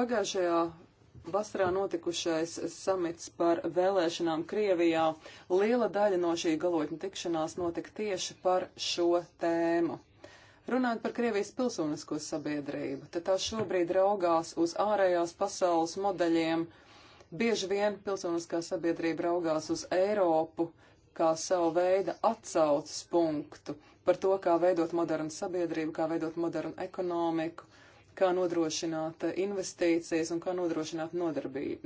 Pagājušajā Vasarā notikušais samits par vēlēšanām Krievijā liela daļa no šī galotņa tikšanās notika tieši par šo tēmu. Runājot par Krievijas pilsonisko sabiedrību, tad tā šobrīd raugās uz ārējās pasaules modeļiem. Bieži vien pilsoniskā sabiedrība raugās uz Eiropu kā savu veidu atsaucas punktu par to, kā veidot modernu sabiedrību, kā veidot modernu ekonomiku, kā nodrošināt investīcijas un kā nodrošināt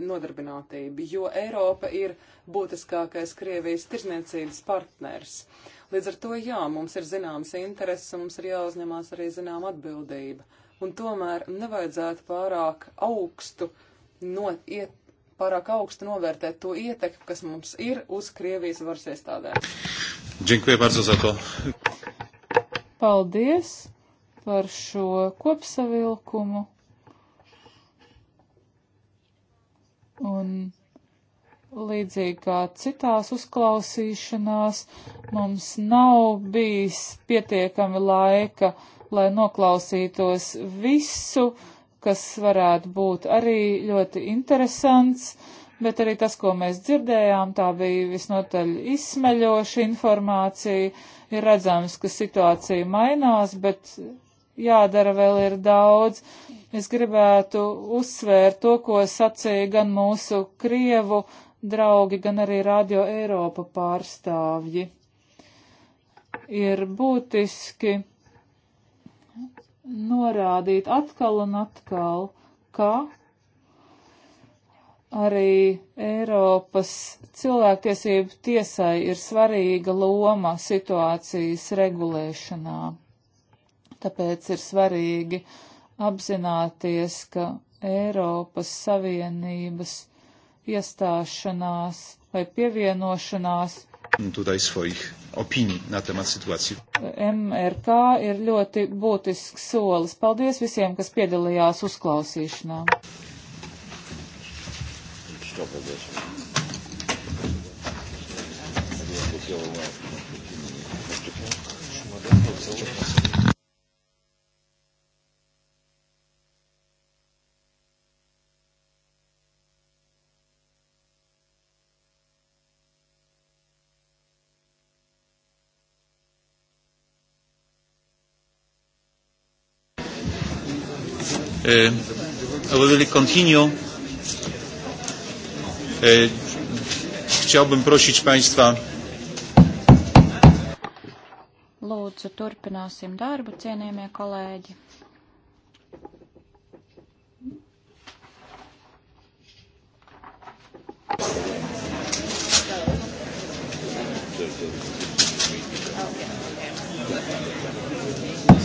nodarbinātību, jo Eiropa ir būtiskākais Krievijas tirzniecības partners. Līdz ar to, jā, mums ir zināmas intereses, mums ir jāuzņemās arī zināma atbildība. Un tomēr nevajadzētu pārāk augstu, no, iet, pārāk augstu novērtēt to ietekmi, kas mums ir uz Krievijas varas iestādēm. Dziękuję bardzo za to. Paldies! par šo kopsavilkumu. Un līdzīgi kā citās uzklausīšanās, mums nav bijis pietiekami laika, lai noklausītos visu, kas varētu būt arī ļoti interesants, bet arī tas, ko mēs dzirdējām, tā bija visnotaļ izsmeļoša informācija. Ir redzams, ka situācija mainās, bet jādara vēl ir daudz. Es gribētu uzsvērt to, ko sacīja gan mūsu Krievu draugi, gan arī Radio Eiropa pārstāvji. Ir būtiski norādīt atkal un atkal, ka arī Eiropas cilvēktiesību tiesai ir svarīga loma situācijas regulēšanā. Tāpēc ir svarīgi apzināties, ka Eiropas Savienības iestāšanās vai pievienošanās tutaj swoich opinii na temat sytuacji. MRK ir ļoti būtisks solis. Paldies visiem, kas piedalījās uzklausīšanā. Thank you. we uh, will continue. Uh, chciałbym prosić Państwa. Lūdzu, turpināsim darbu, cienījamie kolēģi. Okay.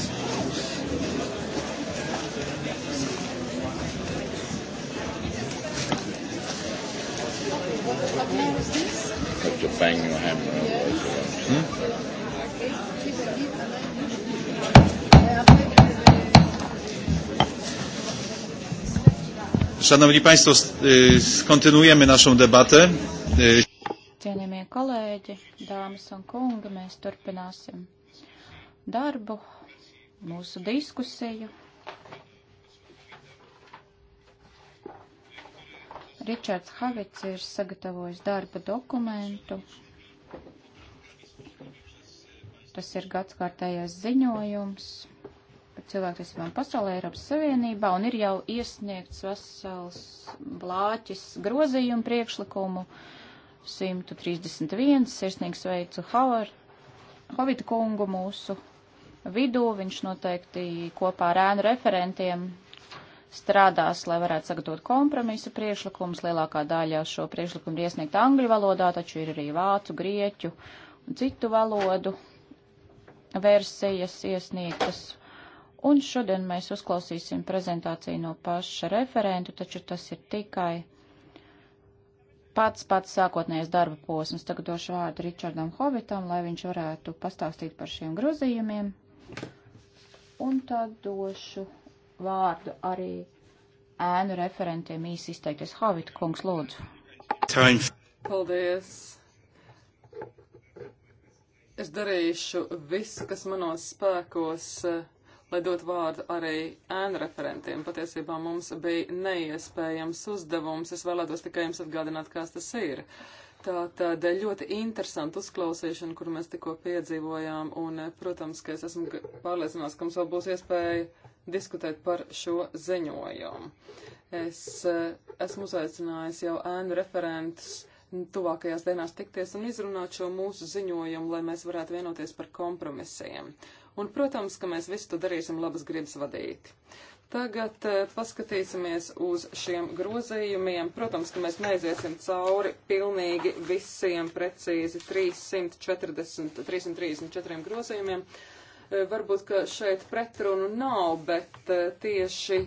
Dr. Bang or Hammer was the one. Szanowni Państwo, kontynuujemy naszą debatę. Cienījamie kolēģi, dāmas un kungi, mēs turpināsim darbu, mūsu diskusiju. Ričards Havits ir sagatavojis darba dokumentu. Tas ir gadskārtējais ziņojums cilvēktiesībām pasaulē, Eiropas Savienībā, un ir jau iesniegts vesels blāķis grozījumu priekšlikumu 131. Sirsnīgs veicu Havar, Havita kungu mūsu vidū. Viņš noteikti kopā ar ēnu referentiem strādās, lai varētu sagatavot kompromisa priešlikumus. Lielākā daļa šo priešlikumu ir iesniegt angļu valodā, taču ir arī vācu, grieķu un citu valodu versijas iesniegtas. Un šodien mēs uzklausīsim prezentāciju no paša referentu, taču tas ir tikai pats pats sākotnējais darba posms. Tagad došu vārdu Ričardam Hovitam, lai viņš varētu pastāstīt par šiem grozījumiem. Un tad došu vārdu arī ēnu referentiem īsi izteikties. Havit, kungs, lūdzu. Time. Paldies. Es darīšu visu, kas manos spēkos, lai dot vārdu arī ēnu referentiem. Patiesībā mums bija neiespējams uzdevums. Es vēlētos tikai jums atgādināt, kas tas ir. Uh, Tā tāda ļoti interesanta uzklausīšana, kur mēs tikko piedzīvojām, un, eh, protams, ka es esmu pārliecināts, ka mums vēl būs iespēja diskutēt par šo ziņojumu. Es eh, esmu uzaicinājis jau ēnu referentus tuvākajās dienās tikties un izrunāt šo mūsu ziņojumu, lai mēs varētu vienoties par kompromisiem. Un, protams, ka mēs visu to darīsim labas gribas vadīti. Tagad eh, paskatīsimies uz šiem grozījumiem. Protams, ka mēs neiziesim cauri pilnīgi visiem precīzi 340, 334 grozījumiem. Eh, varbūt, ka šeit pretrunu nav, bet eh, tieši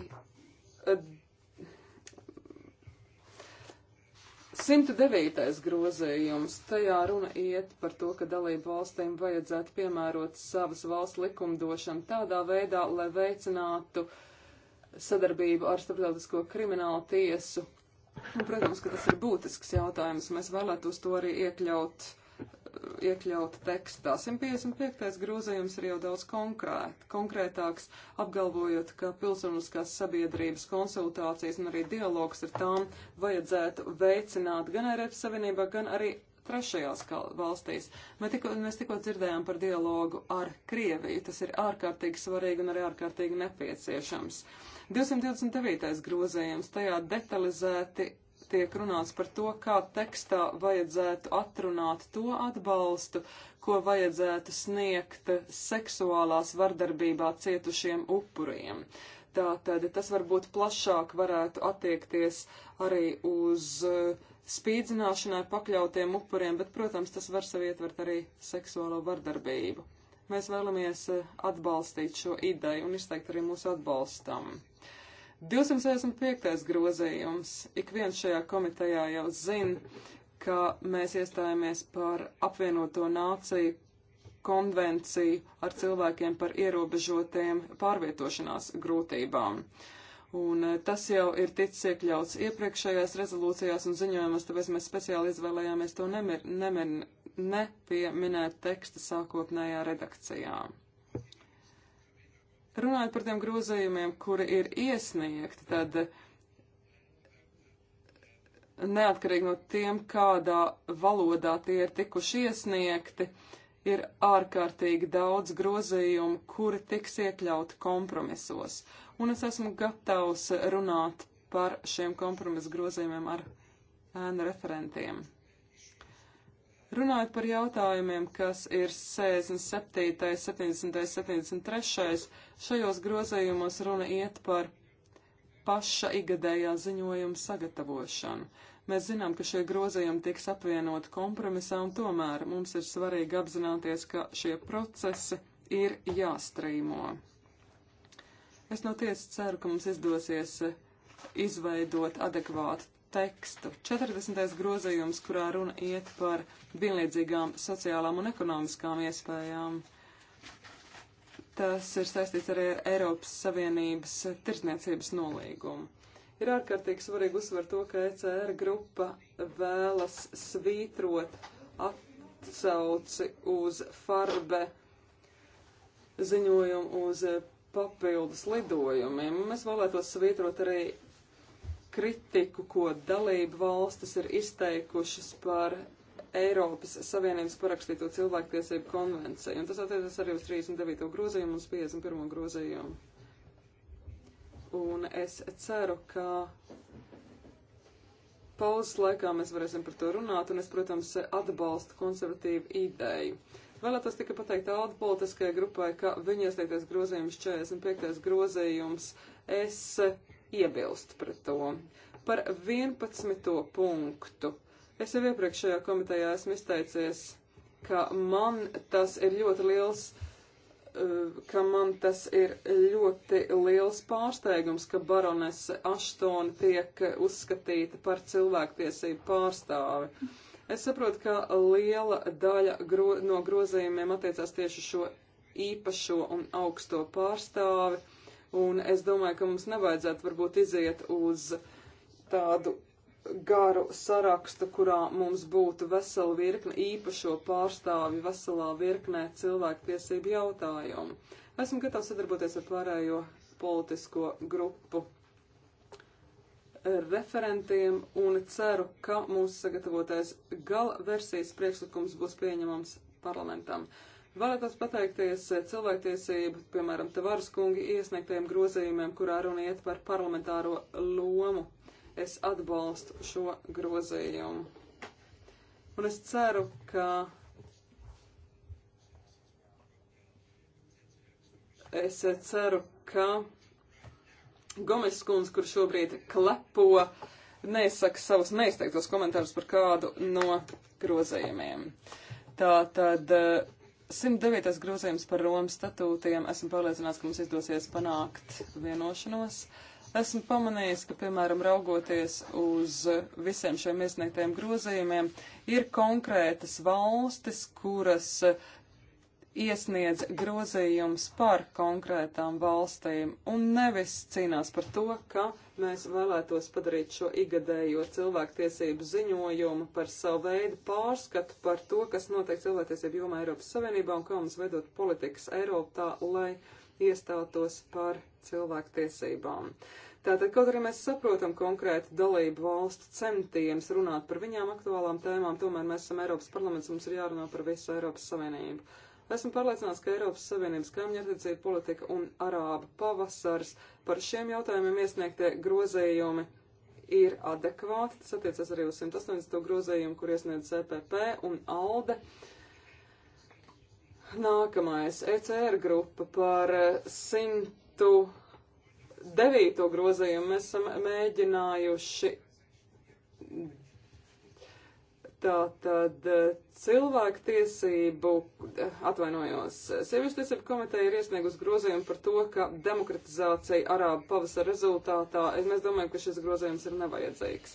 109. grozījums. Tajā runa iet par to, ka dalību valstīm vajadzētu piemērot savas valsts likumdošanu tādā veidā, lai veicinātu uh, sadarbību ar starptautisko kriminālu tiesu. Un, protams, ka tas ir būtisks jautājums. Mēs vēlētos to arī iekļaut, iekļaut tekstā. 155. grozījums ir jau daudz konkrēt, konkrētāks, apgalvojot, ka pilsoniskās sabiedrības konsultācijas un arī dialogs ar tām vajadzētu veicināt gan Eiropas Savienībā, gan arī trešajās valstīs. Mēs tikko, mēs tikko dzirdējām par dialogu ar Krieviju. Tas ir ārkārtīgi svarīgi un arī ārkārtīgi nepieciešams. 229. grozējums tajā detalizēti tiek runāts par to, kā tekstā vajadzētu atrunāt to atbalstu, ko vajadzētu sniegt seksuālās vardarbībā cietušiem upuriem. Tātad tas varbūt plašāk varētu attiekties arī uz eh, spīdzināšanai pakļautiem upuriem, bet, protams, tas var sev ietvert arī seksuālo vardarbību. Mēs vēlamies eh, atbalstīt šo ideju un izteikt arī mūsu atbalstam. 265. grozījums. Ik viens šajā komitejā jau zina, ka mēs iestājāmies par apvienoto nāciju konvenciju ar cilvēkiem par ierobežotiem pārvietošanās grūtībām. Uh, Un eh, tas jau ir ticis iekļauts iepriekšējās rezolūcijās un ziņojumos, tāpēc mēs speciāli izvēlējāmies to nemir, nemir, nepieminēt teksta sākotnējā redakcijā. Runājot par tiem grozījumiem, kuri ir iesniegti, tad eh, neatkarīgi no tiem, kādā valodā tie ir tikuši iesniegti, uh, ir ārkārtīgi daudz grozījumu, kuri tiks iekļauti kompromisos. Un es esmu gatavs runāt par šiem kompromisu grozījumiem ar ēnu referentiem. Runājot par jautājumiem, kas ir 67., 70., 73., šajos grozījumos runa iet par paša igadējā ziņojuma sagatavošanu. Mēs zinām, ka šie grozījumi tiks apvienoti kompromisā, un tomēr mums ir svarīgi apzināties, ka šie procesi ir jāstrīmo. Es no tiesas ceru, ka mums izdosies eh, izveidot adekvātu tekstu. 40. grozījums, kurā runa iet par vienlīdzīgām sociālām un ekonomiskām iespējām. Tas ir saistīts arī ar Eiropas Savienības tirsniecības nolīgumu. Ir ārkārtīgi svarīgi uzsver to, ka ECR grupa vēlas svītrot atsauci uz farbe ziņojumu uz papildus lidojumiem. Mēs vēlētos svītrot arī kritiku, ko dalību valstis ir izteikušas par Eiropas Savienības parakstīto cilvēktiesību konvenciju. Un tas attiecas arī uz 39. grozījumu un 51. grozījumu un es ceru, ka pauzes laikā mēs varēsim par to runāt, un es, protams, atbalstu konservatīvu ideju. Vēlētos tikai pateikt Alda politiskajai grupai, ka viņa iesniegtais grozījums 45. grozījums es iebilstu pret to. Par 11. punktu. Es jau iepriekšējā komitejā esmu izteicies, ka man tas ir ļoti liels uh, Eh, ka man tas ir ļoti liels pārsteigums, ka baronese Aštona tiek uzskatīta par cilvēktiesību pārstāvi. Es saprotu, ka liela daļa gro, no grozījumiem attiecās tieši šo īpašo un augsto pārstāvi, un es domāju, ka mums nevajadzētu varbūt iziet uz tādu garu sarakstu, kurā mums būtu vesela virkne īpašo pārstāvju, veselā virknē cilvēktiesību jautājumu. Esmu gatavs sadarboties ar pārējo politisko grupu referentiem un ceru, ka mūsu sagatavotais gala versijas priekšlikums būs pieņemams parlamentam. Vēlētos pateikties cilvēktiesību, piemēram, Tavaras kungi iesniegtajiem grozījumiem, kurā runa iet par parlamentāro lomu es atbalstu šo grozījumu. Un es ceru, ka es ceru, ka Gomes skundz, kur šobrīd klepo, nesaka savus neizteiktos komentārus par kādu no grozījumiem. Tā tad 109. Eh, grozījums par Romas statūtiem. Esmu pārliecināts, ka mums izdosies panākt vienošanos. Uh, Esmu pamanījis, ka, piemēram, raugoties uz visiem šiem iesniegtajiem grozījumiem, ir konkrētas valstis, kuras iesniedz grozījums par konkrētām valstīm un nevis cīnās par to, ka mēs vēlētos padarīt šo igadējo cilvēktiesību ziņojumu par savu veidu pārskatu par to, kas notiek cilvēktiesību jomā Eiropas Savienībā un kā mums veidot politikas Eiropā, lai iestātos par cilvēktiesībām. Tātad, kaut arī mēs saprotam konkrēti dalību valstu centienus runāt par viņām aktuālām tēmām, tomēr mēs esam Eiropas parlaments, mums ir jārunā par visu Eiropas Savienību. Esmu pārliecināts, ka Eiropas Savienības kaimiņattiecība politika un Arāba pavasars par šiem jautājumiem iesniegtie grozējumi ir adekvāti. Tas attiecas arī uz 180. grozējumu, kur iesniedz CPP un ALDE. Uh, Nākamais ECR grupa par 109. grozījumu mēs esam mēģinājuši Tātad eh, cilvēktiesību, eh, atvainojos, sieviešu tiesību komiteja ir iesniegus grozījumu par to, ka demokratizācija arābu pavasara rezultātā, es eh, mēs domājam, ka šis grozījums ir nevajadzīgs.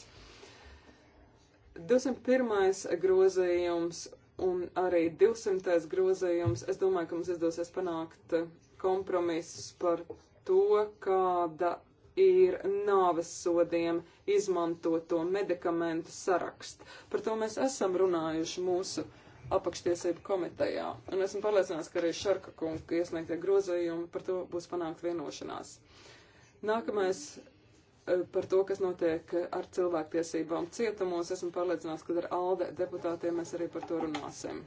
201. grozījums un arī 200. grozījums. Es domāju, ka mums izdosies panākt kompromisus par to, kāda ir nāves sodiem izmantoto medikamentu saraksts. Par to mēs esam runājuši mūsu apakštiesību komitejā, un esmu pārliecināts, ka arī Šarka kunga iesniegtie grozījumi par to būs panākt vienošanās. Nākamais Eh, par to, kas notiek ar cilvēktiesībām cietumos. Esmu pārliecināts, ka ar ALDE deputātiem mēs arī par to runāsim.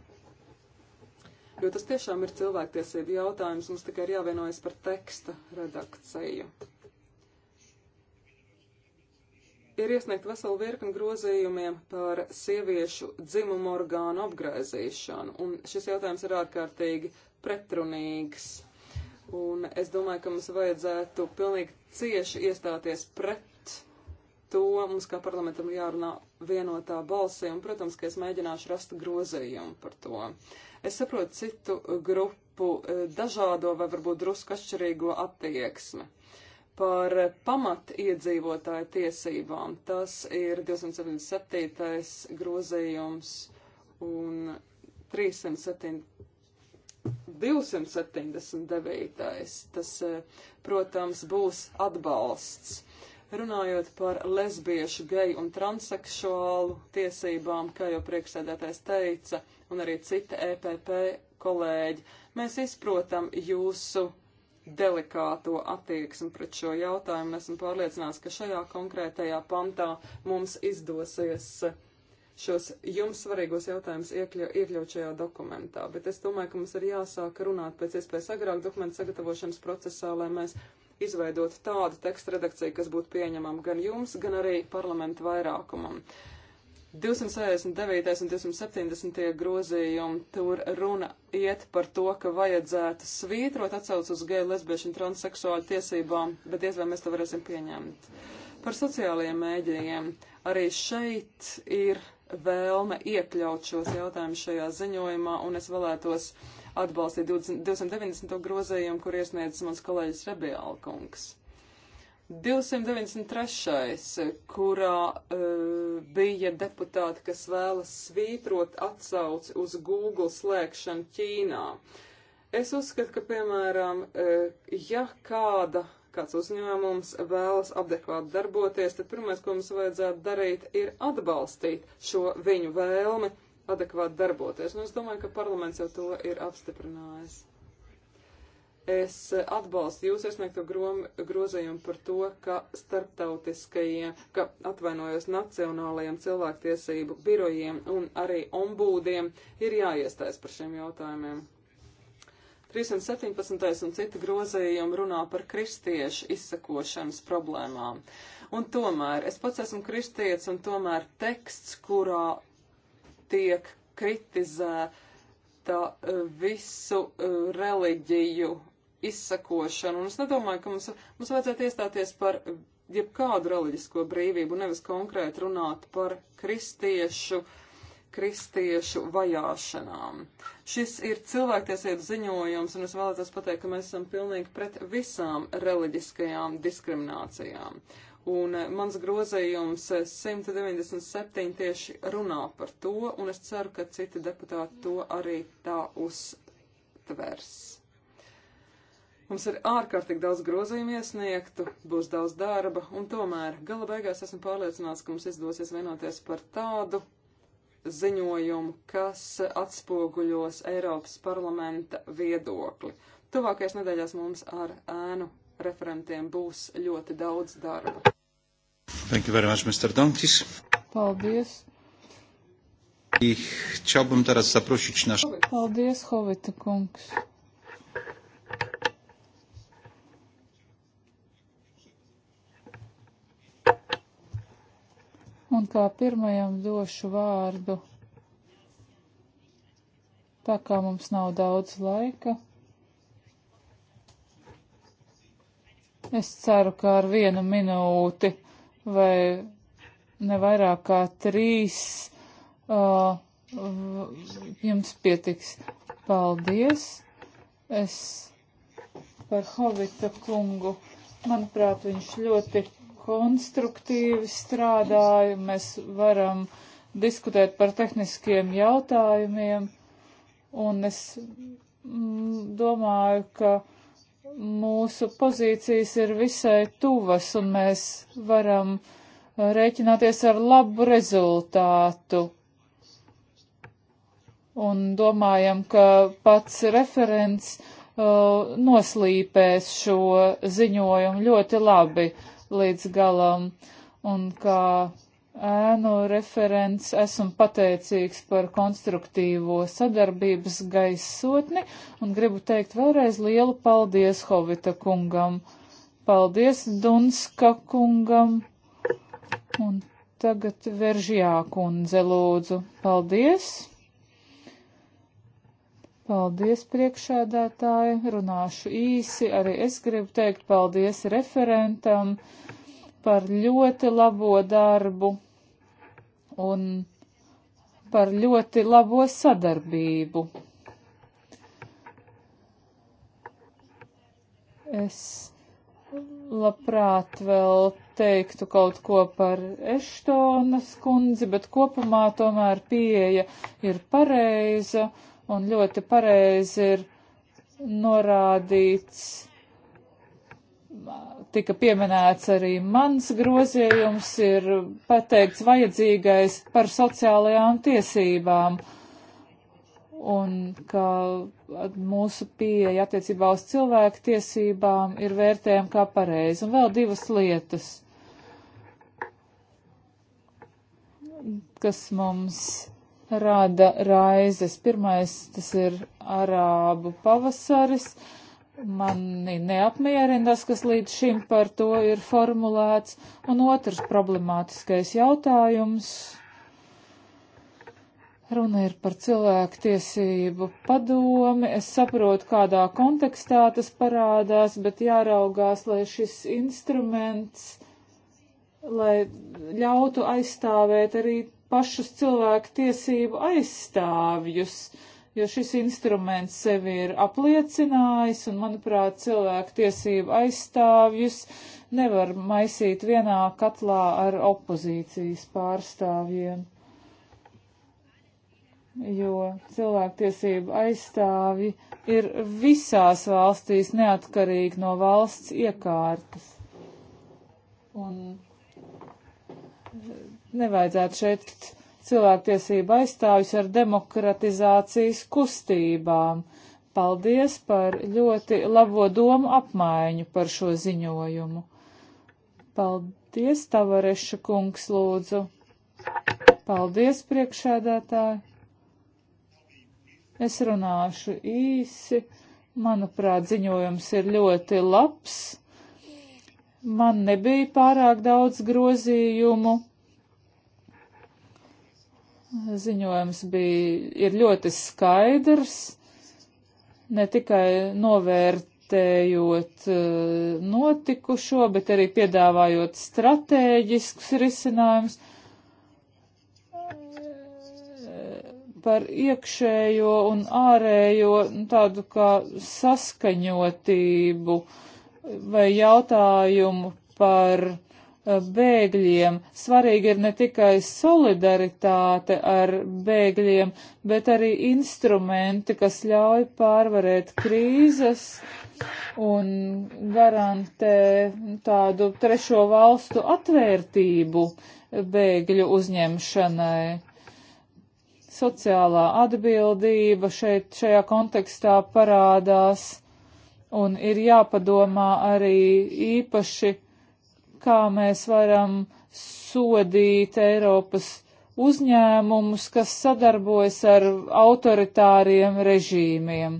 Jo tas tiešām ir cilvēktiesība jautājums, mums tikai ir jāvienojas par teksta redakciju. Ir iesniegt veselu virkni grozījumiem par sieviešu dzimumu orgānu apgraizīšanu, un šis jautājums ir ārkārtīgi pretrunīgs Un es domāju, ka mums vajadzētu pilnīgi cieši iestāties pret to. Mums kā parlamentam jārunā vienotā balsī, un, protams, ka es mēģināšu rast grozījumu par to. Es saprotu citu grupu e, dažādo vai varbūt drusku atšķirīgo attieksmi. Par pamat iedzīvotāju tiesībām tas ir 277. grozījums un 307. 279. Tas, eh, protams, būs atbalsts. Runājot par lesbiešu, geju un transseksuālu tiesībām, kā jau priekšsēdētājs teica, un arī citi EPP kolēģi, mēs izprotam jūsu delikāto attieksmi pret šo jautājumu. Esmu pārliecināts, ka šajā konkrētajā pantā mums izdosies uh, šos jums svarīgos jautājumus iekļaut šajā dokumentā. Bet es domāju, ka mums ir jāsāk runāt pēc iespējas agrāk dokumentu sagatavošanas procesā, lai mēs izveidotu tādu tekstu redakciju, kas būtu pieņemama gan jums, gan arī parlamentu vairākumam. 269. un 270. grozījumi tur runa iet par to, ka vajadzētu svītrot atsauc uz geju, lesbiešu un transseksuālu tiesībām, bet diez vai mēs to varēsim pieņemt. Par sociālajiem mēģiniem arī šeit ir vēlme iekļaut šos jautājumus šajā ziņojumā, un es vēlētos atbalstīt 20, 290. grozījumu, kur iesniedzis mans kolēģis Rebialkungs. 293. kurā uh, bija deputāti, kas vēlas svītrot atsauci uz Google slēgšanu Ķīnā. Es uzskatu, ka, piemēram, uh, ja kāda kāds uzņēmums vēlas adekvāti darboties, tad pirmais, ko mums vajadzētu darīt, ir atbalstīt šo viņu vēlmi adekvāti darboties. Un nu, es domāju, ka parlaments jau to ir apstiprinājis. Es atbalstu jūs iesniegto grozījumu par to, ka starptautiskajiem, ka atvainojos nacionālajiem cilvēktiesību birojiem un arī ombūdiem ir jāiestājas par šiem jautājumiem. 317. un citi grozījumi runā par kristiešu izsakošanas problēmām. Un tomēr, es pats esmu kristietis, un tomēr teksts, kurā tiek kritizēta e, visu e, reliģiju izsakošanu, un es nedomāju, ka mums, mums vajadzētu iestāties par jebkādu reliģisko brīvību, nevis konkrēti runāt par kristiešu uh, kristiešu vajāšanām. Šis ir cilvēktiesību ziņojums, un es vēlētos pateikt, ka mēs esam pilnīgi pret visām reliģiskajām diskriminācijām. Un eh, mans grozējums 197 eh, tieši runā par to, un es ceru, ka citi deputāti to arī tā uztvers. Mums ir ārkārtīgi daudz grozījumu iesniegtu, būs daudz darba, un tomēr gala beigās esmu pārliecināts, ka mums izdosies vienoties par tādu ziņojumu, kas atspoguļos Eiropas parlamenta viedokli. Tuvākajās nedēļās mums ar ēnu referentiem būs ļoti daudz darba. Thank you very much, Mr. Donkis. Paldies. I chciałbym teraz zaprosić nasz... Paldies, Hovita kungs. Un kā pirmajam došu vārdu, tā kā mums nav daudz laika. Es ceru, ka ar vienu minūti vai ne vairāk kā trīs uh, jums pietiks. Paldies! Es par Hovita kungu, manuprāt, viņš ļoti konstruktīvi strādāju, mēs varam diskutēt par tehniskiem jautājumiem, un es mm, domāju, ka mūsu pozīcijas ir visai tuvas, un mēs varam uh, rēķināties ar labu rezultātu. Un domājam, ka pats referents uh, noslīpēs šo ziņojumu ļoti labi. Uh, līdz galam. Un kā ēnu referents esmu pateicīgs par konstruktīvo sadarbības gaisotni un gribu teikt vēlreiz lielu paldies Hovita kungam. Paldies Dunska kungam. Un tagad Veržjā kundze lūdzu. Paldies! Paldies priekšēdētāji, runāšu īsi. Arī es gribu teikt paldies referentam par ļoti labo darbu un par ļoti labo sadarbību. Es labprāt vēl teiktu kaut ko par Eštonas kundzi, bet kopumā tomēr pieeja ir pareiza un ļoti pareizi ir norādīts, tika pieminēts arī mans grozījums, ir pateikts vajadzīgais par sociālajām tiesībām un ka mūsu pieeja attiecībā uz cilvēku tiesībām ir vērtējama kā pareizi. Un vēl divas lietas, kas mums rada raizes. Pirmais tas ir arābu pavasaris. Mani neapmierina tas, kas līdz šim par to ir formulēts. Un otrs problemātiskais jautājums. Runa ir par cilvēku tiesību padomi. Es saprotu, kādā kontekstā tas parādās, bet jāraugās, lai šis instruments, lai ļautu aizstāvēt arī pašus cilvēku tiesību aizstāvjus, jo šis instruments sevi ir apliecinājis, un, manuprāt, cilvēku tiesību aizstāvjus nevar maisīt vienā katlā ar opozīcijas pārstāvjiem, jo cilvēku tiesību aizstāvji ir visās valstīs neatkarīgi no valsts iekārtas. Un nevajadzētu šeit cilvēktiesība aizstāvis ar demokratizācijas kustībām. Paldies par ļoti labo domu apmaiņu par šo ziņojumu. Paldies, Tavareša kungs, lūdzu. Paldies, priekšēdētāji. Es runāšu īsi. Manuprāt, ziņojums ir ļoti labs. Man nebija pārāk daudz grozījumu Ziņojums bija, ir ļoti skaidrs, ne tikai novērtējot eh, notikušo, bet arī piedāvājot stratēģiskus risinājumus eh, par iekšējo un ārējo tādu kā saskaņotību vai jautājumu par Eh, bēgļiem. Svarīgi ir ne tikai solidaritāte ar bēgļiem, bet arī instrumenti, kas ļauj pārvarēt krīzes un garantē tādu trešo valstu atvērtību bēgļu uzņemšanai. Sociālā atbildība šeit šajā kontekstā parādās un ir jāpadomā arī īpaši kā mēs varam sodīt Eiropas uzņēmumus, kas sadarbojas ar autoritāriem režīmiem.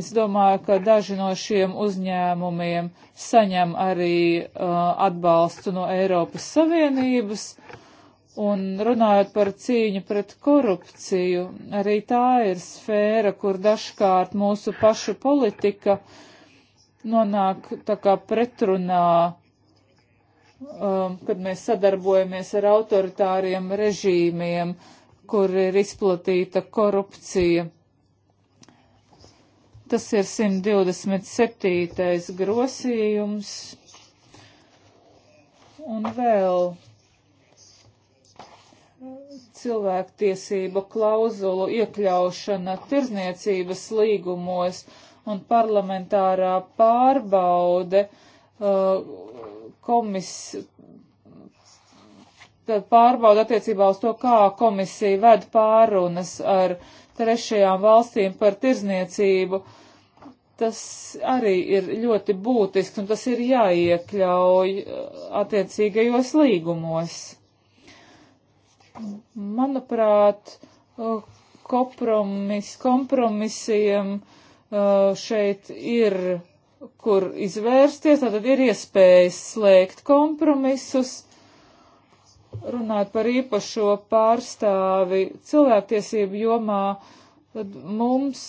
Es domāju, ka daži no šiem uzņēmumiem saņem arī uh, atbalstu no Eiropas Savienības. Un runājot par cīņu pret korupciju, arī tā ir sfēra, kur dažkārt mūsu pašu politika uh, nonāk tā kā pretrunā, um, kad mēs sadarbojamies ar autoritāriem režīmiem, kur ir izplatīta korupcija. Tas ir 127. grosījums. Un vēl cilvēktiesība klauzulu iekļaušana tirzniecības līgumos un parlamentārā pārbaude uh, komis, pārbauda attiecībā uz to, kā komisija ved pārunas ar trešajām valstīm par tirzniecību. Tas arī ir ļoti būtisks un tas ir jāiekļauj uh, attiecīgajos līgumos. Manuprāt, uh, kompromis, kompromisiem Uh, šeit ir kur izvērsties, tātad ir iespējas slēgt kompromisus, runāt par īpašo pārstāvi cilvēktiesību jomā, tad mums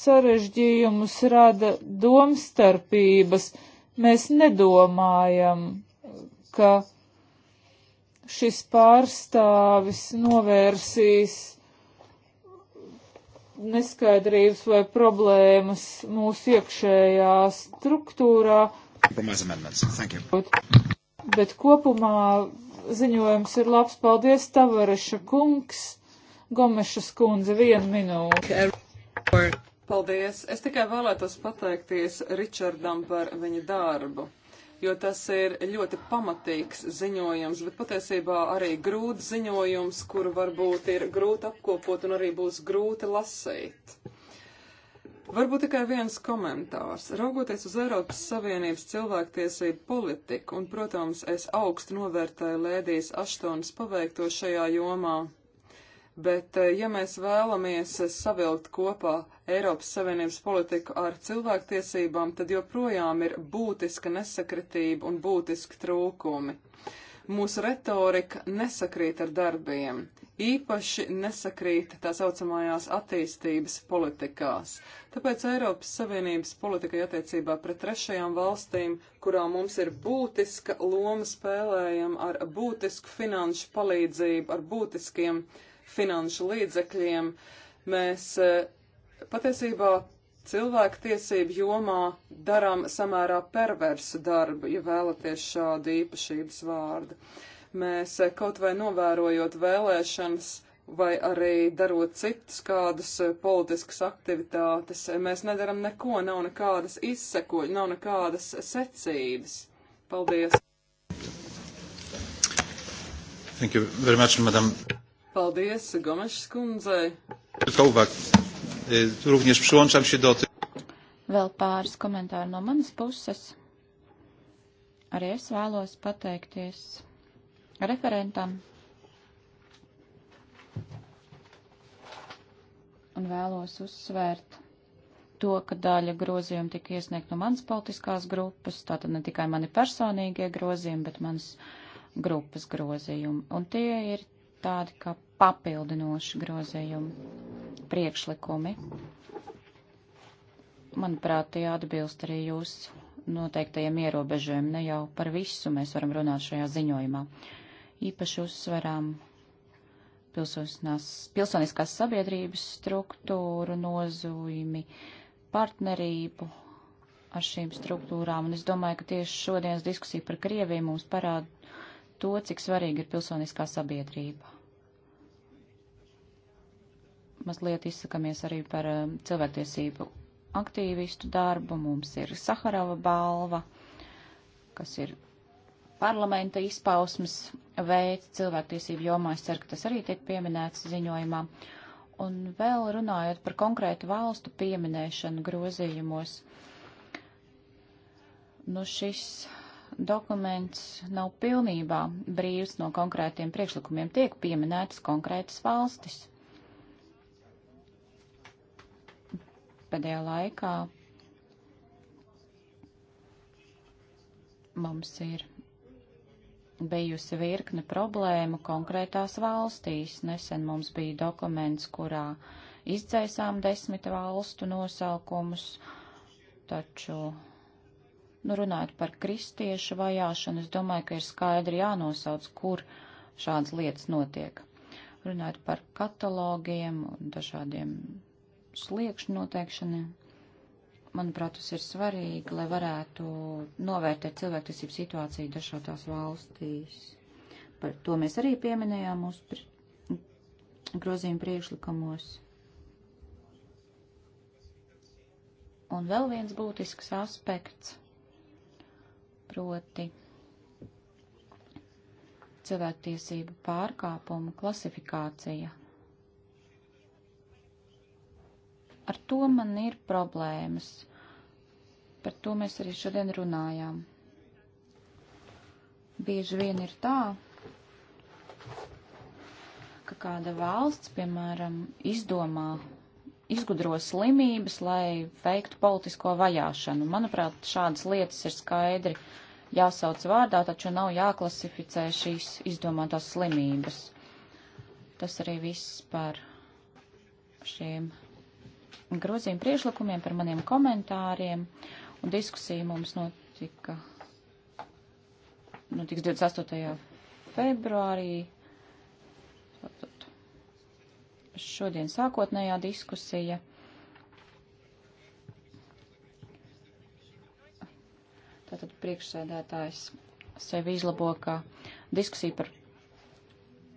sarežģījumus rada domstarpības. Mēs nedomājam, ka šis pārstāvis novērsīs neskaidrības vai problēmas mūsu iekšējā struktūrā. Bet kopumā ziņojums ir labs. Paldies, Tavareša kungs. Gomešas kundze, vienu minūti. Paldies. Es tikai vēlētos pateikties Ričardam par viņa darbu jo tas ir ļoti pamatīgs ziņojums, bet patiesībā arī grūts ziņojums, kuru varbūt ir grūti apkopot un arī būs grūti lasīt. Varbūt tikai viens komentārs. Raugoties uz Eiropas Savienības cilvēktiesību politiku, un, protams, es augstu novērtēju Lēdijas Aštonas paveikto šajā jomā, Bet, eh, ja mēs vēlamies savilkt kopā Eiropas Savienības politiku ar cilvēktiesībām, tad joprojām ir būtiska nesakritība un būtiski trūkumi. Mūsu retorika nesakrīt ar darbiem, īpaši nesakrīt tā saucamajās attīstības politikās. Tāpēc Eiropas Savienības politikai attiecībā pret trešajām valstīm, kurā mums ir būtiska loma spēlējama ar būtisku finanšu palīdzību, ar būtiskiem uh, finanšu līdzekļiem. Mēs e, patiesībā cilvēku tiesību jomā darām samērā perversu darbu, ja vēlaties šādu īpašības vārdu. Mēs e, kaut vai novērojot vēlēšanas vai arī darot citus kādus e, politiskus aktivitātes, mēs nedaram neko, nav nekādas izsekoļi, nav nekādas secības. Paldies! Thank you very much, madam. Paldies Gomešas kundzei. Również przyłączam się do tych. Vēl pāris komentāru no manas puses. Arī es vēlos pateikties referentam un vēlos uzsvērt to, ka daļa grozījumu tika iesniegt no manas politiskās grupas, tātad ne tikai mani personīgie grozījumi, bet manas grupas grozījumi. Un tie ir tādi kā papildinoši grozējumi priekšlikumi. Manuprāt, tie atbilst arī jūsu noteiktajiem ierobežojumiem. Ne jau par visu mēs varam runāt šajā ziņojumā. Īpaši uzsverām pilsoniskās sabiedrības struktūru nozīmi, partnerību ar šīm struktūrām. Un es domāju, ka tieši šodienas diskusija par Krieviju mums parāda to, cik svarīga ir pilsoniskā sabiedrība mazliet izsakamies arī par eh, cilvēktiesību aktīvistu darbu. Mums ir Saharava balva, kas ir parlamenta izpausmes veids cilvēktiesību jomā. Es ceru, ka tas arī tiek pieminēts ziņojumā. Un vēl runājot par konkrētu valstu pieminēšanu grozījumos, nu šis dokuments nav pilnībā brīvs no konkrētiem priekšlikumiem, tiek pieminētas konkrētas valstis. Pēdējā laikā mums ir bijusi virkne problēmu konkrētās valstīs. Nesen mums bija dokuments, kurā izdzēsām desmit valstu nosaukumus, taču, nu runājot par kristiešu vajāšanu, es domāju, ka ir skaidri jānosauc, kur šādas lietas notiek. Runājot par katalogiem un dažādiem sliekšņu noteikšanai. Manuprāt, tas ir svarīgi, lai varētu novērtēt cilvēktiesību situāciju dažādās valstīs. Par to mēs arī pieminējām mūsu pr grozījuma priekšlikumos. Un vēl viens būtisks aspekts, proti cilvēktiesību pārkāpumu klasifikācija Ar to man ir problēmas. Par to mēs arī šodien runājām. Bieži vien ir tā, ka kāda valsts, piemēram, izdomā izgudro slimības, lai veiktu politisko vajāšanu. Manuprāt, šādas lietas ir skaidri jāsauc vārdā, taču nav jāklasificē šīs izdomātās slimības. Tas arī viss par šiem grozījumu priešlikumiem, par maniem komentāriem, un diskusija mums notika, notiks 28. februārī. Tātad, šodien sākotnējā diskusija. Tātad priekšsēdētājs sevi izlabo, ka diskusija par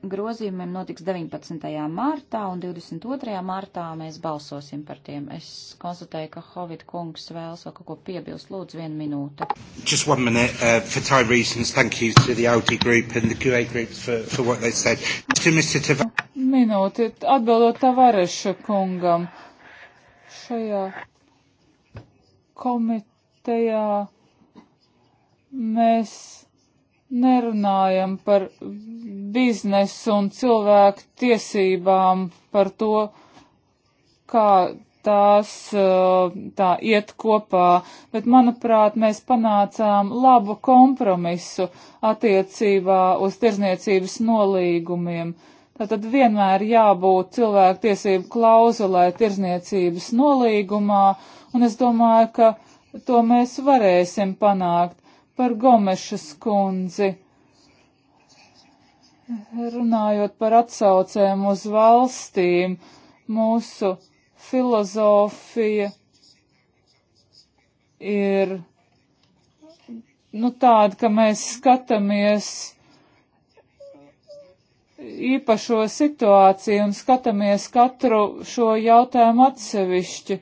grozījumiem notiks 19. martā un 22. martā mēs balsosim par tiem. Es konstatēju, ka Hovid kungs vēlas vēl kaut ko piebilst. Lūdzu, vienu minūtu. Just one minute. Uh, for time reasons, thank you to the Audi group and the QA group for, for what they said. To Mr. Tav Minūti, atbildot Tavareša kungam. Šajā komitejā mēs nerunājam par biznesu un cilvēku tiesībām, par to, kā tās uh, tā iet kopā, bet manuprāt, mēs panācām labu kompromisu attiecībā uz tirzniecības nolīgumiem. Tātad vienmēr jābūt cilvēku tiesību klauzulē tirzniecības nolīgumā, un es domāju, ka to mēs varēsim panākt par Gomešas kundzi. Runājot par atsaucēm uz valstīm, mūsu filozofija ir nu, tāda, ka mēs skatāmies īpašo situāciju un skatāmies katru šo jautājumu atsevišķi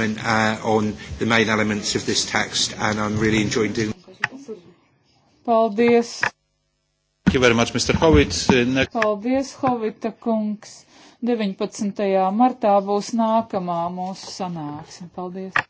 uh, on the main elements of this text, and I'm really enjoying doing. Paldies. Thank you very much, Mr. Howitt. Uh, Next... Paldies, Hovita kungs. 19. martā būs nākamā mūsu sanāksme. Paldies.